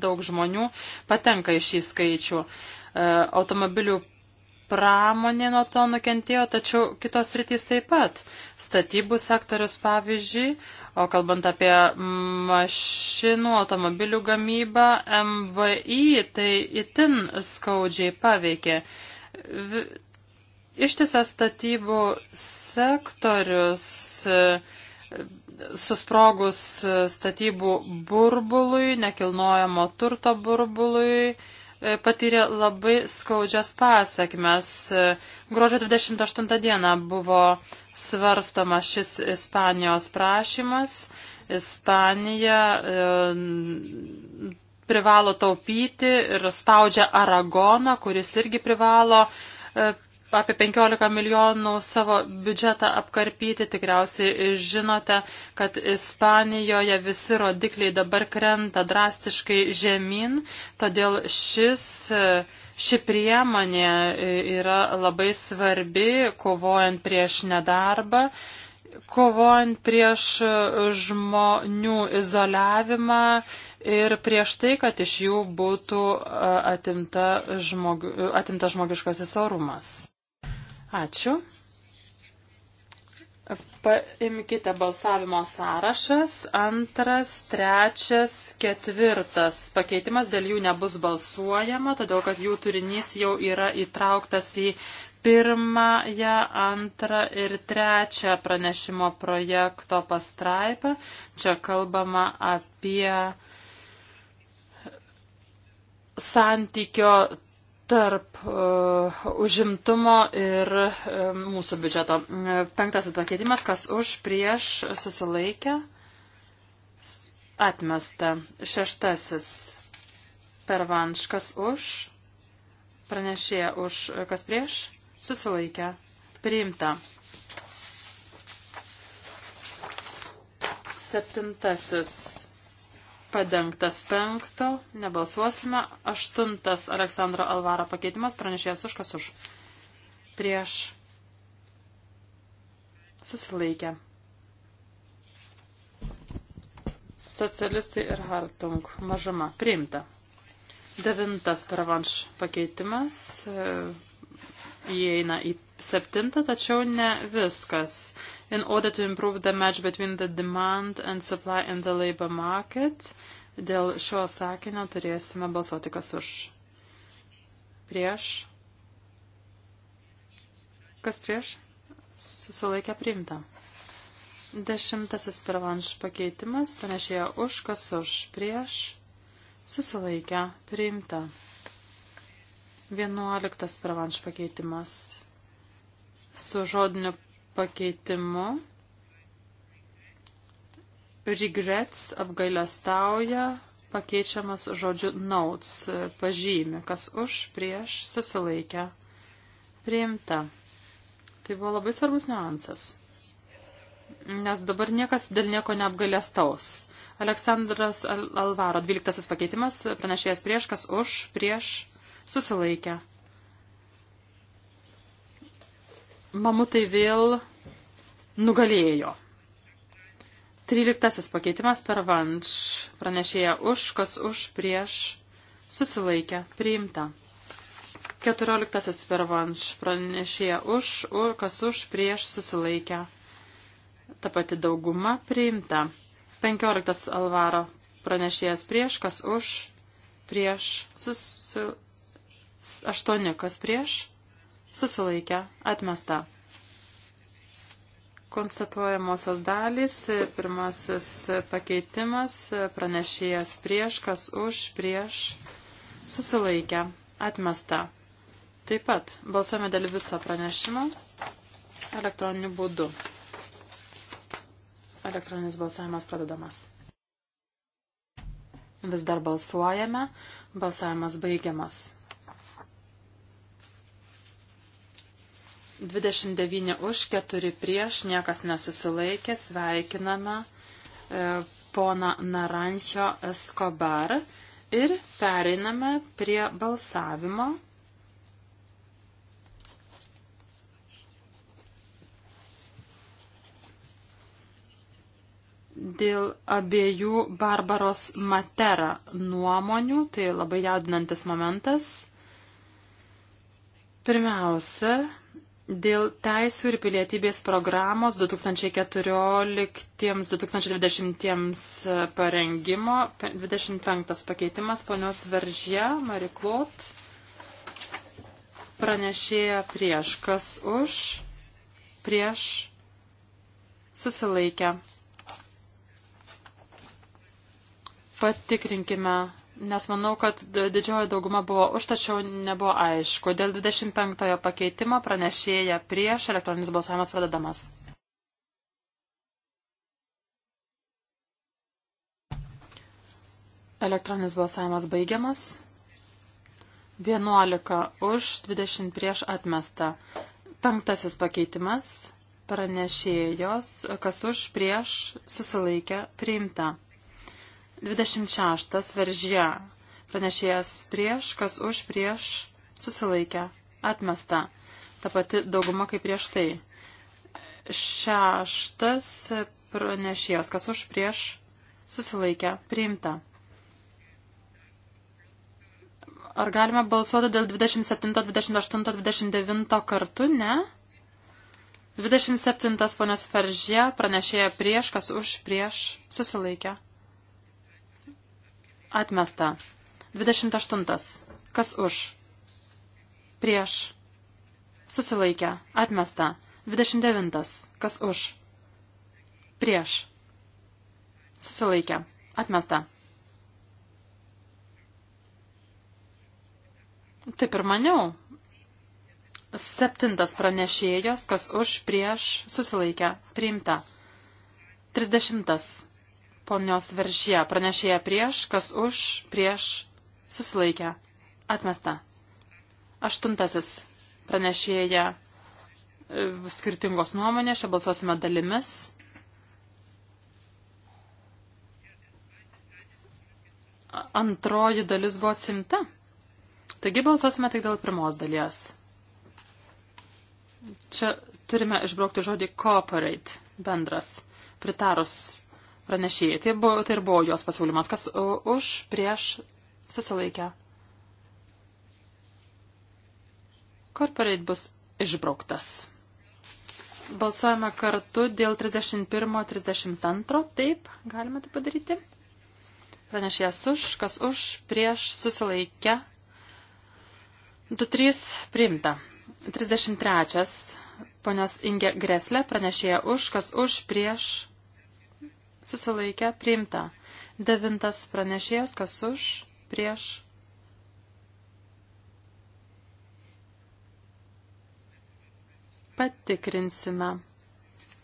daug žmonių patenka į šį skaičių e, automobilių pramonė nuo to nukentėjo, tačiau kitos rytys taip pat. Statybų sektorius, pavyzdžiui, o kalbant apie mašinų, automobilių gamybą, MVI tai itin skaudžiai paveikė. Ištisas statybų sektorius e, susprogus statybų burbului, nekilnojamo turto burbului, E, patyrė labai skaudžias pasakmes. E, gruodžio 28 dieną buvo svarstoma šis Ispanijos prašymas. Ispanija e, privalo taupyti ir spaudžia Aragoną, kuris irgi privalo apie 15 milijonų savo biudžetą apkarpyti. Tikriausiai žinote, kad Ispanijoje visi rodikliai dabar krenta drastiškai žemyn, todėl šis, ši priemonė yra labai svarbi, kovojant prieš nedarbą kovojant prieš žmonių izoliavimą ir prieš tai, kad iš jų būtų atimta, žmog... atimta žmogiškasis orumas. Ačiū. Paimkite balsavimo sąrašas. Antras, trečias, ketvirtas pakeitimas, dėl jų nebus balsuojama, todėl kad jų turinys jau yra įtrauktas į pirmąją, antrą ir trečią pranešimo projekto pastraipą. Čia kalbama apie santykio tarp uh, užimtumo ir uh, mūsų biudžeto. Uh, penktasis pakeitimas, kas už, prieš, susilaikė, atmesta. Šeštasis, pervanš, kas už, pranešė už, kas prieš, susilaikė, priimta. Septintasis padengtas penkto, nebalsuosime. Aštuntas Aleksandro Alvaro pakeitimas, pranešėjas už kas už. Prieš susilaikę. Socialistai ir Hartung mažuma priimta. Devintas pravanš pakeitimas, įeina į septintą, tačiau ne viskas. In order to improve the match between the demand and supply in the labor market, dėl šio sakinio turėsime balsuoti kas už. Prieš. Kas prieš? Susilaikę priimta. Dešimtasis pervanš pakeitimas, panešėjo už, kas už, prieš, susilaikę priimta. Vienuoliktas pravanš pakeitimas su žodiniu pakeitimu. Regrets apgailestauja pakeičiamas žodžiu notes, pažymi, kas už, prieš, susilaikę, priimta. Tai buvo labai svarbus niuansas. Nes dabar niekas dėl nieko neapgalėstaus. Aleksandras Alvaro, 12 pakeitimas, pranešėjas prieš, kas už, prieš, susilaikę. Mamutai vėl nugalėjo. Tryliktasis pakeitimas per vanš. Pranešėja už, kas už, prieš, susilaikę, priimta. Keturioliktasis per vanš. Pranešėja už, kas už, prieš, susilaikę. Ta pati dauguma priimta. Penkioliktas Alvaro pranešėjas prieš, kas už, prieš, susilaikę. 8 kas prieš, susilaikę, atmesta. Konstatuojamosios dalys, pirmasis pakeitimas, pranešėjas prieš, kas už, prieš, susilaikę, atmesta. Taip pat balsame dėl viso pranešimo elektroniniu būdu. Elektroninis balsavimas pradedamas. Vis dar balsuojame, balsavimas baigiamas. 29 už, 4 prieš, niekas nesusilaikė, sveikiname e, pona Narančio Eskobar ir pereiname prie balsavimo. Dėl abiejų Barbaros Matera nuomonių, tai labai jaudinantis momentas. Pirmiausia, Dėl teisų ir pilietybės programos 2014-2020 parengimo 25 pakeitimas ponios Veržė Mariklot pranešėja prieš, kas už, prieš, susilaikę. Patikrinkime nes manau, kad didžioji dauguma buvo už, tačiau nebuvo aišku. Dėl 25 pakeitimo pranešėja prieš elektroninis balsavimas pradedamas. Elektroninis balsavimas baigiamas. 11 už, 20 prieš atmesta. Penktasis pakeitimas pranešėjos, kas už prieš susilaikę priimta. 26 veržė. Pranešėjas prieš, kas už prieš susilaikė. Atmesta. Ta pati dauguma kaip prieš tai. Šeštas pranešėjas, kas už prieš susilaikė. Priimta. Ar galime balsuoti dėl 27, 28, 29 kartu? Ne. 27 ponios Feržė pranešėja prieš, kas už prieš susilaikė. Atmesta. 28. Kas už? Prieš. Susilaikę. Atmesta. 29. Kas už? Prieš. Susilaikę. Atmesta. Taip ir maniau. Septintas pranešėjas, kas už, prieš, susilaikę, priimta. Trisdešimtas ponios viršie. Pranešėja prieš, kas už, prieš, susilaikę. Atmesta. Aštuntasis. Pranešėja e, skirtingos nuomonės, čia balsuosime dalimis. Antroji dalis buvo atsimta. Taigi balsuosime tik dėl pirmos dalies. Čia turime išbraukti žodį cooperate, bendras. Pritarus pranešėjai. Tai, buvo, tai ir buvo jos pasiūlymas. Kas už, prieš, susilaikę. Korporate bus išbrauktas. Balsuojame kartu dėl 31-32. Taip, galime tai padaryti. Pranešėjas už, kas už, prieš, susilaikę. 2-3 priimta. 33. Ponios Inge Greslė pranešėja už, kas už, prieš, susilaikę, priimta. Devintas pranešėjas, kas už, prieš. Patikrinsime.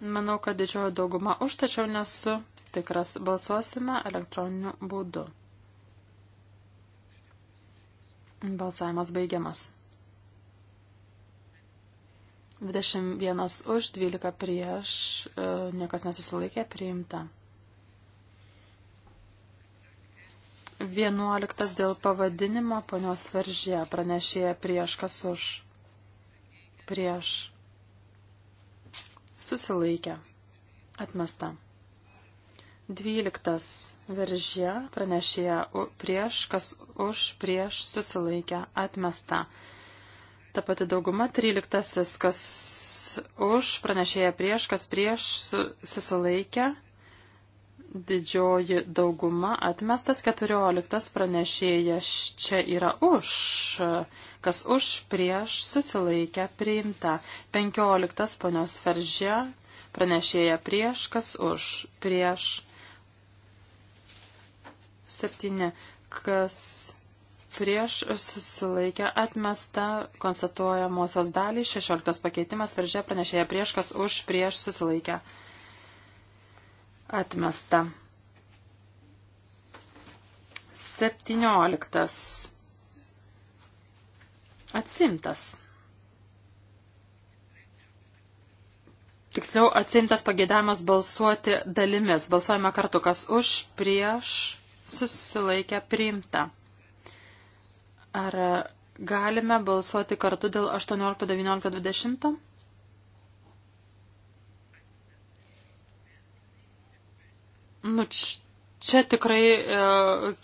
Manau, kad didžioji dauguma už, tačiau nesu tikras. Balsuosime elektroniniu būdu. Balsavimas baigiamas. 21 už, 12 prieš, e, niekas nesusilaikė, priimta. Vienuoliktas dėl pavadinimo ponios veržė pranešėja prieš kas už. Prieš. Susilaikę. Atmesta. Dvyliktas veržė pranešėja prieš kas už prieš susilaikę. Atmesta. Ta pati dauguma. Tryliktasis kas už pranešėja prieš kas prieš susilaikę didžioji dauguma atmestas 14 pranešėjas čia yra už, kas už prieš susilaikę priimta. 15 ponios veržė pranešėja prieš, kas už prieš 7, kas prieš susilaikę atmesta konstatuojamosios dalys 16 pakeitimas veržė pranešėja prieš, kas už prieš susilaikę priimta. Atmesta. 17. Atsimtas. Tiksliau, atsimtas pagėdavimas balsuoti dalimis. Balsuojame kartu, kas už, prieš, susilaikę, priimta. Ar galime balsuoti kartu dėl 18, 19, 20? Nu, čia tikrai e,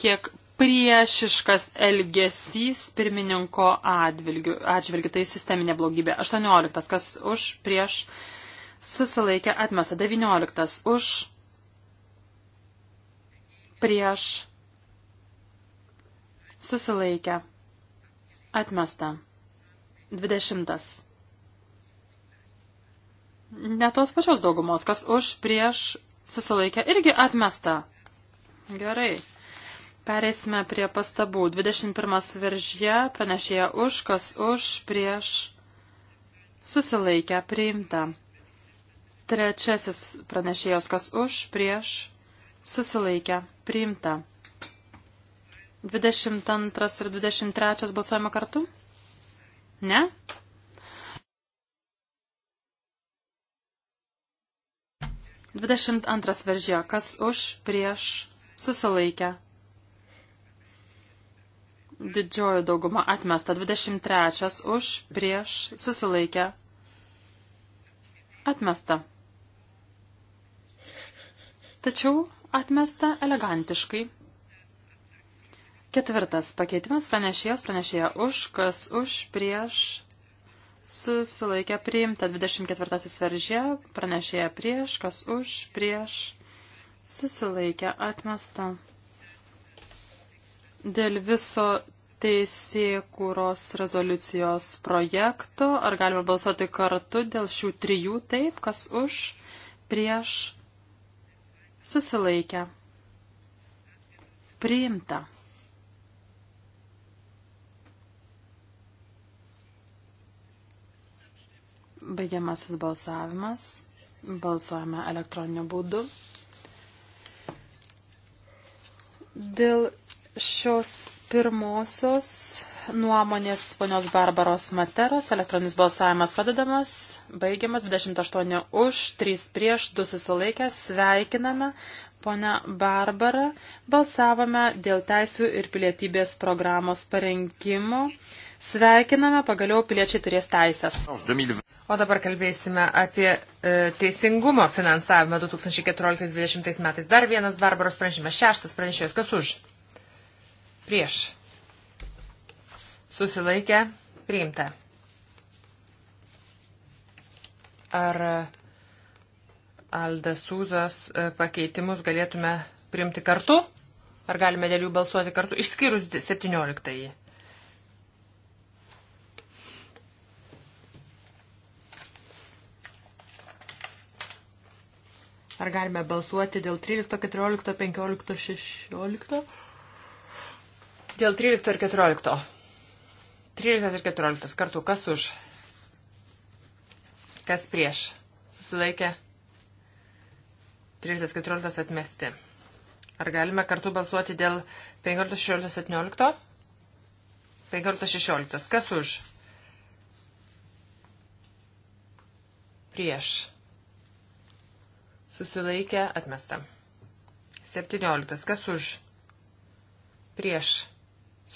kiek priešiškas elgesys pirmininko atvilgių. Atžvilgių tai sisteminė blogybė. 18. Kas už, prieš, susilaikė, atmesa. 19. Už, prieš, susilaikė, atmesta. 20 ne tos pačios daugumos, kas už prieš susilaikė irgi atmesta. Gerai. Pereisime prie pastabų. 21 veržė pranešėja už, kas už, prieš, susilaikę, priimta. Trečiasis pranešėjos, kas už, prieš, susilaikę, priimta. 22 ir 23 balsuojama kartu? Ne? 22 veržė, kas už, prieš, susilaikę. Didžioji dauguma atmesta, 23 už, prieš, susilaikę. Atmesta. Tačiau atmesta elegantiškai. Ketvirtas pakeitimas pranešėjas pranešėja už, kas už, prieš, susilaikė priimta 24 veržė, pranešėja prieš, kas už, prieš, susilaikė atmesta. Dėl viso teisėkūros rezoliucijos projekto, ar galime balsuoti kartu dėl šių trijų taip, kas už, prieš, susilaikė. Priimta. Baigiamasis balsavimas. Balsuojame elektroniniu būdu. Dėl šios pirmosios nuomonės ponios Barbaros Materos elektroninis balsavimas padedamas, baigiamas 28 už, 3 prieš, 2 susilaikę, sveikiname Pone Barbara, balsavome dėl teisų ir pilietybės programos parengimo. Sveikiname, pagaliau piliečiai turės teisės. O dabar kalbėsime apie e, teisingumo finansavimą 2014-2020 metais. Dar vienas Barbaros pranešimas, šeštas pranešėjas, kas už? Prieš. Susilaikę, priimta. Ar Alda Sūzos e, pakeitimus galėtume priimti kartu? Ar galime dėl jų balsuoti kartu, išskyrus 17. -ąjį? Ar galime balsuoti dėl 13, 14, 15, 16? Dėl 13 ir 14. 13 ir 14 kartų. Kas už? Kas prieš? Susilaikė. 13, 14 atmesti. Ar galime kartu balsuoti dėl 15, 16, 17? 15, 16. Kas už? Prieš susilaikė atmesta. 17. Kas už? Prieš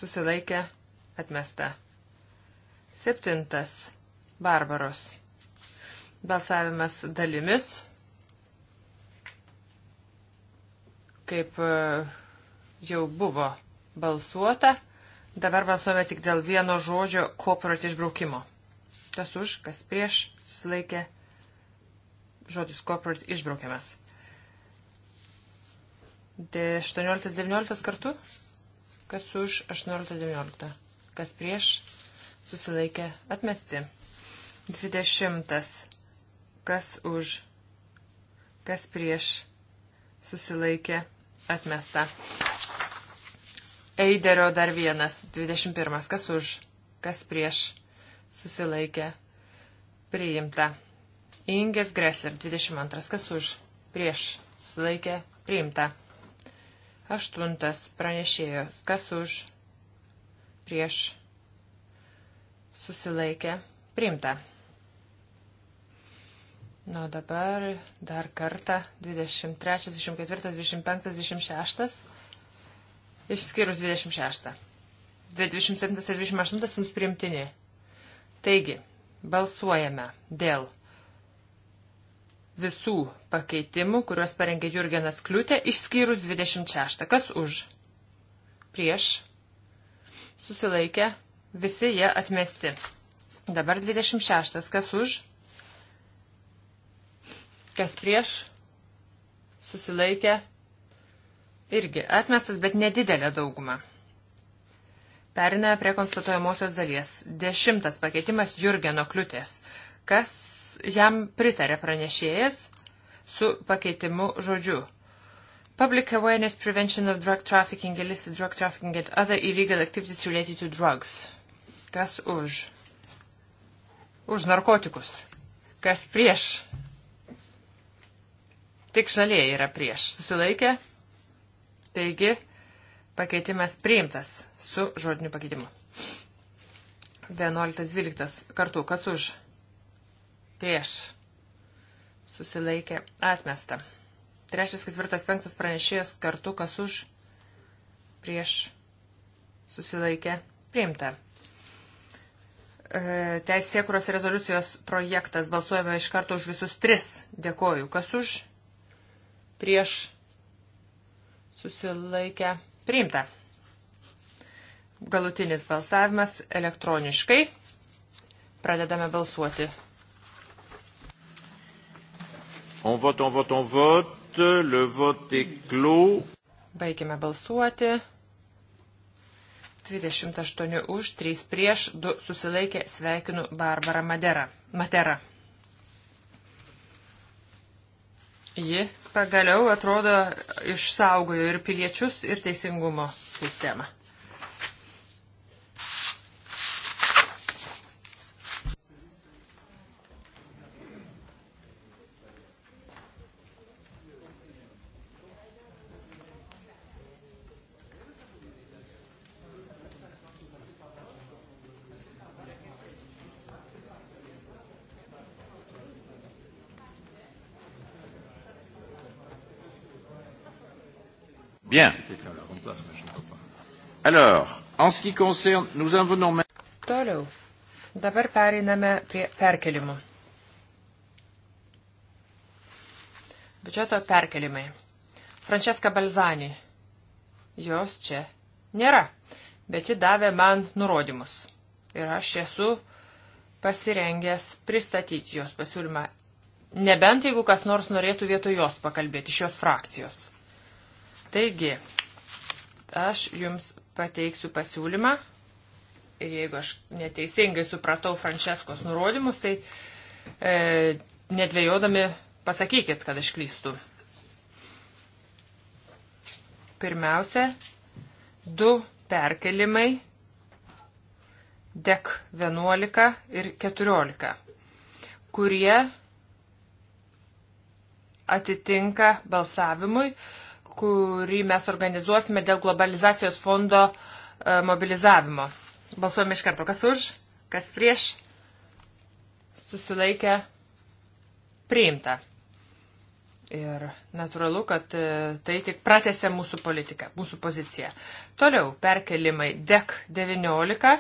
susilaikė atmesta. 7. Barbaros. Balsavimas dalimis. Kaip e, jau buvo balsuota, dabar balsuojame tik dėl vieno žodžio koprat išbraukimo. Kas už, kas prieš, susilaikė atmesta žodis corporate išbraukiamas. 18-19 kartu, kas už 18-19, kas prieš susilaikė atmesti. 20, kas už, kas prieš susilaikė atmesta. Eiderio dar vienas, 21, kas už, kas prieš susilaikė priimta. Ingės Gressler, 22. Kas už? Prieš. Sulaikė. Priimta. 8. Pranešėjos. Kas už? Prieš. Susilaikė. Priimta. Na, dabar dar kartą 23, 24, 25, 26. Išskyrus 26. 27 ir 28 jums priimtini. Taigi, balsuojame dėl visų pakeitimų, kuriuos parengė Jurgenas Kliūtė, išskyrus 26. Kas už? Prieš. Susilaikė. Visi jie atmesti. Dabar 26. Kas už? Kas prieš? Susilaikė. Irgi atmestas, bet nedidelė dauguma. Periname prie konstatuojamosios dalies. Dešimtas pakeitimas Jurgeno kliūtės. Kas jam pritarė pranešėjas su pakeitimu žodžiu. Public awareness prevention of drug trafficking, illicit drug trafficking and other illegal activities related to drugs. Kas už? Už narkotikus. Kas prieš? Tik žalieji yra prieš. Susilaikė? Taigi, pakeitimas priimtas su žodiniu pakeitimu. 11.12. Kartu, kas už? prieš susilaikė atmesta. Trečias, ketvirtas, penktas pranešėjas kartu, kas už prieš susilaikė priimta. E, teisėkuros rezoliucijos projektas balsuojame iš karto už visus tris. Dėkoju. Kas už prieš susilaikę priimta. Galutinis balsavimas elektroniškai. Pradedame balsuoti. On vote, on vote, on vote. Le vote est clos. Baigėme balsuoti. 28 už, 3 prieš, 2 susilaikė. Sveikinu Barbarą Maderą. Materą. Ji pagaliau atrodo išsaugojo ir piliečius, ir teisingumo sistemą. Bien. Alors, en ce qui concerne, nous en venons maintenant. Toliau. Dabar pereiname prie perkelimų. Biudžeto perkelimai. Franceska Balzani. Jos čia nėra, bet ji davė man nurodymus. Ir aš esu pasirengęs pristatyti jos pasiūlymą. Nebent jeigu kas nors norėtų vietoj jos pakalbėti, iš jos frakcijos. Taigi, aš jums pateiksiu pasiūlymą ir jeigu aš neteisingai supratau Franceskos nurodymus, tai e, nedvėjodami pasakykit, kad aš klystu. Pirmiausia, du perkelimai DEC 11 ir 14, kurie atitinka balsavimui, kurį mes organizuosime dėl globalizacijos fondo e, mobilizavimo. Balsuojame iš karto, kas už, kas prieš, susilaikę, priimta. Ir natūralu, kad e, tai tik pratėse mūsų politiką, mūsų poziciją. Toliau perkelimai DEC 19.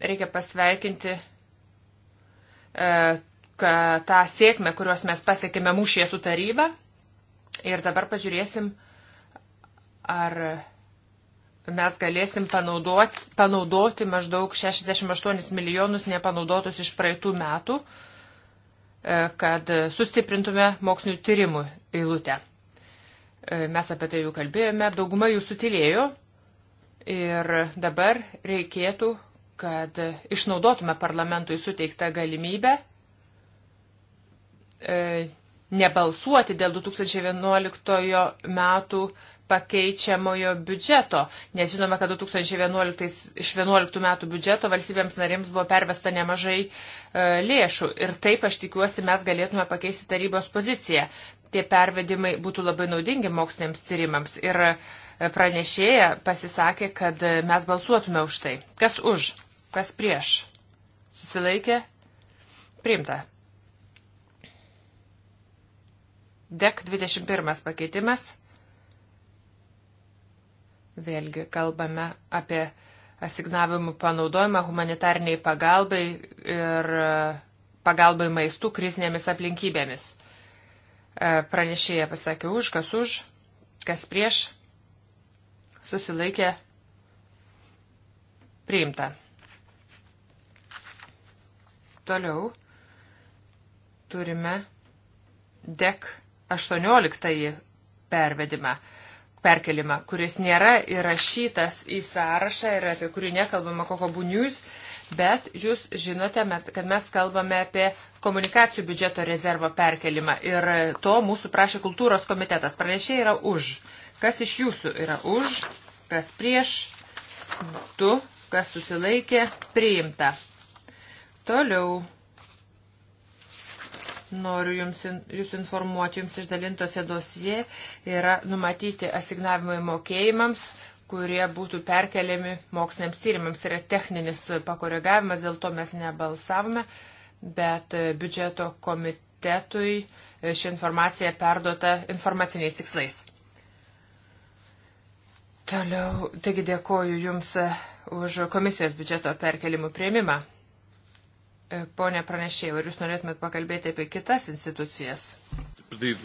Reikia pasveikinti e, tą sėkmę, kurios mes pasiekėme mūšyje su taryba. Ir dabar pažiūrėsim, ar mes galėsim panaudoti, panaudoti maždaug 68 milijonus nepanaudotus iš praeitų metų, e, kad sustiprintume mokslinių tyrimų eilutę. E, mes apie tai jau kalbėjome, dauguma jų sutilėjo ir dabar reikėtų, kad išnaudotume parlamentui suteiktą galimybę e, nebalsuoti dėl 2011 metų pakeičiamojo biudžeto, nes žinome, kad 2011 metų biudžeto valstybėms narėms buvo pervesta nemažai e, lėšų ir taip aš tikiuosi mes galėtume pakeisti tarybos poziciją. Tie pervedimai būtų labai naudingi moksliniams tyrimams ir e, pranešėja pasisakė, kad e, mes balsuotume už tai. Kas už, kas prieš? Susilaikė? Priimta. DEC 21 pakeitimas. Vėlgi kalbame apie asignavimų panaudojimą humanitarniai pagalbai ir e, pagalbai maistų krizinėmis aplinkybėmis. E, pranešėja pasakė už, kas už, kas prieš, susilaikė priimta. Toliau turime DEC 18 pervedimą, perkelimą, kuris nėra įrašytas į sąrašą ir apie kurį nekalbama kokobų news, bet jūs žinote, kad mes kalbame apie komunikacijų biudžeto rezervo perkelimą ir to mūsų prašė kultūros komitetas. Pranešė yra už. Kas iš jūsų yra už, kas prieš, du, kas susilaikė, priimta. Toliau. Noriu jums, jūs informuoti, jums išdalintose dosie yra numatyti asignavimai mokėjimams, kurie būtų perkeliami moksliniams tyrimams. Yra techninis pakoregavimas, dėl to mes nebalsavome, bet e, biudžeto komitetui e, ši informacija perduota informaciniais tikslais. Toliau, taigi dėkoju Jums e, už komisijos biudžeto perkelimų prieimimą. Pone pranešėjau, ar jūs norėtumėt pakalbėti apie kitas institucijas? Eh,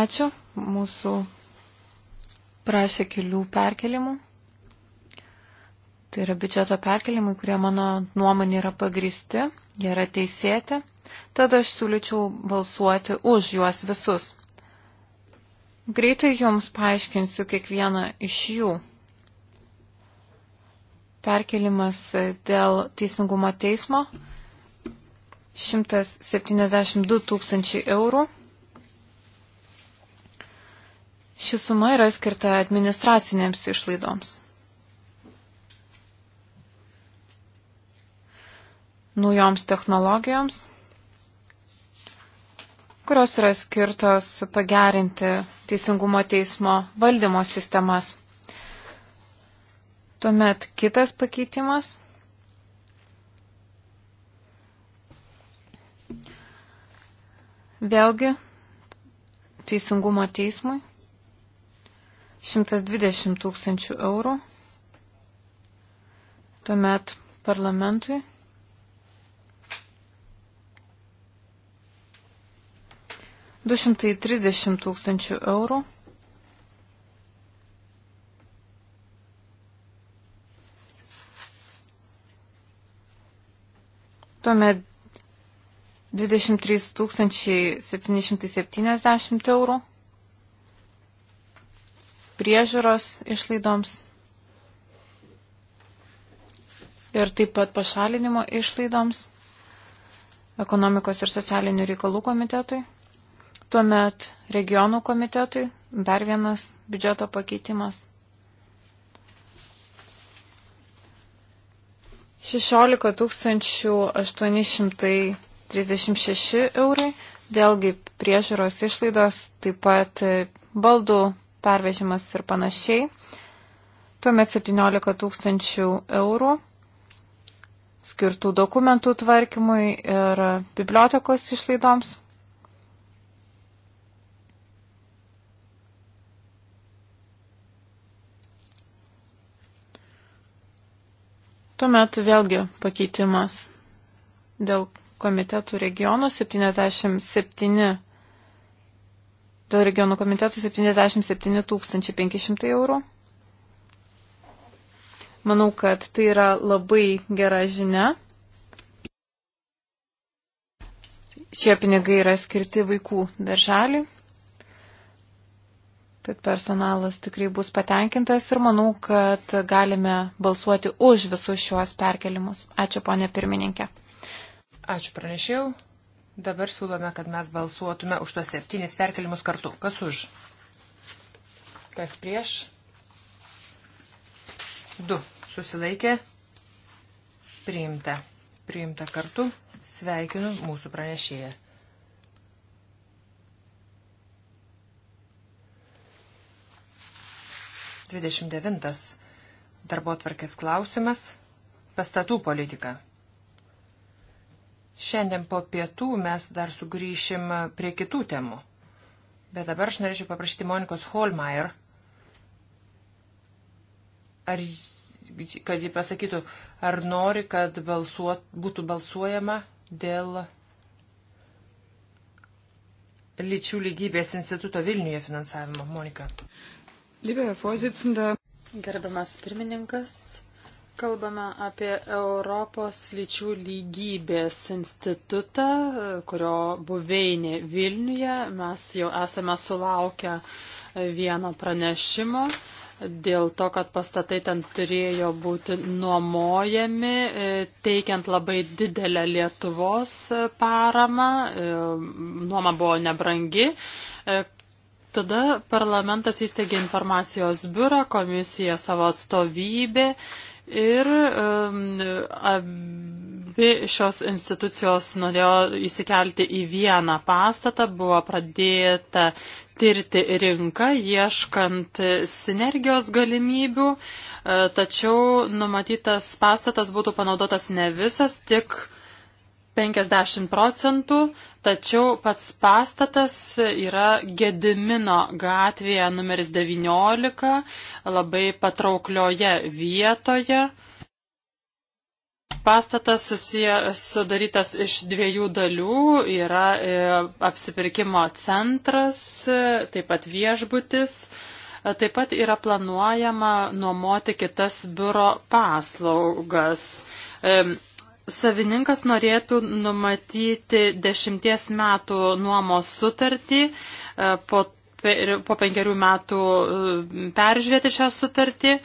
Ačiū. Mūsų prašė kelių perkelimų. Tai yra biudžeto perkelimai, kurie mano nuomonė yra pagristi, jie yra teisėti. Tada aš siūlyčiau balsuoti už juos visus. Greitai jums paaiškinsiu kiekvieną iš jų perkelimas dėl teisingumo teismo 172 tūkstančiai eurų. Ši suma yra skirta administracinėms išlaidoms. Naujoms technologijoms, kurios yra skirtos pagerinti teisingumo teismo valdymo sistemas. Tuomet kitas pakeitimas. Vėlgi, teisingumo teismui 120 tūkstančių eurų, tuomet parlamentui du šimtai trisdešimt tūkstančių eurų. Tuomet 23 770 eurų priežiūros išlaidoms ir taip pat pašalinimo išlaidoms ekonomikos ir socialinių reikalų komitetui. Tuomet regionų komitetui dar vienas biudžeto pakeitimas. 16 836 eurai, vėlgi priežiūros išlaidos, taip pat baldų pervežimas ir panašiai. Tuomet 17 tūkstančių eurų skirtų dokumentų tvarkymui ir bibliotekos išlaidoms. Tuomet vėlgi pakeitimas dėl komitetų regionų 77. Dėl regionų komitetų 77 500 eurų. Manau, kad tai yra labai gera žinia. Šie pinigai yra skirti vaikų darželiui. Tad personalas tikrai bus patenkintas ir manau, kad galime balsuoti už visus šiuos perkelimus. Ačiū, ponė pirmininkė. Ačiū, pranešiau. Dabar siūlome, kad mes balsuotume už tuos septynis perkelimus kartu. Kas už? Kas prieš? Du. Susilaikė. Priimta. Priimta kartu. Sveikinu mūsų pranešėją. 29. Darbo tvarkės klausimas. Pastatų politika. Šiandien po pietų mes dar sugrįšim prie kitų temų. Bet dabar aš norėčiau paprašyti Monikos Holmeier, ar, kad ji pasakytų, ar nori, kad balsuot, būtų balsuojama dėl lyčių lygybės instituto Vilniuje finansavimo. Monika. Uh, Gerbiamas pirmininkas, kalbame apie Europos lyčių lygybės institutą, kurio buveinė Vilniuje. Mes jau esame sulaukę vieno pranešimo dėl to, kad pastatai ten turėjo būti nuomojami, teikiant labai didelę Lietuvos paramą. Nuoma buvo nebrangi. Tada parlamentas įsteigė informacijos biurą, komisija savo atstovybė ir um, abi šios institucijos norėjo įsikelti į vieną pastatą, buvo pradėta tirti rinką, ieškant sinergijos galimybių, e, tačiau numatytas pastatas būtų panaudotas ne visas, tik 50 procentų, tačiau pats pastatas yra Gedimino gatvėje numeris 19, labai patrauklioje vietoje. Pastatas susiję, sudarytas iš dviejų dalių, yra e, apsipirkimo centras, e, taip pat viešbutis, e, taip pat yra planuojama nuomoti kitas biuro paslaugas. E, savininkas norėtų numatyti dešimties metų nuomos sutartį, e, po, po penkerių metų e, peržiūrėti šią sutartį.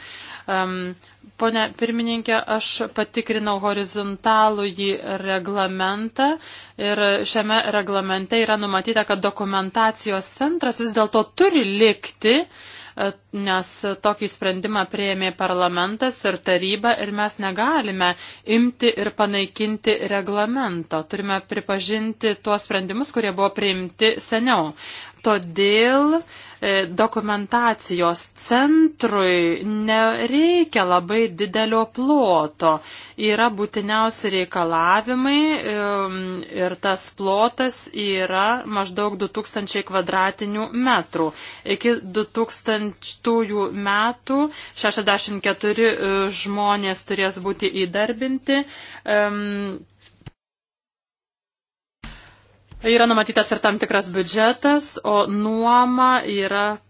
Pone pirmininkė, aš patikrinau horizontalų jį reglamentą ir šiame reglamente yra numatyta, kad dokumentacijos centras vis dėlto turi likti uh, E, nes tokį sprendimą prieėmė parlamentas ir taryba ir mes negalime imti ir panaikinti reglamento. Turime pripažinti tuos sprendimus, kurie buvo priimti seniau. Todėl e, dokumentacijos centrui nereikia labai didelio ploto. Yra būtiniausi reikalavimai ir tas plotas yra maždaug 2000 kvadratinių metrų. Iki 2000 metų 64 e, žmonės turės būti įdarbinti. Yra numatytas ir tam tikras biudžetas, o nuoma yra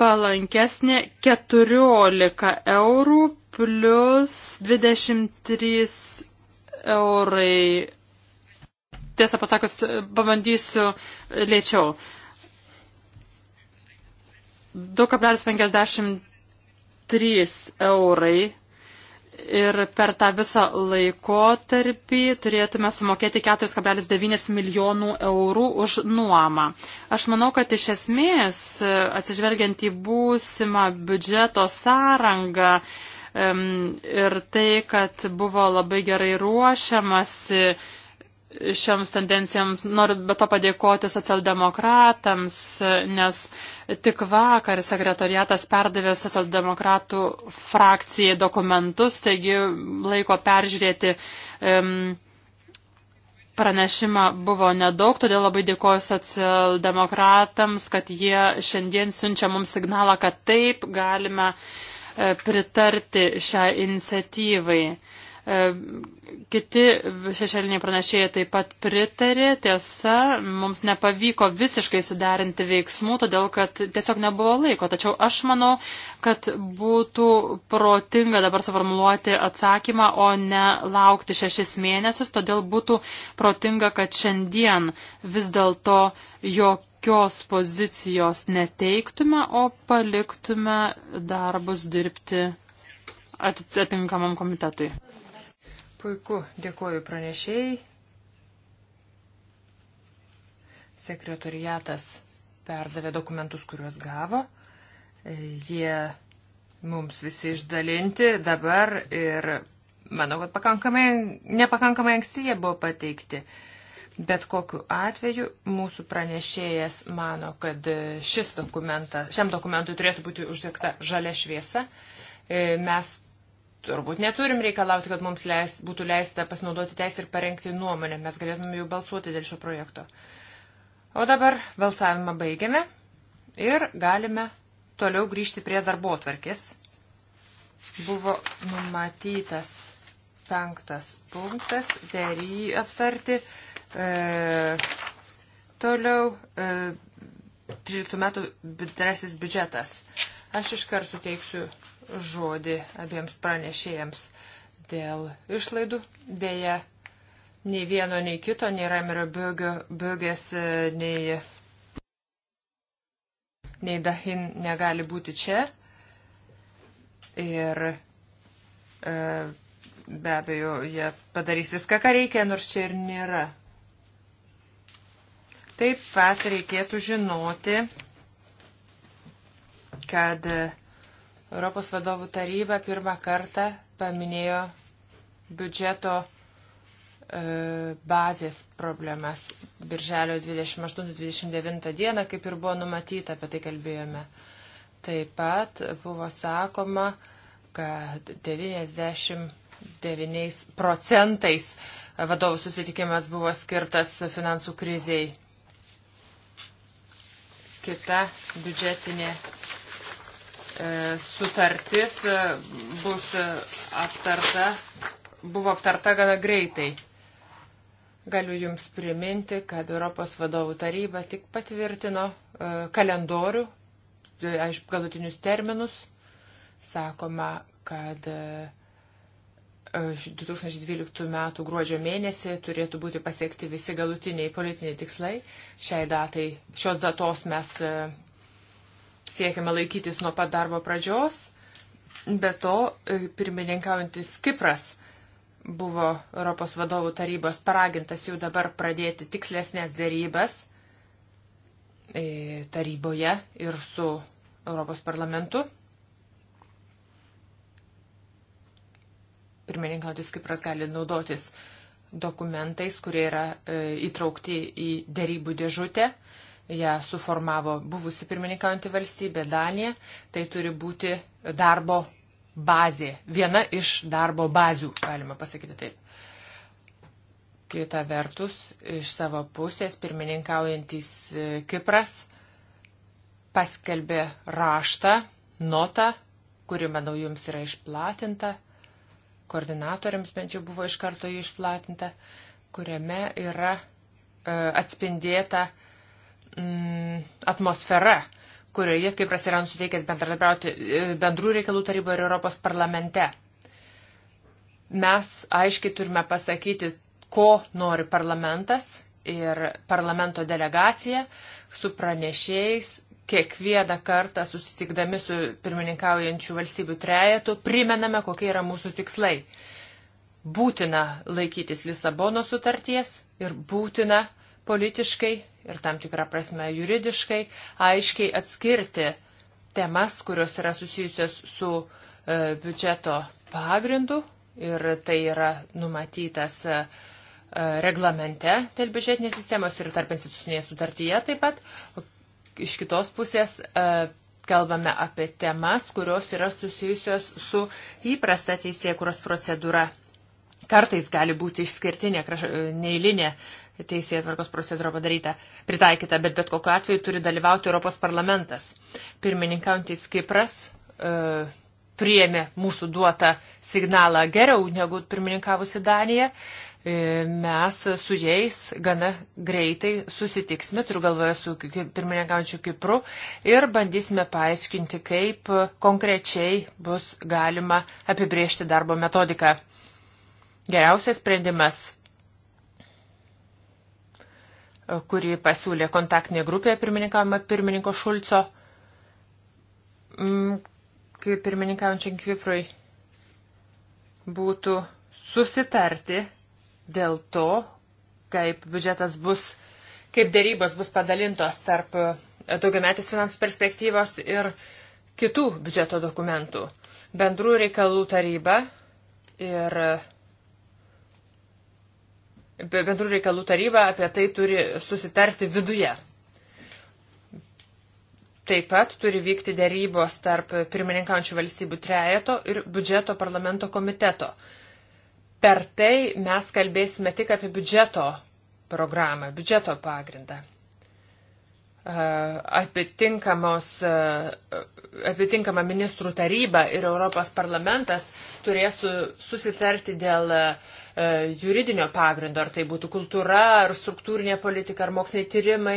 palankesnė 14 eurų plus 23 eurai. Tiesą pasakus, pabandysiu lėčiau. 2,53 eurai ir per tą visą laikotarpį turėtume sumokėti 4,9 milijonų eurų už nuomą. Aš manau, kad iš esmės, atsižvelgiant į būsimą biudžeto sąrangą, Ir tai, kad buvo labai gerai ruošiamasi šioms tendencijoms. Noriu be to padėkoti socialdemokratams, nes tik vakar sekretariatas perdavė socialdemokratų frakcijai dokumentus, taigi laiko peržiūrėti. Um, pranešimą buvo nedaug, todėl labai dėkoju socialdemokratams, kad jie šiandien siunčia mums signalą, kad taip galime e, pritarti šią iniciatyvai. E, Kiti šešėliniai pranešėjai taip pat pritarė, tiesa, mums nepavyko visiškai suderinti veiksmų, todėl kad tiesiog nebuvo laiko. Tačiau aš manau, kad būtų protinga dabar suformuluoti atsakymą, o ne laukti šešis mėnesius, todėl būtų protinga, kad šiandien vis dėlto jokios pozicijos neteiktume, o paliktume darbus dirbti atitinkamam komitetui. Puiku, dėkoju pranešėjai. Sekretoriatas perdavė dokumentus, kuriuos gavo. E, jie mums visi išdalinti dabar ir manau, kad pakankamai, nepakankamai anksti jie buvo pateikti. Bet kokiu atveju mūsų pranešėjas mano, kad šis dokumentas, šiam dokumentui turėtų būti uždegta žalia šviesa. E, mes turbūt neturim reikalauti, kad mums leis, būtų leista pasinaudoti teisę ir parengti nuomonę. Mes galėtume jau balsuoti dėl šio projekto. O dabar balsavimą baigiame ir galime toliau grįžti prie darbo tvarkės. Buvo numatytas penktas punktas, dėry aptarti. E, toliau e, 13 metų bendrasis biudžetas. Aš iškart suteiksiu žodį abiems pranešėjams dėl išlaidų. Deja, nei vieno, nei kito, nei Ramiro Bögės, e, nei, nei Dahin negali būti čia. Ir e, be abejo, jie padarys viską, ką reikia, nors čia ir nėra. Taip pat reikėtų žinoti, kad e, Europos vadovų taryba pirmą kartą paminėjo biudžeto e, bazės problemas. Birželio 28-29 dieną, kaip ir buvo numatyta, apie tai kalbėjome. Taip pat buvo sakoma, kad 99 procentais vadovų susitikimas buvo skirtas finansų kriziai. Kita biudžetinė E, sutartis e, bus e, aptarta, buvo aptarta gana greitai. Galiu Jums priminti, kad Europos vadovų taryba tik patvirtino kalendorių, aišku, galutinius terminus. Sakoma, kad 2012 m. gruodžio mėnesį turėtų būti pasiekti visi galutiniai politiniai tikslai. Šiai datai, šios datos mes siekiama laikytis nuo pat darbo pradžios. Be to, e, pirmininkaujantis Kipras buvo Europos vadovų tarybos paragintas jau dabar pradėti tikslesnės dėrybas e, taryboje ir su Europos parlamentu. Pirmininkaujantis Kipras gali naudotis dokumentais, kurie yra e, įtraukti į dėrybų dėžutę. E, ją suformavo buvusi pirmininkaujanti valstybė Danija, tai turi būti darbo bazė, viena iš darbo bazių, galima pasakyti taip. Kita vertus, iš savo pusės pirmininkaujantis e, Kipras paskelbė raštą, notą, kuri, manau, jums yra išplatinta, koordinatoriams bent jau buvo iš karto jį išplatinta, kuriame yra e, atspindėta e, mm, atmosfera, kurioje Kipras yra nusiteikęs bendradarbiauti e, bendrų reikalų taryboje ir Europos parlamente. Mes aiškiai turime pasakyti, ko nori parlamentas ir parlamento delegacija su pranešėjais kiekvieną kartą susitikdami su pirmininkaujančių valstybių trejetu primename, kokie yra mūsų tikslai. Būtina laikytis Lisabono sutarties ir būtina politiškai ir tam tikrą prasme juridiškai aiškiai atskirti temas, kurios yra susijusios su e, biudžeto pagrindu ir tai yra numatytas e, e, reglamente dėl biudžetinės sistemos ir tarp institucinėje sutartyje taip pat. Iš kitos pusės e, kalbame apie temas, kurios yra susijusios su įprasta teisėkuros procedūra. Kartais gali būti išskirtinė, e, neįlinė teisėjai tvarkos procedūra padaryta, pritaikyta, bet bet kokiu atveju turi dalyvauti Europos parlamentas. Pirmininkaujantis Kipras e, priėmė mūsų duotą signalą geriau negu pirmininkavusi Danija. E, mes su jais gana greitai susitiksime, turiu galvoje su pirmininkaujančiu Kipru, ir bandysime paaiškinti, kaip konkrečiai bus galima apibriežti darbo metodiką. Geriausias sprendimas kurį pasiūlė kontaktinė grupė pirmininkavimą pirmininko Šulco, mm, kaip pirmininkaujančiam Kviprui, būtų susitarti dėl to, kaip biudžetas bus, kaip dėrybos bus padalintos tarp e, daugiametės finansų perspektyvos ir kitų biudžeto dokumentų. Bendrų reikalų taryba ir bendrų reikalų taryba apie tai turi susitarti viduje. Taip pat turi vykti dėrybos tarp pirmininkaujančių valstybių trejeto ir biudžeto parlamento komiteto. Per tai mes kalbėsime tik apie biudžeto programą, biudžeto pagrindą. Uh, atitinkama uh, ministrų taryba ir Europos parlamentas turės susitarti dėl uh, juridinio pagrindo, ar tai būtų kultūra, ar struktūrinė politika, ar moksliniai tyrimai,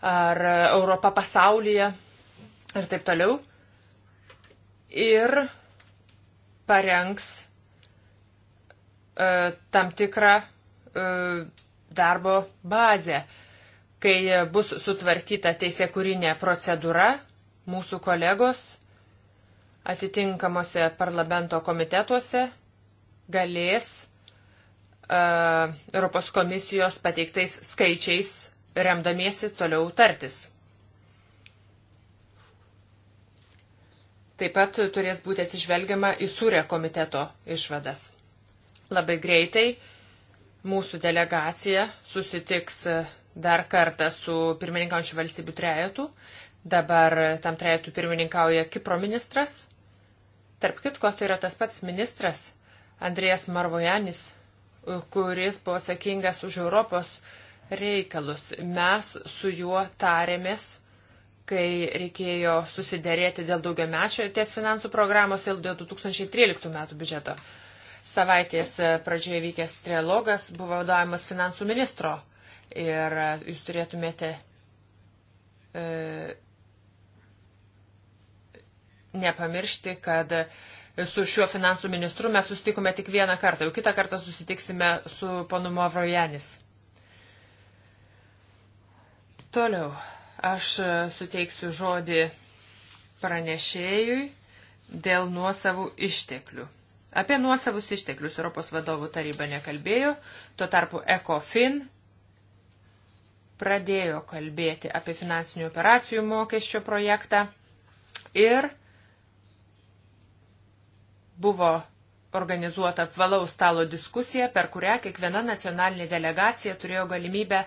ar Europa pasaulyje ir taip toliau. Ir parengs tam tikrą darbo bazę kai bus sutvarkyta teisėkūrinė procedūra, mūsų kolegos atitinkamuose parlamento komitetuose galės uh, Europos komisijos pateiktais skaičiais remdamiesi toliau tartis. Taip pat turės būti atsižvelgiama į sūrę komiteto išvadas. Labai greitai mūsų delegacija susitiks uh, dar kartą su pirmininkaujančių valstybių trejetu. Dabar tam trejetu pirmininkauja Kipro ministras. Tarp kitko, tai yra tas pats ministras Andrijas Marvojanis, kuris buvo atsakingas už Europos reikalus. Mes su juo tarėmės, kai reikėjo susiderėti dėl daugiamečio ties finansų programos ir dėl 2013 metų biudžeto. Savaitės pradžioje vykęs trialogas buvo vadovavimas finansų ministro ir jūs turėtumėte e, nepamiršti, kad su šiuo finansų ministru mes susitikome tik vieną kartą, jau kitą kartą susitiksime su ponu Mavrojanis. Toliau aš suteiksiu žodį pranešėjui dėl nuosavų išteklių. Apie nuosavus išteklius Europos vadovų taryba nekalbėjo, tuo tarpu ECOFIN pradėjo kalbėti apie finansinių operacijų mokesčio projektą ir buvo organizuota apvalaus stalo diskusija, per kurią kiekviena nacionalinė delegacija turėjo galimybę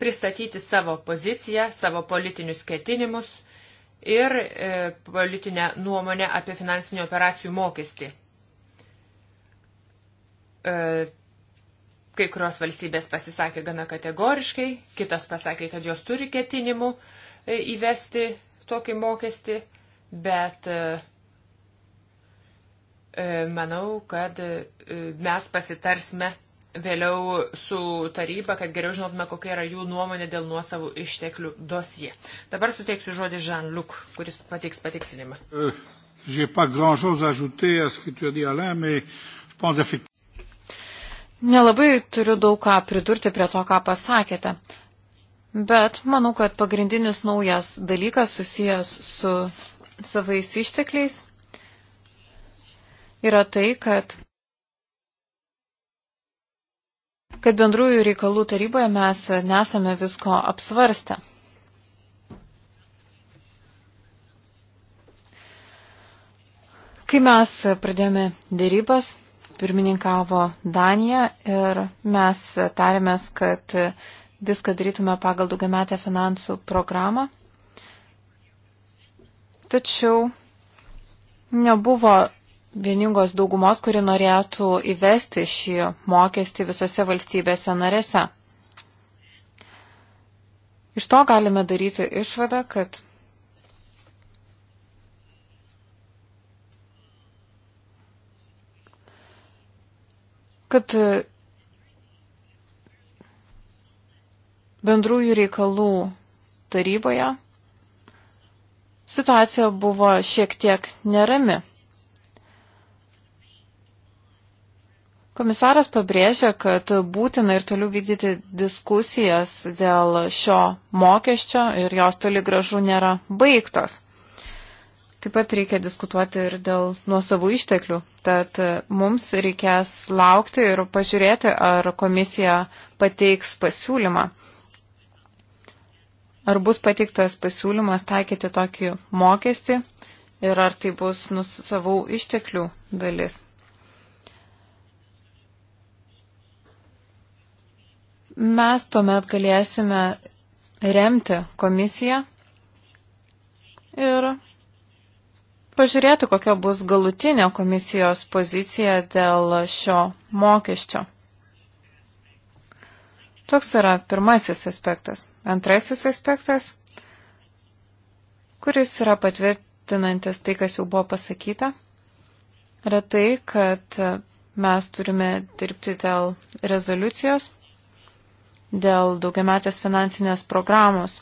pristatyti savo poziciją, savo politinius ketinimus ir e, politinę nuomonę apie finansinių operacijų mokestį. E, Kai kurios valstybės pasisakė gana kategoriškai, kitos pasakė, kad jos turi ketinimų e, įvesti tokį mokestį, bet e, e, manau, kad mes pasitarsime vėliau su taryba, kad geriau žinotume, kokia yra jų nuomonė dėl nuosavų išteklių dosie. Dabar suteiksiu žodį Žanliuk, kuris pateiks patiksinimą. Euh, Nelabai turiu daug ką pridurti prie to, ką pasakėte. Bet manau, kad pagrindinis naujas dalykas susijęs su savais ištekliais yra tai, kad, kad bendrųjų reikalų taryboje mes nesame visko apsvarstę. Kai mes pradėjome dėrybas, pirmininkavo Danija ir mes tarėmės, kad viską darytume pagal daugiametę finansų programą. Tačiau nebuvo vieningos daugumos, kuri norėtų įvesti šį mokestį visose valstybėse narėse. Iš to galime daryti išvadą, kad kad e, bendrųjų reikalų taryboje situacija buvo šiek tiek nerami. Komisaras pabrėžia, kad būtina ir toliau vykdyti diskusijas dėl šio mokesčio ir jos toli gražu nėra baigtos. Taip pat reikia diskutuoti ir dėl nuosavų išteklių. Tad e, mums reikės laukti ir pažiūrėti, ar komisija pateiks pasiūlymą. Ar bus pateiktas pasiūlymas taikyti tokį mokestį ir ar tai bus nuosavų išteklių dalis. Mes tuomet galėsime remti komisiją ir pažiūrėti, kokia bus galutinė komisijos pozicija dėl šio mokesčio. Toks yra pirmasis aspektas. Antrasis aspektas, kuris yra patvirtinantis tai, kas jau buvo pasakyta, yra tai, kad mes turime dirbti dėl rezoliucijos, dėl daugiametės finansinės programos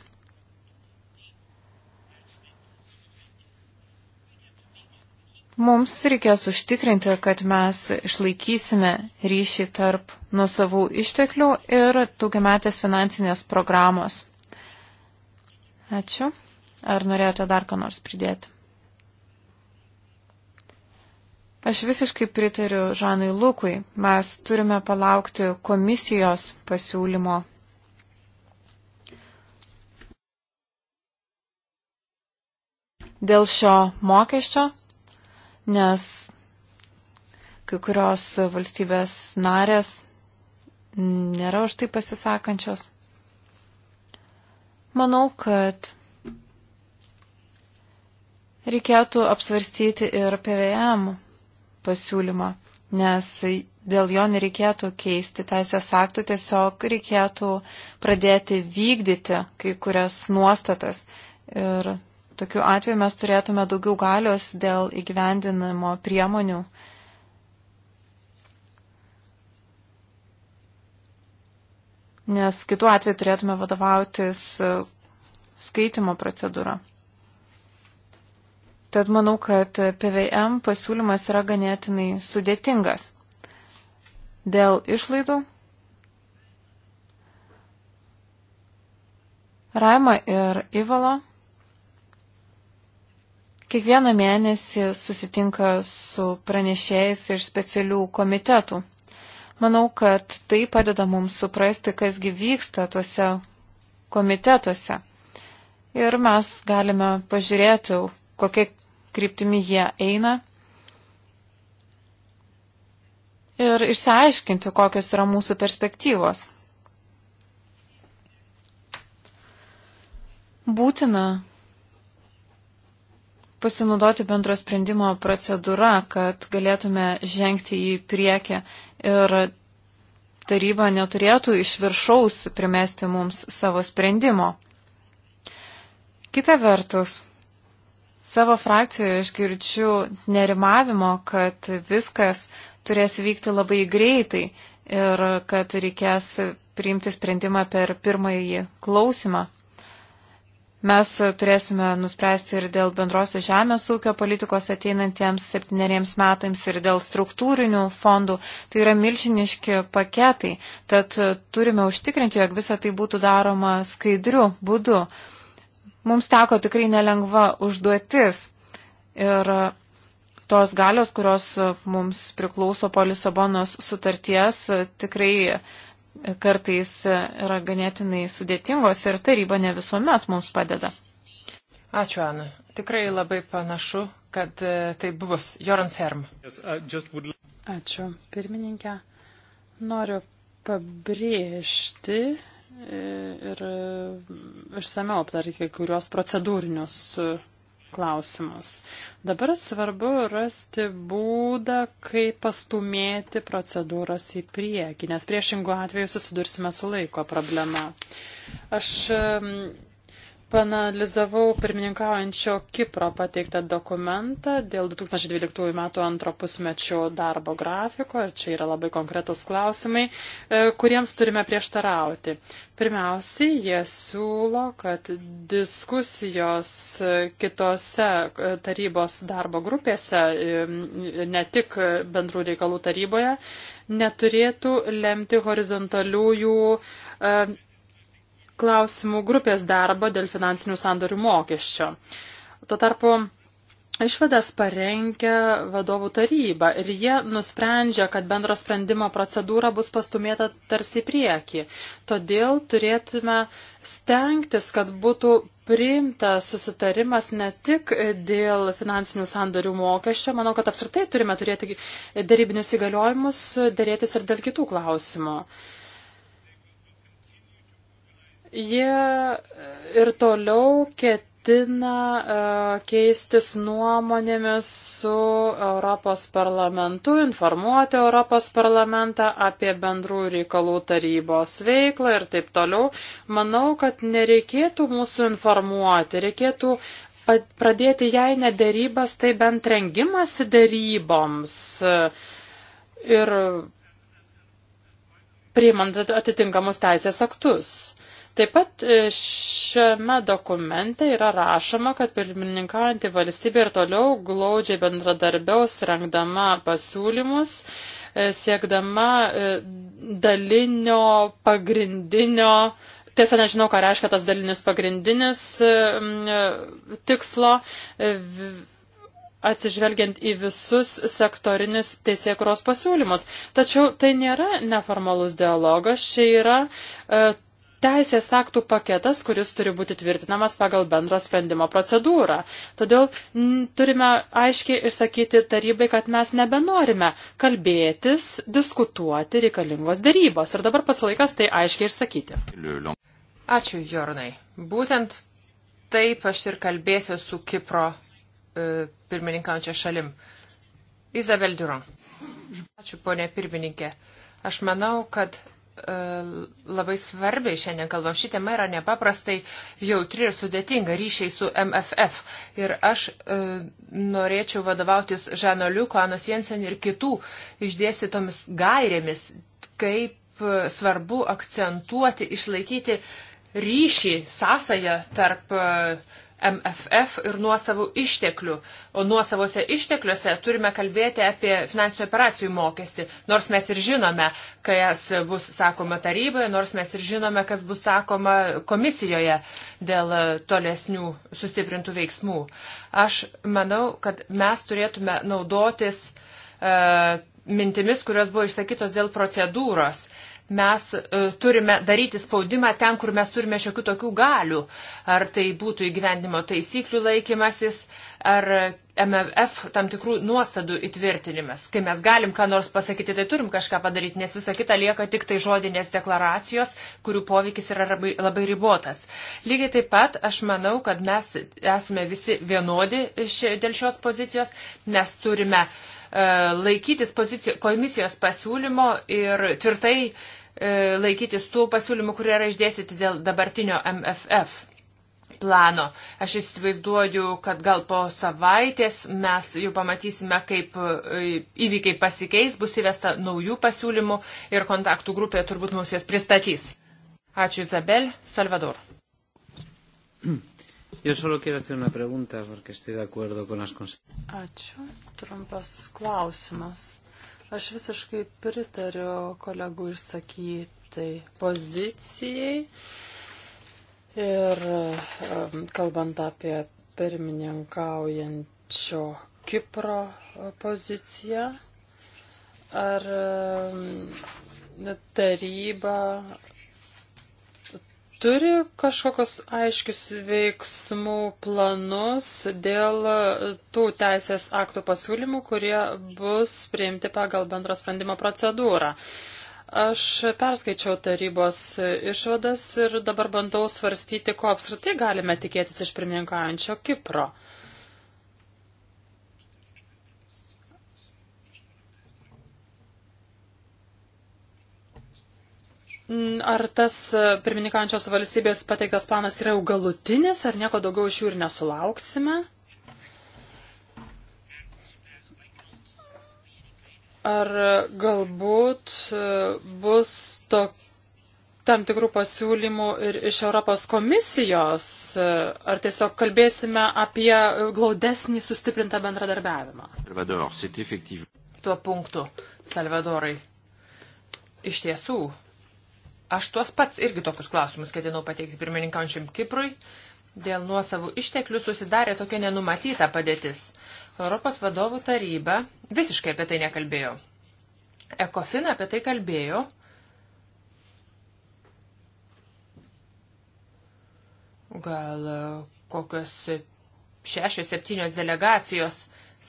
Mums reikės užtikrinti, kad mes išlaikysime ryšį tarp nuosavų išteklių ir daugiametės finansinės programos. Ačiū. Ar norėjote dar ką nors pridėti? Aš visiškai pritariu Žanui Lukui. Mes turime palaukti komisijos pasiūlymo dėl šio mokesčio nes kai kurios valstybės narės nėra už tai pasisakančios. Manau, kad reikėtų apsvarstyti ir PVM pasiūlymą, nes dėl jo nereikėtų keisti teisės aktų, tiesiog reikėtų pradėti vykdyti kai kurias nuostatas ir Tokiu atveju mes turėtume daugiau galios dėl įgyvendinimo priemonių. Nes kitu atveju turėtume vadovautis e, skaitimo procedūra. Tad manau, kad PVM pasiūlymas yra ganėtinai sudėtingas. Dėl išlaidų Raima ir Ivalo Kiekvieną mėnesį susitinka su pranešėjais iš specialių komitetų. Manau, kad tai padeda mums suprasti, kasgi vyksta tuose komitetuose. Ir mes galime pažiūrėti, kokia kryptimi jie eina. Ir išsiaiškinti, kokios yra mūsų perspektyvos. Būtina pasinaudoti bendro sprendimo procedūra, kad galėtume žengti į priekį ir taryba neturėtų iš viršaus primesti mums savo sprendimo. Kita vertus, savo frakcijoje aš girdžiu nerimavimo, kad viskas turės vykti labai greitai ir kad reikės priimti sprendimą per pirmąjį klausimą. Mes turėsime nuspręsti ir dėl bendrosios žemės ūkio politikos ateinantiems septyneriems metams ir dėl struktūrinių fondų. Tai yra milžiniški paketai, tad turime užtikrinti, jog visa tai būtų daroma skaidriu būdu. Mums teko tikrai nelengva užduotis ir tos galios, kurios mums priklauso po Lisabonos sutarties, tikrai kartais yra ganėtinai sudėtingos ir taryba ne visuomet mums padeda. Ačiū, Ana. Tikrai labai panašu, kad e, tai bus. Joran Ferm. Ačiū, pirmininkė. Noriu pabrėžti e, ir e, išsameu aptarti kai kurios procedūrinius klausimus. Dabar svarbu rasti būdą, kaip pastumėti procedūras į priekį, nes priešingų atveju susidursime su laiko problema. Aš panalizavau pirmininkaujančio Kipro pateiktą dokumentą dėl 2012 metų antro pusmečio darbo grafiko ir čia yra labai konkretus klausimai, e, kuriems turime prieštarauti. Pirmiausiai, jie siūlo, kad diskusijos kitose e, tarybos darbo grupėse, e, ne tik bendrų reikalų taryboje, neturėtų lemti horizontaliųjų klausimų grupės darbą dėl finansinių sandorių mokesčio. Tuo tarpu Išvadas parengia vadovų taryba ir jie nusprendžia, kad bendro sprendimo procedūra bus pastumėta tarsi prieki. Todėl turėtume stengtis, kad būtų priimtas susitarimas ne tik dėl finansinių sandorių mokesčio, manau, kad apskritai turime turėti darybinius įgaliojimus, dėrėtis ir dėl kitų klausimų. Jie ir toliau ketina e, keistis nuomonėmis su Europos parlamentu, informuoti Europos parlamentą apie bendrų reikalų tarybos veiklą ir taip toliau. Manau, kad nereikėtų mūsų informuoti, reikėtų pradėti jai nederybas, tai bent rengimasi deryboms. Ir priimant atitinkamus teisės aktus. Taip pat e, šiame dokumente yra rašoma, kad pirmininkaujantį valstybę ir toliau glaudžiai bendradarbiaus rengdama pasiūlymus, e, siekdama e, dalinio pagrindinio, tiesa nežinau, ką reiškia tas dalinis pagrindinis tikslo, atsižvelgiant į visus sektorinius teisėkuros pasiūlymus. Tačiau tai nėra neformalus dialogas, čia yra teisės aktų paketas, kuris turi būti tvirtinamas pagal bendro sprendimo procedūrą. Todėl n, turime aiškiai išsakyti tarybai, kad mes nebenorime kalbėtis, diskutuoti reikalingos darybos. Ir dabar pasilaikas tai aiškiai išsakyti. Ačiū, Jornai. Būtent taip aš ir kalbėsiu su Kipro e, pirmininkaujančia šalim. Izabel Duron. Ačiū, ponė pirmininkė. Aš manau, kad E, labai svarbiai šiandien kalbam. Ši tema yra nepaprastai jautri ir sudėtinga ryšiai su MFF. Ir aš e, norėčiau vadovautis Žano Liuko, Anos Jensen ir kitų išdėstytomis gairėmis, kaip e, svarbu akcentuoti, išlaikyti ryšį, sąsają tarp e, MFF ir nuosavų išteklių. O nuosavose ištekliuose turime kalbėti apie finansinių operacijų mokestį. Nors mes ir žinome, kas bus sakoma taryboje, nors mes ir žinome, kas bus sakoma komisijoje dėl tolesnių sustiprintų veiksmų. Aš manau, kad mes turėtume naudotis. Uh, mintimis, kurios buvo išsakytos dėl procedūros. Uh, mes e, turime daryti spaudimą ten, kur mes turime šiokių tokių galių. Ar tai būtų įgyvendimo taisyklių laikymasis, ar MFF tam tikrų nuostadų įtvirtinimas. Kai mes galim ką nors pasakyti, tai turim kažką padaryti, nes visa kita lieka tik tai žodinės deklaracijos, kurių poveikis yra labai, labai ribotas. Lygiai taip pat aš manau, kad mes esame visi vienodi ši, dėl šios pozicijos, mes turime uh, E, laikytis pozicijos, komisijos pasiūlymo ir tvirtai e, laikytis tų pasiūlymų, kurie yra išdėstyti dėl dabartinio MFF plano. Aš įsivaizduoju, kad gal po savaitės mes jau pamatysime, kaip e, įvykiai pasikeis, bus įvesta naujų pasiūlymų ir kontaktų grupė turbūt mums jas pristatys. Ačiū Izabel, Salvador. Yo solo quiero hacer una pregunta, porque estoy de acuerdo con las Ačiū. Trumpas klausimas. Aš visiškai pritariu kolegų išsakytai pozicijai. Ir kalbant apie pirmininkaujančio Kipro poziciją, ar taryba turi kažkokius aiškius veiksmų planus dėl tų teisės aktų pasiūlymų, kurie bus priimti pagal bendro sprendimo procedūrą. Aš perskaičiau tarybos išvadas ir dabar bandau svarstyti, ko apskritai galime tikėtis iš pirmininkaujančio Kipro. Uh, Mm, ar tas e, pirmininkančios valstybės pateiktas planas yra jau galutinis, ar nieko daugiau iš jų ir nesulauksime? Ar e, galbūt e, bus to, tam tikrų pasiūlymų ir iš Europos komisijos, ar tiesiog kalbėsime apie glaudesnį sustiprintą bendradarbiavimą? Salvador, Tuo punktu, Salvadorai. Iš tiesų, Aš tuos pats irgi tokius klausimus ketinau pateikti pirmininkaujančiam Kiprui. Dėl nuosavų išteklių susidarė tokia nenumatyta padėtis. Europos vadovų taryba visiškai apie tai nekalbėjo. Ekofin apie tai kalbėjo. Gal e, kokios šešios, septynios delegacijos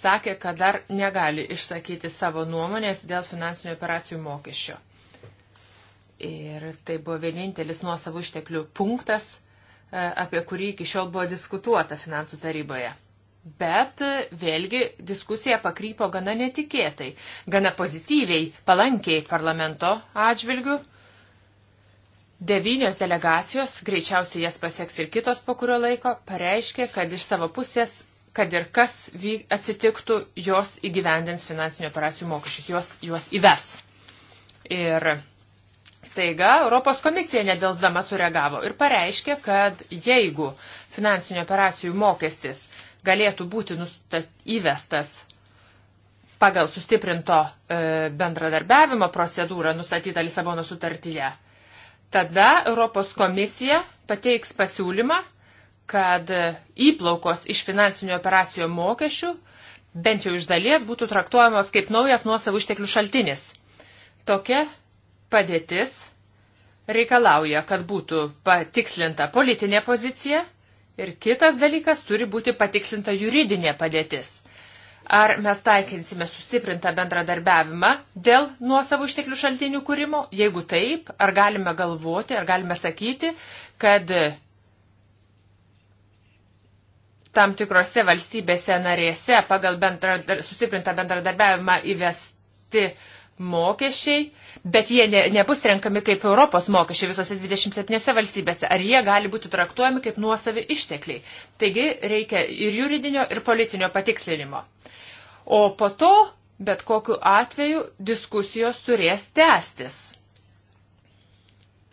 sakė, kad dar negali išsakyti savo nuomonės dėl finansinių operacijų mokesčio. Ir tai buvo vienintelis nuosavų išteklių punktas, e, apie kurį iki šiol buvo diskutuota finansų taryboje. Bet e, vėlgi diskusija pakrypo gana netikėtai, gana pozityviai, palankiai parlamento atžvilgių. Devynios delegacijos, greičiausiai jas pasieks ir kitos po kurio laiko, pareiškė, kad iš savo pusės, kad ir kas atsitiktų, jos įgyvendins finansinių operacijų mokesčius, jos juos įves. Ir staiga Europos komisija nedelsdama sureagavo ir pareiškė, kad jeigu finansinių operacijų mokestis galėtų būti nustat, įvestas pagal sustiprinto e, bendradarbiavimo procedūrą nustatytą Lisabono sutartyje, tada Europos komisija pateiks pasiūlymą, kad įplaukos iš finansinių operacijų mokesčių bent jau iš dalies būtų traktuojamos kaip naujas nuosavų išteklių šaltinis. Tokia padėtis reikalauja, kad būtų patikslinta politinė pozicija ir kitas dalykas turi būti patikslinta juridinė padėtis. Ar mes taikinsime sustiprintą bendradarbiavimą dėl nuosavų išteklių šaltinių kūrimo? Jeigu taip, ar galime galvoti, ar galime sakyti, kad tam tikrose valstybėse narėse pagal bendradar, sustiprintą bendradarbiavimą įvesti uh, mokesčiai, bet jie ne, nebus renkami kaip Europos mokesčiai visose 27 valstybėse, ar jie gali būti traktuojami kaip nuosavi ištekliai. Taigi reikia ir juridinio, ir politinio patikslinimo. O po to, bet kokiu atveju, diskusijos turės tęstis.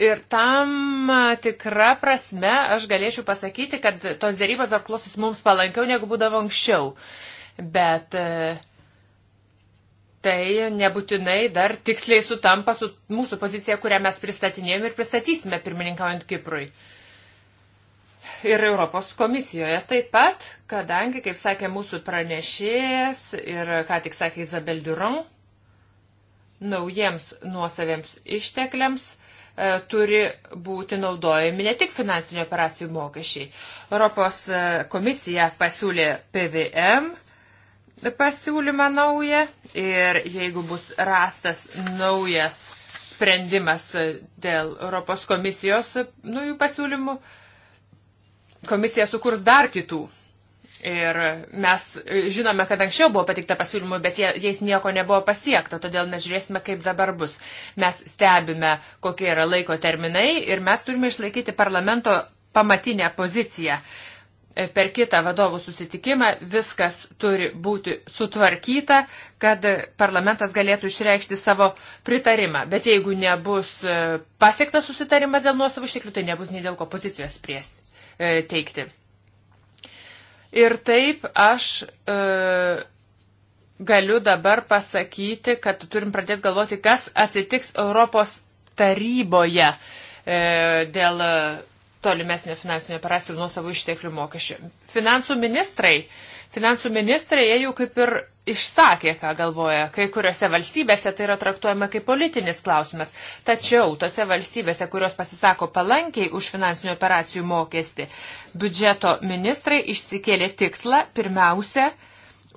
Ir tam tikra prasme aš galėčiau pasakyti, kad tos dėrybos dar klausis mums palankiau, negu būdavo anksčiau. Bet uh, tai nebūtinai dar tiksliai sutampa su mūsų pozicija, kurią mes pristatinėjom ir pristatysime pirmininkaujant Kiprui. Ir Europos komisijoje taip pat, kadangi, kaip sakė mūsų pranešėjas ir ką tik sakė Izabel Duron, naujiems nuosaviems ištekliams e, turi būti naudojami ne tik finansinių operacijų mokesčiai. Europos e, komisija pasiūlė PVM pasiūlymą naują ir jeigu bus rastas naujas sprendimas dėl Europos komisijos naujų pasiūlymų, komisija sukurs dar kitų. Ir mes žinome, kad anksčiau buvo patikta pasiūlymų, bet jie, jais nieko nebuvo pasiekta, todėl mes žiūrėsime, kaip dabar bus. Mes stebime, kokie yra laiko terminai ir mes turime išlaikyti parlamento pamatinę poziciją. Uh, E, per kitą vadovų susitikimą viskas turi būti sutvarkyta, kad parlamentas galėtų išreikšti savo pritarimą. Bet jeigu nebus e, pasiektas susitarimas dėl nuosavų išteklių, tai nebus nei dėl ko pozicijos pries e, teikti. Ir taip aš e, galiu dabar pasakyti, kad turim pradėti galvoti, kas atsitiks Europos taryboje e, dėl tolimesnio finansinio operacijų nuo savo išteklių mokesčių. Finansų ministrai, finansų ministrai, jie jau kaip ir išsakė, ką galvoja. Kai kuriuose valstybėse tai yra traktuojama kaip politinis klausimas. Tačiau tose valstybėse, kurios pasisako palankiai už finansinių operacijų mokestį, biudžeto ministrai išsikėlė tikslą pirmiausia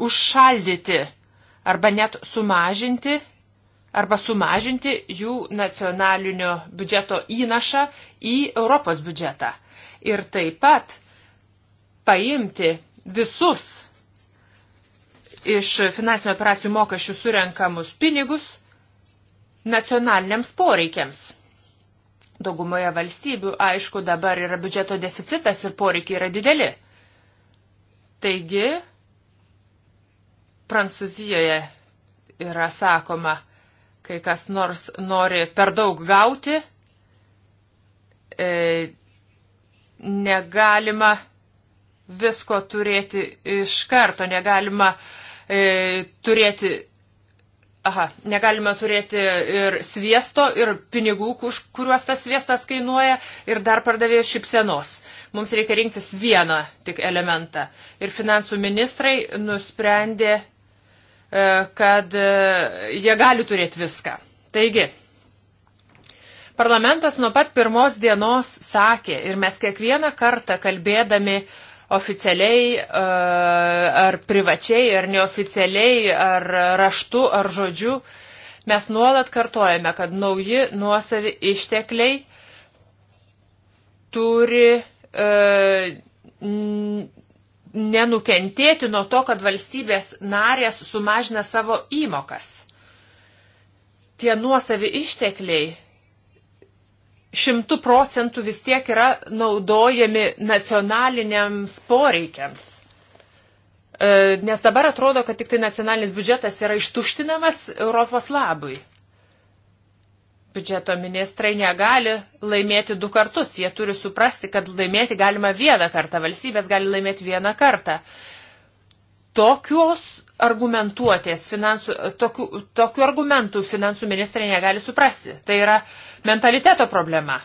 užšaldyti arba net sumažinti arba sumažinti jų nacionalinio biudžeto įnašą į Europos biudžetą. Ir taip pat paimti visus iš finansinio operacijų mokesčių surenkamus pinigus nacionaliniams poreikiams. Daugumoje valstybių, aišku, dabar yra biudžeto deficitas ir poreikiai yra dideli. Taigi, Prancūzijoje yra sakoma, kai kas nors nori per daug gauti, e, negalima visko turėti iš karto, negalima e, turėti. Aha, negalime turėti ir sviesto, ir pinigų, už kuriuos tas sviestas kainuoja, ir dar pardavėjo šipsenos. Mums reikia rinktis vieną tik elementą. Ir finansų ministrai nusprendė E, kad e, jie gali turėti viską. Taigi, parlamentas nuo pat pirmos dienos sakė ir mes kiekvieną kartą kalbėdami oficialiai e, ar privačiai, ar neoficialiai, ar raštu, ar žodžiu, mes nuolat kartojame, kad nauji nuosavi ištekliai turi e, nenukentėti nuo to, kad valstybės narės sumažina savo įmokas. Tie nuosavi ištekliai šimtų procentų vis tiek yra naudojami nacionaliniams poreikiams. E, nes dabar atrodo, kad tik tai nacionalinis biudžetas yra ištuštinamas Europos labui biudžeto ministrai negali laimėti du kartus. Jie turi suprasti, kad laimėti galima vieną kartą. Valstybės gali laimėti vieną kartą. Tokios argumentuotės, finansų, tokių, tokių argumentų finansų ministrai negali suprasti. Tai yra mentaliteto problema.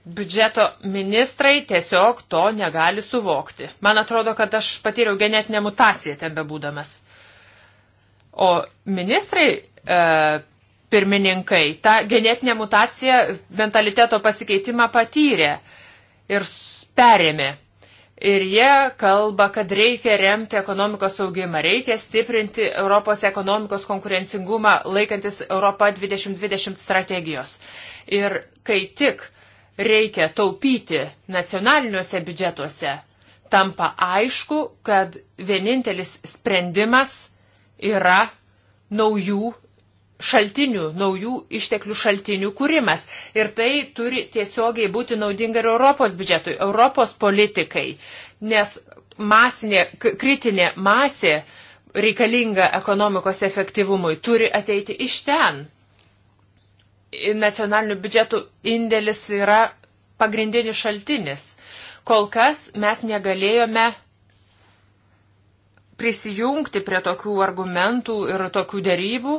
Biudžeto ministrai tiesiog to negali suvokti. Man atrodo, kad aš patyriau genetinę mutaciją ten bebūdamas. O ministrai e, pirmininkai tą genetinę mutaciją, mentaliteto pasikeitimą patyrė ir perėmė. Ir jie kalba, kad reikia remti ekonomikos augimą, reikia stiprinti Europos ekonomikos konkurencingumą laikantis Europą 2020 strategijos. Ir kai tik reikia taupyti nacionaliniuose biudžetuose, tampa aišku, kad vienintelis sprendimas yra naujų šaltinių, naujų išteklių šaltinių kūrimas. Ir tai turi tiesiogiai būti naudinga ir Europos biudžetui, Europos politikai, nes masinė, kritinė masė reikalinga ekonomikos efektyvumui turi ateiti iš ten. Nacionalinių biudžetų indėlis yra pagrindinis šaltinis. Kol kas mes negalėjome prisijungti prie tokių argumentų ir tokių dėrybų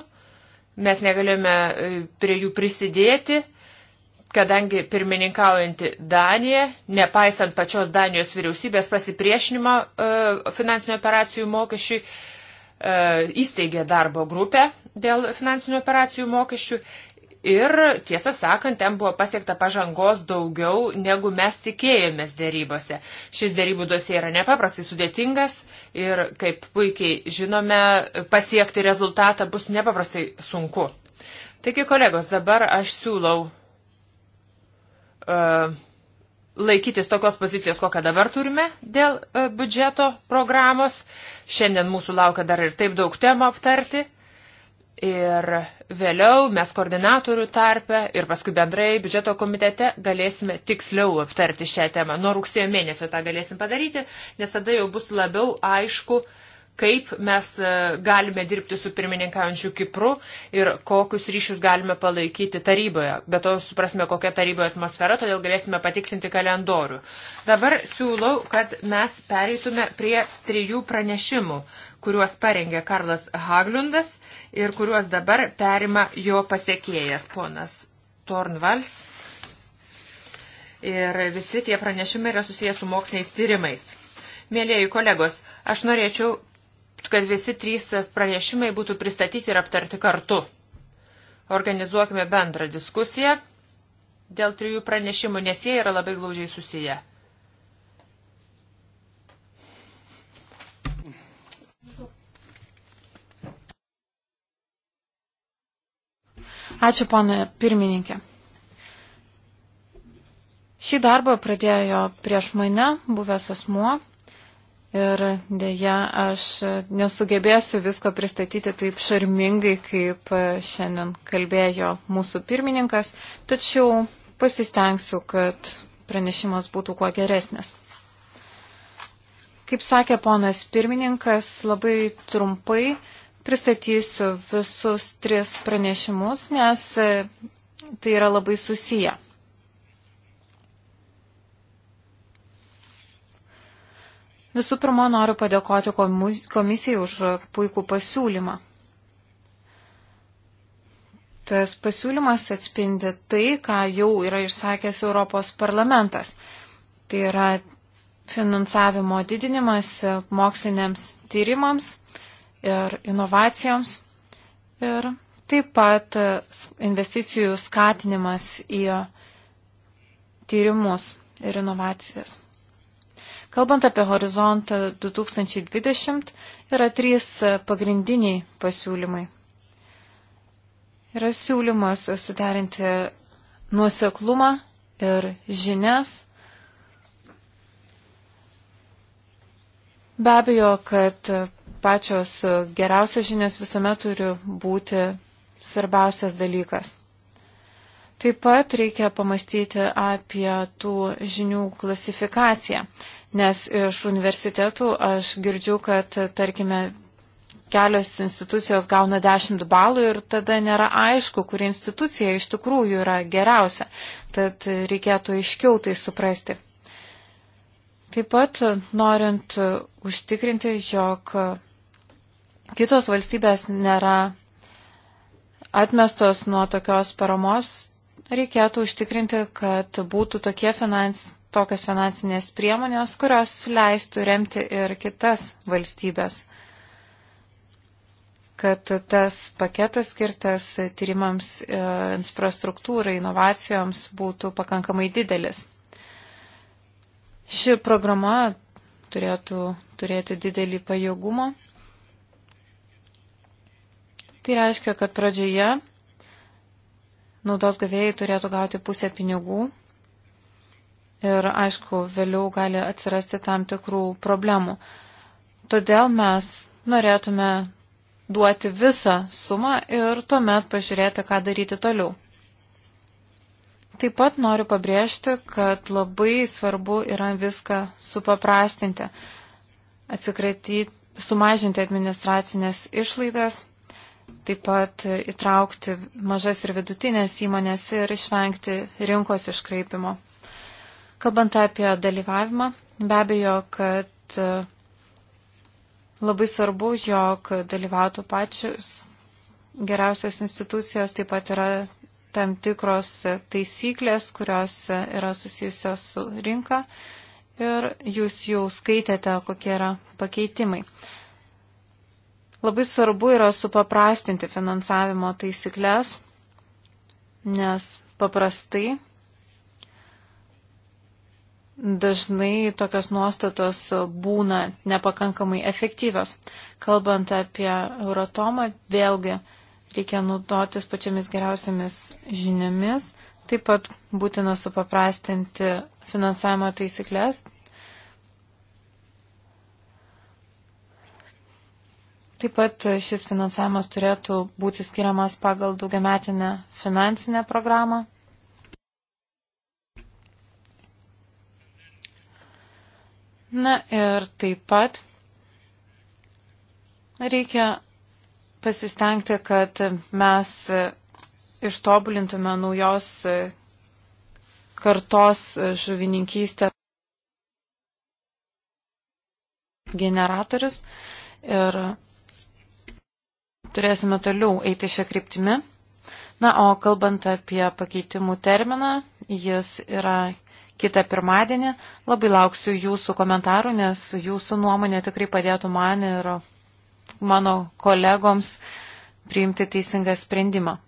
Mes negalėjome e, prie jų prisidėti, kadangi pirmininkaujanti Danija, nepaisant pačios Danijos vyriausybės pasipriešinimo e, finansinių operacijų mokesčiui, e, įsteigė darbo grupę dėl finansinių operacijų mokesčių Ir tiesą sakant, ten buvo pasiekta pažangos daugiau, negu mes tikėjomės dėrybose. Šis dėrybų dosė yra nepaprastai sudėtingas ir, kaip puikiai žinome, pasiekti rezultatą bus nepaprastai sunku. Taigi, kolegos, dabar aš siūlau uh, laikytis tokios pozicijos, kokią dabar turime dėl uh, biudžeto programos. Šiandien mūsų laukia dar ir taip daug temų aptarti. Uh, Ir vėliau mes koordinatorių tarpę ir paskui bendrai biudžeto komitete galėsime tiksliau aptarti šią temą. Nuo rugsėjo mėnesio tą galėsim padaryti, nes tada jau bus labiau aišku, kaip mes e, galime dirbti su pirmininkaujančiu Kipru ir kokius ryšius galime palaikyti taryboje. Be to suprasme, kokia taryboje atmosfera, todėl galėsime patiksinti kalendorių. Dabar siūlau, kad mes pereitume prie trijų pranešimų kuriuos parengė Karlas Haglundas ir kuriuos dabar perima jo pasiekėjas ponas Tornvals. Ir visi tie pranešimai yra susijęs su moksliniais tyrimais. Mėlėjai kolegos, aš norėčiau, kad visi trys pranešimai būtų pristatyti ir aptarti kartu. Organizuokime bendrą diskusiją dėl trijų pranešimų, nes jie yra labai glaužiai susiję. Ačiū, ponė pirmininkė. Šį darbą pradėjo prieš mane buvęs asmuo ir dėja aš nesugebėsiu visko pristatyti taip šarmingai, kaip šiandien kalbėjo mūsų pirmininkas, tačiau pasistengsiu, kad pranešimas būtų kuo geresnis. Kaip sakė ponas pirmininkas, labai trumpai pristatysiu visus tris pranešimus, nes e, tai yra labai susiję. Visų pirma, noriu padėkoti komisijai už puikų pasiūlymą. Tas pasiūlymas atspindi tai, ką jau yra išsakęs Europos parlamentas. Tai yra finansavimo didinimas moksliniams tyrimams, ir inovacijoms. Ir taip pat e, investicijų skatinimas į tyrimus ir inovacijas. Kalbant apie horizontą 2020, yra trys e, pagrindiniai pasiūlymai. Yra siūlymas suderinti nuoseklumą ir žinias. Be abejo, kad pačios geriausios žinios visuomet turi būti svarbiausias dalykas. Taip pat reikia pamastyti apie tų žinių klasifikaciją, nes iš universitetų aš girdžiu, kad, tarkime, kelios institucijos gauna 10 balų ir tada nėra aišku, kuri institucija iš tikrųjų yra geriausia. Tad reikėtų aiškiau tai suprasti. Taip pat norint užtikrinti, jog kitos valstybės nėra atmestos nuo tokios paramos, reikėtų užtikrinti, kad būtų tokie finans, tokios finansinės priemonės, kurios leistų remti ir kitas valstybės kad tas paketas skirtas tyrimams e, infrastruktūrai, inovacijoms būtų pakankamai didelis. Ši programa turėtų turėti didelį pajėgumą Tai reiškia, kad pradžioje naudos gavėjai turėtų gauti pusę pinigų ir, aišku, vėliau gali atsirasti tam tikrų problemų. Todėl mes norėtume duoti visą sumą ir tuomet pažiūrėti, ką daryti toliau. Taip pat noriu pabrėžti, kad labai svarbu yra viską supaprastinti, atsikratyti, sumažinti administracinės išlaidas taip pat įtraukti mažas ir vidutinės įmonės ir išvengti rinkos iškreipimo. Kalbant apie dalyvavimą, be abejo, kad e, labai svarbu, jog dalyvautų pačios geriausios institucijos, taip pat yra tam tikros taisyklės, kurios yra susijusios su rinka ir jūs jau skaitėte, kokie yra pakeitimai. Labai svarbu yra supaprastinti finansavimo taisyklės, nes paprastai dažnai tokios nuostatos būna nepakankamai efektyvios. Kalbant apie Euratomą, vėlgi reikia naudotis pačiamis geriausiamis žiniomis. Taip pat būtina supaprastinti finansavimo taisyklės, Taip pat šis finansavimas turėtų būti skiriamas pagal daugiametinę finansinę programą. Na ir taip pat reikia pasistengti, kad mes ištobulintume naujos kartos žuvininkystę generatorius ir turėsime toliau eiti šią kryptimį. Na, o kalbant apie pakeitimų terminą, jis yra kitą pirmadienį. Labai lauksiu jūsų komentarų, nes jūsų nuomonė tikrai padėtų man ir mano kolegoms priimti teisingą sprendimą.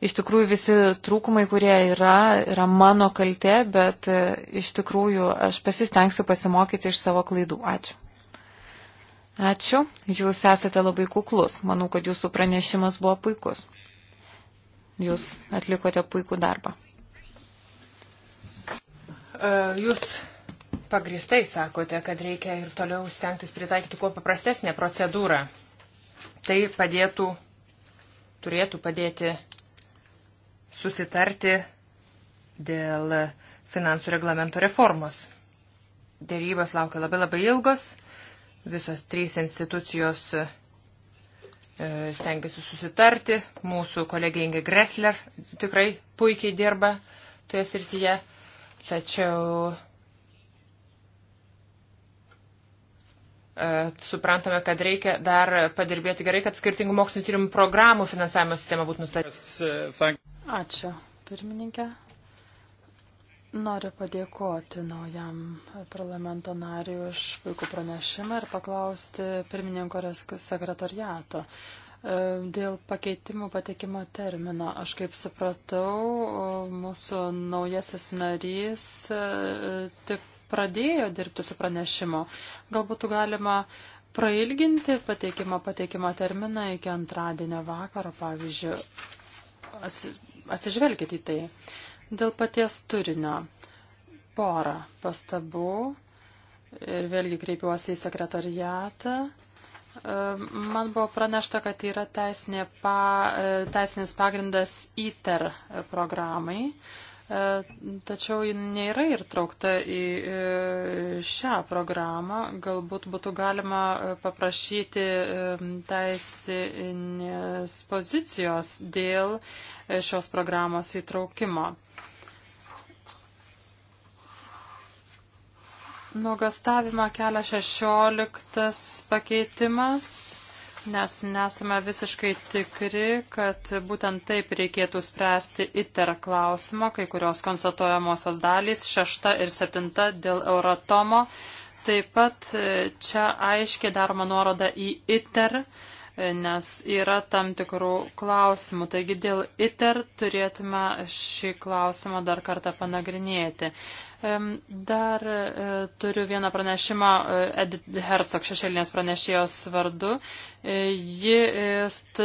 Iš tikrųjų visi trūkumai, kurie yra, yra mano kalte, bet e, iš tikrųjų aš pasistengsiu pasimokyti iš savo klaidų. Ačiū. Ačiū, jūs esate labai kuklus. Manau, kad jūsų pranešimas buvo puikus. Jūs atlikote puikų darbą. E, jūs pagristai sakote, kad reikia ir toliau stengtis pritaikyti kuo paprastesnę procedūrą. Tai padėtų, turėtų padėti susitarti dėl finansų reglamento reformos. Dėrybos laukia labai labai ilgos Visos trys institucijos e, stengiasi susitarti. Mūsų kolegė Inge Gressler tikrai puikiai dirba toje srityje. Tačiau e, suprantame, kad reikia dar padirbėti gerai, kad skirtingų mokslinio tyrimų programų finansavimo sistema būtų nustatyta. Uh, Ačiū, pirmininkė. Noriu padėkoti naujam parlamento nariui už puikų pranešimą ir paklausti pirmininko sekretariato. E, dėl pakeitimų patekimo termino, aš kaip supratau, mūsų naujasis narys e, tik pradėjo dirbti su pranešimu. Galbūt galima prailginti pateikimo pateikimo terminą iki antradienio vakaro, pavyzdžiui. Atsižvelkite į tai. Dėl paties turinio porą pastabų ir vėlgi kreipiuosi į sekretariatą. Man buvo pranešta, kad yra teisinė pa, e, teisinis pagrindas ITER programai, e, tačiau ji nėra ir traukta į e, šią programą. Galbūt būtų galima paprašyti teisinės pozicijos dėl šios programos įtraukimo. Nuogastavimą kelia 16 pakeitimas, nes nesame visiškai tikri, kad būtent taip reikėtų spręsti ITER klausimą, kai kurios konstatuojamosios dalys 6 ir 7 dėl Euratomo. Taip pat e, čia aiškiai daroma nuoroda į ITER nes yra tam tikrų klausimų. Taigi dėl ITER turėtume šį klausimą dar kartą panagrinėti. Dar e, turiu vieną pranešimą e, Edith Herzog šešėlinės pranešėjos vardu. E, ji st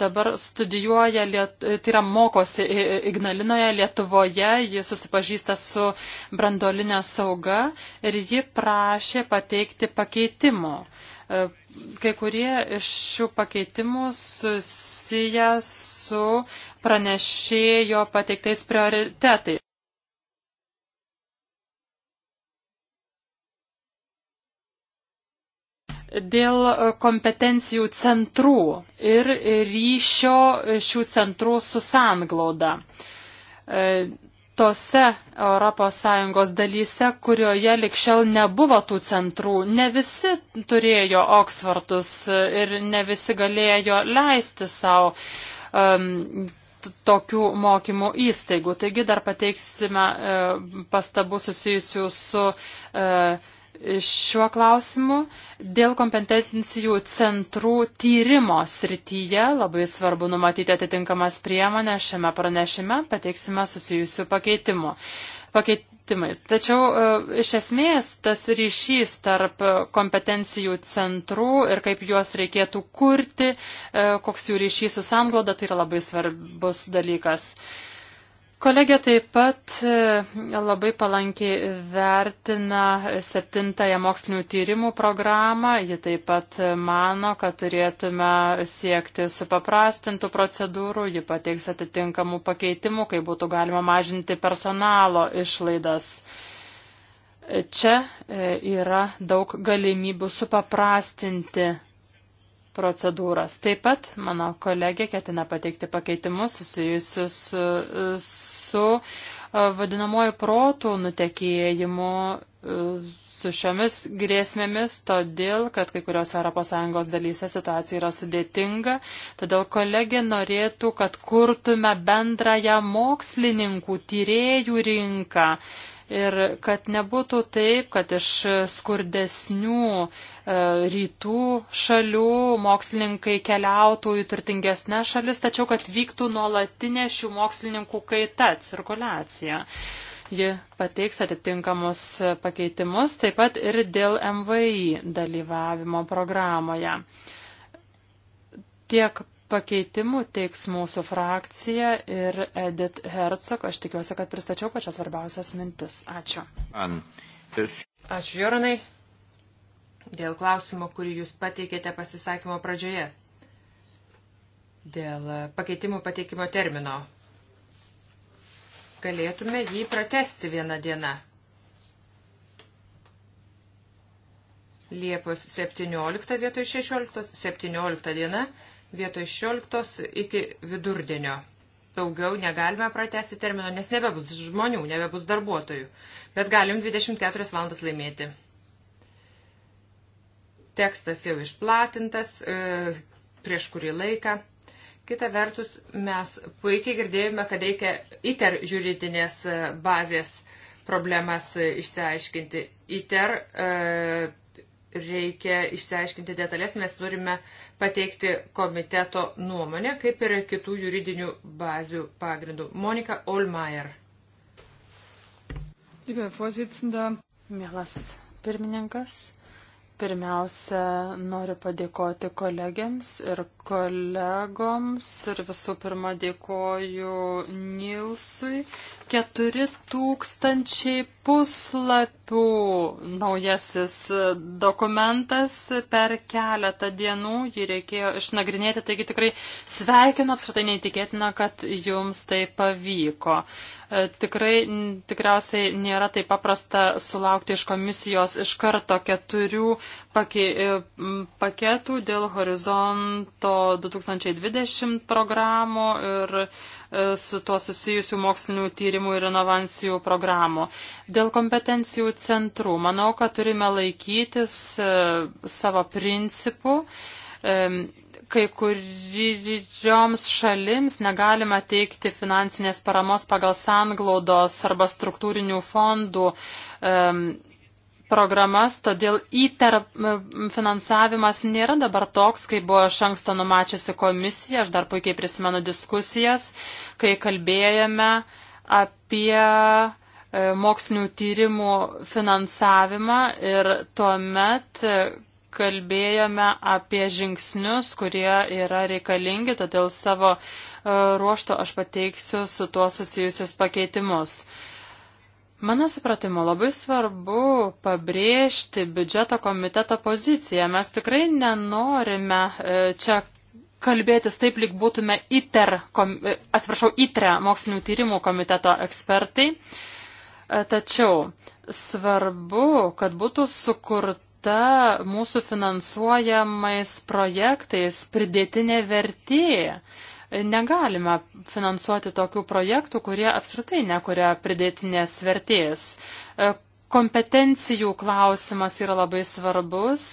dabar studijuoja, liet, tai yra mokosi Ignalinoje, Lietuvoje, ji susipažįsta su brandolinė sauga ir ji prašė pateikti pakeitimų. E, kai kurie iš šių pakeitimų susiję su pranešėjo pateiktais prioritetais. Dėl kompetencijų centrų ir ryšio šių centrų su sanglauda e, tose ES dalyse, kurioje likščiau nebuvo tų centrų. Ne visi turėjo Oksfordus ir ne visi galėjo leisti savo um, tokių mokymų įstaigų. Taigi dar pateiksime uh, pastabų susijusių su uh, šiuo klausimu. Dėl kompetencijų centrų tyrimo srityje labai svarbu numatyti atitinkamas priemonės šiame pranešime, pateiksime susijusių pakeitimų. Pakeitimais. Tačiau e, iš esmės tas ryšys tarp kompetencijų centrų ir kaip juos reikėtų kurti, e, koks jų ryšys su sangloda, tai yra labai svarbus dalykas. Kolegė taip pat e, labai palankiai vertina septintąją mokslinių tyrimų programą. Ji taip pat mano, kad turėtume siekti supaprastintų procedūrų. Ji pateiks atitinkamų pakeitimų, kai būtų galima mažinti personalo išlaidas. Čia e, yra daug galimybių supaprastinti procedūras. Taip pat mano kolegė ketina pateikti pakeitimus susijusius e, su, su e, vadinamoju protų nutekėjimu e, su šiomis grėsmėmis, todėl, kad kai kurios ES dalyse situacija yra sudėtinga, todėl kolegė norėtų, kad kurtume bendrąją mokslininkų, tyriejų rinką ir kad nebūtų taip, kad iš skurdesnių e, rytų šalių mokslininkai keliautų į turtingesnės šalis, tačiau kad vyktų nuolatinė šių mokslininkų kaita, cirkuliacija. Ji pateiks atitinkamus pakeitimus taip pat ir dėl MVI dalyvavimo programoje. Tiek pakeitimų teiks mūsų frakcija ir Edith Herzog. Aš tikiuosi, kad pristačiau pačias svarbiausias mintis. Ačiū. Ačiū, Joranai, dėl klausimo, kurį jūs pateikėte pasisakymo pradžioje. Dėl pakeitimų pateikimo termino. Galėtume jį pratesti vieną dieną. Liepos 17 vietoj 16, 17 diena vietoj 16 iki vidurdienio. Daugiau negalime pratesti termino, nes nebebus žmonių, nebebus darbuotojų. Bet galim 24 valandas laimėti. Tekstas jau išplatintas e, prieš kurį laiką. Kita vertus, mes puikiai girdėjome, kad reikia ITER žiūritinės e, bazės problemas e, išsiaiškinti. ITER e, reikia išsiaiškinti detalės, mes turime pateikti komiteto nuomonę, kaip ir kitų juridinių bazių pagrindų. Monika Olmaier. Mielas pirmininkas, pirmiausia, noriu padėkoti kolegiams ir kolegoms ir visų pirma dėkoju Nilsui 4000 puslapių naujasis dokumentas per keletą dienų jį reikėjo išnagrinėti, taigi tikrai sveikinu, apskritai neįtikėtina, kad jums tai pavyko. E, tikrai tikriausiai nėra taip paprasta sulaukti iš komisijos iš karto keturių pake, e, paketų dėl horizonto 2020 programų ir E, su tuo susijusių mokslinių tyrimų ir inovacijų programų. Dėl kompetencijų centrų, manau, kad turime laikytis e, savo principų. E, kai kurioms šalims negalima teikti finansinės paramos pagal sanglaudos arba struktūrinių fondų programas, todėl įter finansavimas nėra dabar toks, kaip buvo iš anksto numačiusi komisija. Aš dar puikiai prisimenu diskusijas, kai kalbėjome apie e, mokslinių tyrimų finansavimą ir tuomet e, kalbėjome apie žingsnius, kurie yra reikalingi, todėl savo e, ruošto aš pateiksiu su tuo susijusius pakeitimus. Mano supratimo labai svarbu pabrėžti biudžeto komiteto poziciją. Mes tikrai nenorime e, čia kalbėtis taip, lyg būtume ITER, e, atsiprašau, ITRE mokslinių tyrimų komiteto ekspertai. E, tačiau svarbu, kad būtų sukurta mūsų finansuojamais projektais pridėtinė vertė negalime finansuoti tokių projektų, kurie apskritai nekuria pridėtinės vertės. E, kompetencijų klausimas yra labai svarbus.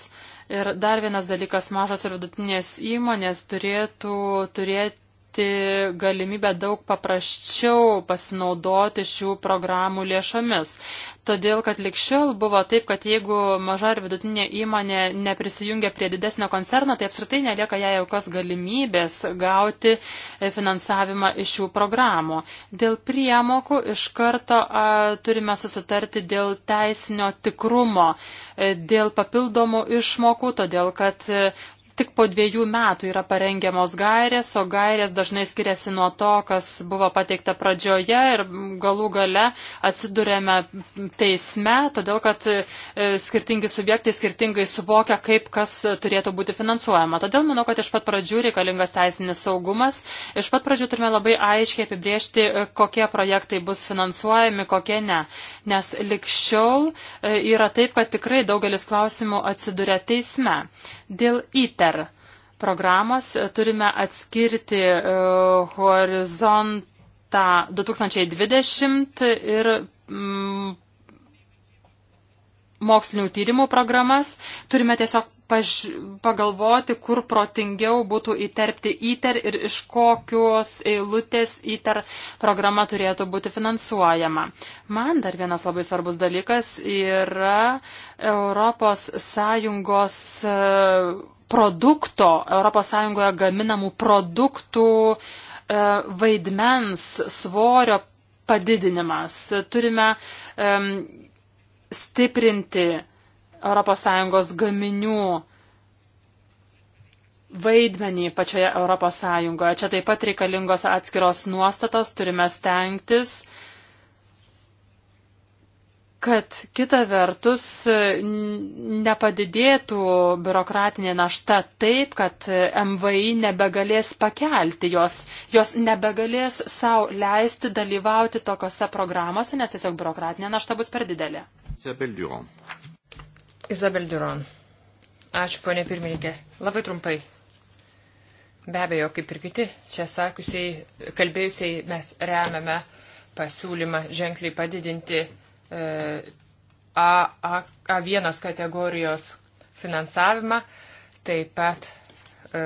Ir dar vienas dalykas, mažos ir vidutinės įmonės turėtų turėti turėti galimybę daug paprasčiau pasinaudoti šių programų lėšomis. Todėl, kad likščiau buvo taip, kad jeigu maža ar vidutinė įmonė neprisijungia prie didesnio koncerno, tai apskritai nelieka jai jokios galimybės gauti e, finansavimą iš šių programų. Dėl priemokų iš karto a, turime susitarti dėl teisinio tikrumo, e, dėl papildomų išmokų, todėl, kad e, tik po dviejų metų yra parengiamos gairės, o gairės dažnai skiriasi nuo to, kas buvo pateikta pradžioje ir galų gale atsidurėme teisme, todėl kad e, skirtingi subjektai skirtingai suvokia, kaip kas turėtų būti finansuojama. Todėl manau, kad iš pat pradžių reikalingas teisinis saugumas. Iš pat pradžių turime labai aiškiai apibriežti, e, kokie projektai bus finansuojami, kokie ne. Nes likščiau e, yra taip, kad tikrai daugelis klausimų atsiduria teisme. Dėl ITER programos turime atskirti uh, horizontą 2020 ir mm, mokslinių tyrimų programas. Turime tiesiog paž... pagalvoti, kur protingiau būtų įterpti ITER ir iš kokios eilutės ITER programa turėtų būti finansuojama. Man dar vienas labai svarbus dalykas yra Europos Sąjungos e, produkto, ES gaminamų produktų e, vaidmens svorio padidinimas. Turime um, stiprinti ES gaminių vaidmenį pačioje ES. Čia taip pat reikalingos atskiros nuostatos, turime stengtis, kad kita vertus nepadidėtų biurokratinė našta taip, kad MVI nebegalės pakelti jos, jos nebegalės savo leisti dalyvauti tokiose programuose, nes tiesiog biurokratinė našta bus per didelė. Isabel Durand. Izabel Duron. Ačiū, ponė pirmininkė. Labai trumpai. Be abejo, kaip ir kiti čia sakusiai, kalbėjusiai, mes remiame pasiūlymą ženkliai padidinti e, A, A, A1 kategorijos finansavimą, taip pat e,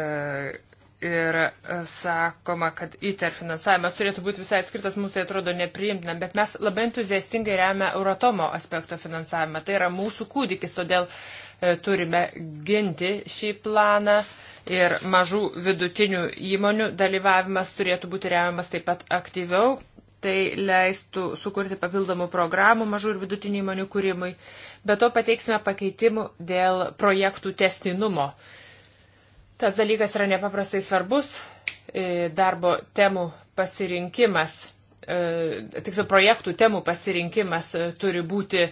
ir e, sakoma, kad ITER finansavimas turėtų būti visai skirtas, mums tai atrodo nepriimtina, bet mes labai entuziastingai remia Euratomo aspekto finansavimą. Tai yra mūsų kūdikis, todėl e, turime ginti šį planą ir mažų vidutinių įmonių dalyvavimas turėtų būti remiamas taip pat aktyviau. Tai leistų sukurti papildomų programų mažų ir vidutinių įmonių kūrimui. Be to pateiksime pakeitimų dėl projektų testinumo. Uh, Tas dalykas yra nepaprastai svarbus. E, darbo temų pasirinkimas, e, tiksliau projektų temų pasirinkimas e, turi būti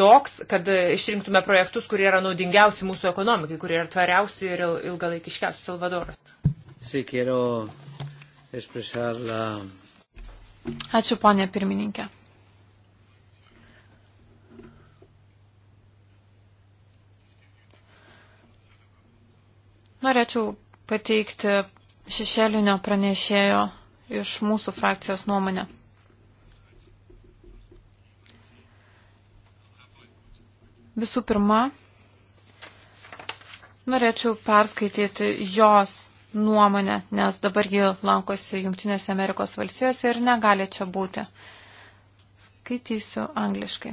toks, kad išrinktume projektus, kurie yra naudingiausi mūsų ekonomikai, kurie yra tvariausi ir ilgalaikiškiausi Salvadoras. Sí, quiero expresar la... Ačiū, ponė pirmininkė. Norėčiau pateikti šešėlinio pranešėjo iš mūsų frakcijos nuomonę. Visų pirma, norėčiau perskaityti jos nuomonę, nes dabar ji lankosi Junktinėse Amerikos valstijose ir negali čia būti. Skaitysiu angliškai.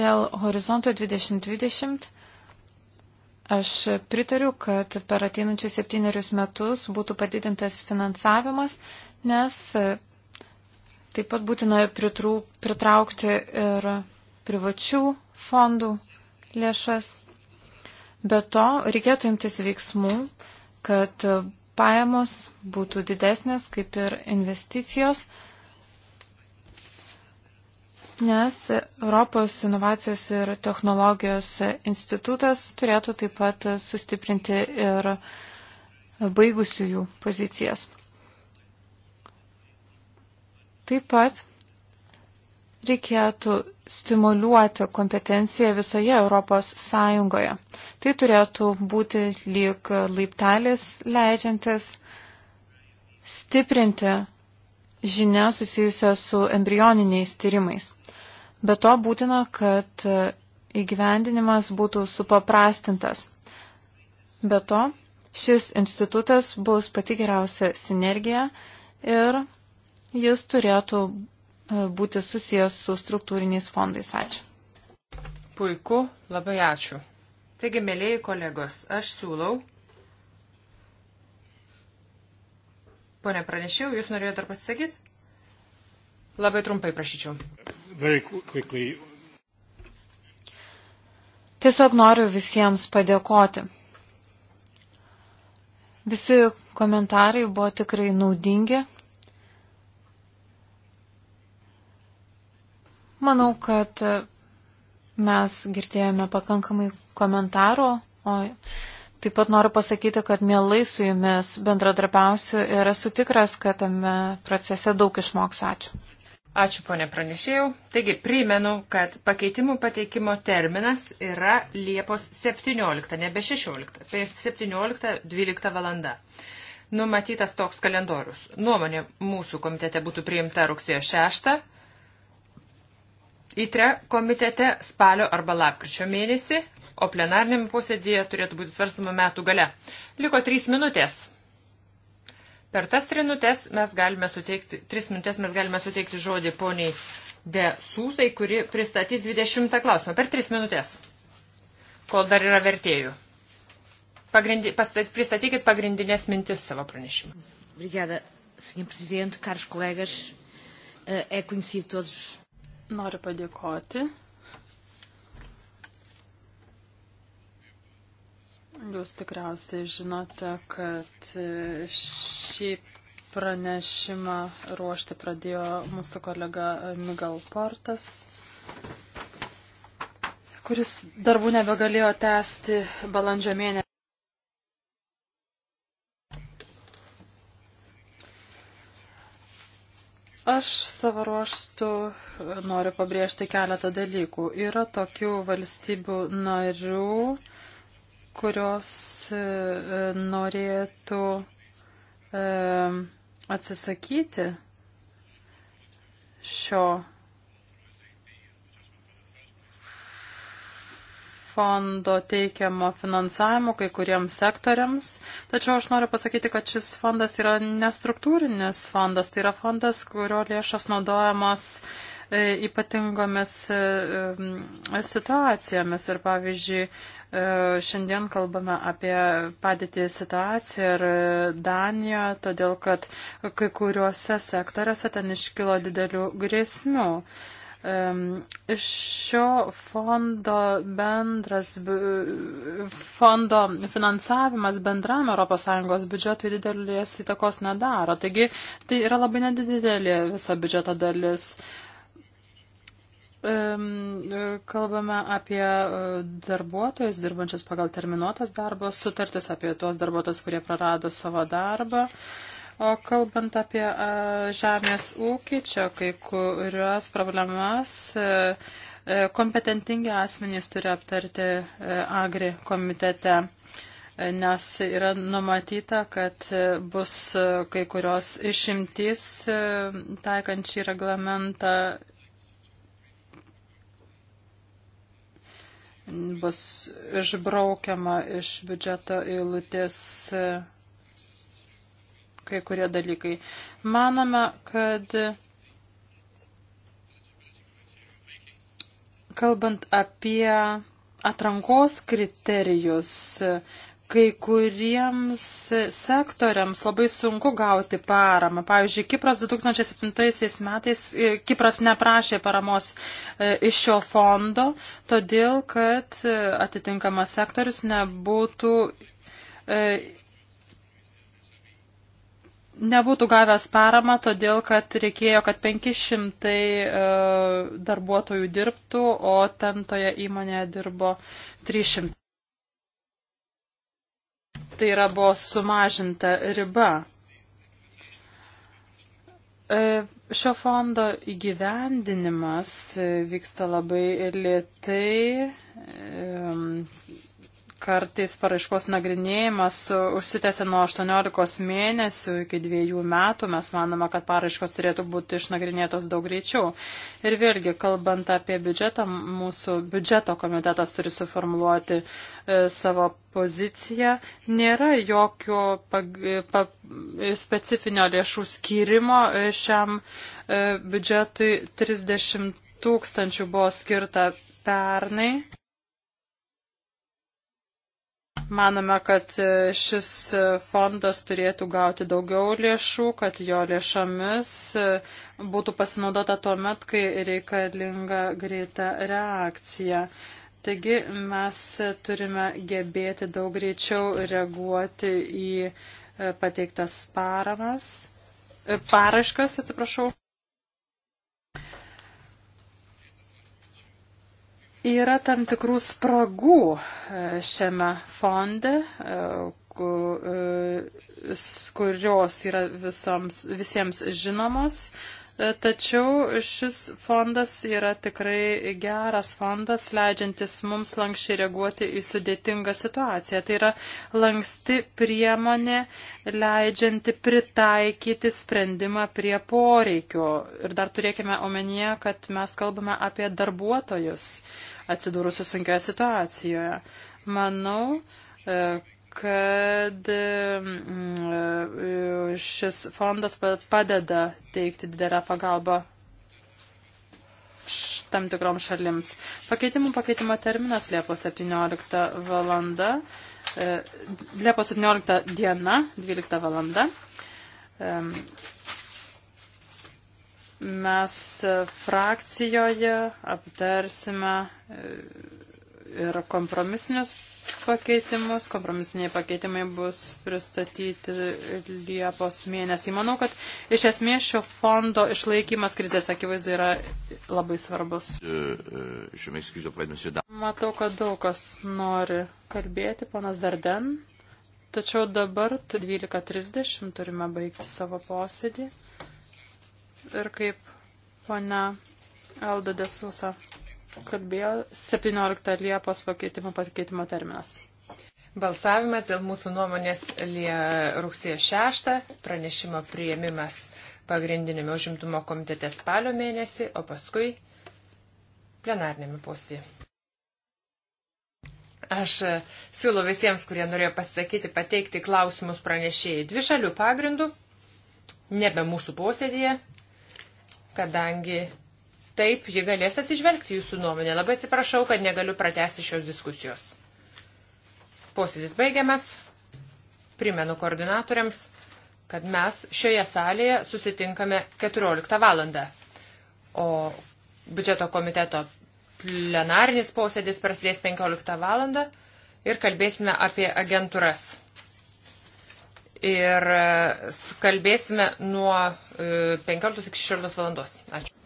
Dėl horizonto 2020 Aš pritariu, kad per ateinančius septynerius metus būtų padidintas finansavimas, nes e, taip pat būtina pritrū, pritraukti ir privačių fondų lėšas. Be to, reikėtų imtis veiksmų, kad pajamos būtų didesnės, kaip ir investicijos, nes Europos inovacijos ir technologijos institutas turėtų taip pat sustiprinti ir baigusiųjų pozicijas. Taip pat reikėtų stimuliuoti kompetenciją visoje Europos Sąjungoje. Tai turėtų būti lyg laiptelis leidžiantis stiprinti žinias susijusias su embrioniniais tyrimais. Be to būtina, kad įgyvendinimas būtų supaprastintas. Be to, šis institutas bus pati geriausia sinergija ir jis turėtų e, būti susijęs su struktūriniais fondais. Ačiū. Puiku, labai ačiū. Taigi, mėlyjei kolegos, aš siūlau. Pone pranešiau, jūs norėjote dar pasisakyti? Labai trumpai prašyčiau. Tiesiog noriu visiems padėkoti. Visi komentarai buvo tikrai naudingi. Manau, kad mes girdėjome pakankamai komentaro, o Taip pat noriu pasakyti, kad mielai su jumis bendradarbiausiu ir esu tikras, kad tame procese daug išmoksiu. Ačiū. Ačiū, ponė pranešėjau. Taigi, primenu, kad pakeitimų pateikimo terminas yra Liepos 17, nebe 16, tai 17-12 valanda. Numatytas toks kalendorius. Nuomonė mūsų komitete būtų priimta rugsėjo 6, įtre komitete spalio arba lapkričio mėnesį, o plenarnėme posėdėje turėtų būti svarstama metų gale. Liko 3 minutės. Per tas minutės mes galime suteikti, tris minutės mes galime suteikti žodį poniai De Sūzai, kuri pristatys 20 klausimą. Per tris minutės, kol dar yra vertėjų. Pagrindi, pastat, pristatykit pagrindinės mintis savo pranešimą. Brigada, senhor presidente, caros colegas, eh, é conhecido todos. Noriu padėkoti Jūs tikriausiai žinote, kad šį pranešimą ruošti pradėjo mūsų kolega Miguel Portas, kuris darbų nebegalėjo tęsti balandžio mėnesį. Aš savo ruoštų noriu pabrėžti keletą dalykų. Yra tokių valstybių narių, kurios e, e, norėtų e, atsisakyti šio fondo teikiamo finansavimo kai kuriems sektoriams. Tačiau aš noriu pasakyti, kad šis fondas yra nestruktūrinis fondas, tai yra fondas, kurio lėšas naudojamos ypatingomis situacijomis. Ir pavyzdžiui, E, šiandien kalbame apie padėtį situaciją ir Daniją, todėl kad kai kuriuose sektoriuose ten iškilo didelių grėsmių. Iš šio fondo bendras, fondo finansavimas bendram ES biudžetui didelės įtakos nedaro. Taigi tai yra labai nedidelė viso biudžeto dalis. Kalbame apie e, darbuotojus, dirbančius pagal terminuotas darbo sutartis, apie tuos darbuotojus, kurie prarado savo darbą. O kalbant apie e, žemės ūkį, čia kai kurios problemas e, kompetentingi asmenys turi aptarti Agri komitete, nes yra numatyta, kad bus kai kurios išimtys taikančiai reglamentą bus išbraukiama iš biudžeto eilutės e, kai kurie dalykai. Manome, kad kalbant apie atrankos kriterijus, kai kuriems sektoriams labai sunku gauti paramą. Pavyzdžiui, Kipras 2007 metais, e, Kipras neprašė paramos e, iš šio fondo, todėl kad e, atitinkamas sektorius nebūtų, nebūtų gavęs paramą, todėl kad reikėjo, kad 500 darbuotojų dirbtų, o ten toje įmonėje dirbo 300 tai yra buvo sumažinta riba. E, šio fondo įgyvendinimas e, vyksta labai lietai, e, Kartais paraiškos nagrinėjimas užsitęsia nuo 18 mėnesių iki 2 metų. Mes manome, kad paraiškos turėtų būti išnagrinėtos daug greičiau. Ir vėlgi, kalbant apie biudžetą, mūsų biudžeto komitetas turi suformuoluoti e, savo poziciją. Nėra jokio pag, e, pag, e, specifinio lėšų skyrimo e, šiam e, biudžetui. 30 tūkstančių buvo skirta pernai. Manome, kad e, šis e, fondas turėtų gauti daugiau lėšų, kad jo lėšomis e, būtų pasinaudota tuo met, kai reikalinga greita reakcija. Taigi mes turime gebėti daug greičiau reaguoti į pateiktas paramas, paraškas, atsiprašau. Yra tam tikrų spragų e, šiame fonde, e, e, kurios yra visoms, visiems žinomos, tačiau šis fondas yra tikrai geras fondas, leidžiantis mums lankščiai reaguoti į sudėtingą situaciją. Tai yra lanksti priemonė, leidžianti pritaikyti sprendimą prie poreikių. Ir dar turėkime omenyje, kad mes kalbame apie darbuotojus atsidūrusių sunkioje situacijoje. Manau, e, kad mm, e, šis fondas padeda teikti didelę pagalbą tam tikrom šalims. Pakeitimų pakeitimo terminas Liepos 17 valanda, e, Liepos 17 diena 12 valanda. Mes e, frakcijoje aptarsime e, ir kompromisinius pakeitimus. Kompromisiniai pakeitimai bus pristatyti Liepos mėnesį. Manau, kad iš esmės šio fondo išlaikymas krizės akivaizdai yra labai svarbus. E, Matau, kad daug kas nori kalbėti, ponas Darden. Tačiau dabar 12.30 turime baigti savo posėdį ir kaip ponia Alda Desusa kalbėjo, 17 Liepos pakeitimo pakeitimo terminas. Balsavimas dėl mūsų nuomonės lie, rugsėjo 6, pranešimo prieimimas pagrindinėme užimtumo komitete spalio mėnesį, o paskui plenarnėme posėdėje. Aš e, siūlau visiems, kurie norėjo pasisakyti, pateikti klausimus pranešėjai dvi šalių pagrindų, nebe mūsų posėdėje, kadangi taip ji galės atsižvelgti jūsų nuomonę. Labai atsiprašau, kad negaliu pratesti šios diskusijos. Posėdis baigiamas. Primenu koordinatoriams, kad mes šioje salėje susitinkame 14 valandą. O biudžeto komiteto plenarinis posėdis prasidės 15 valandą ir kalbėsime apie agentūras ir e, kalbėsime nuo 15 e, iki 16 valandos. Ačiū.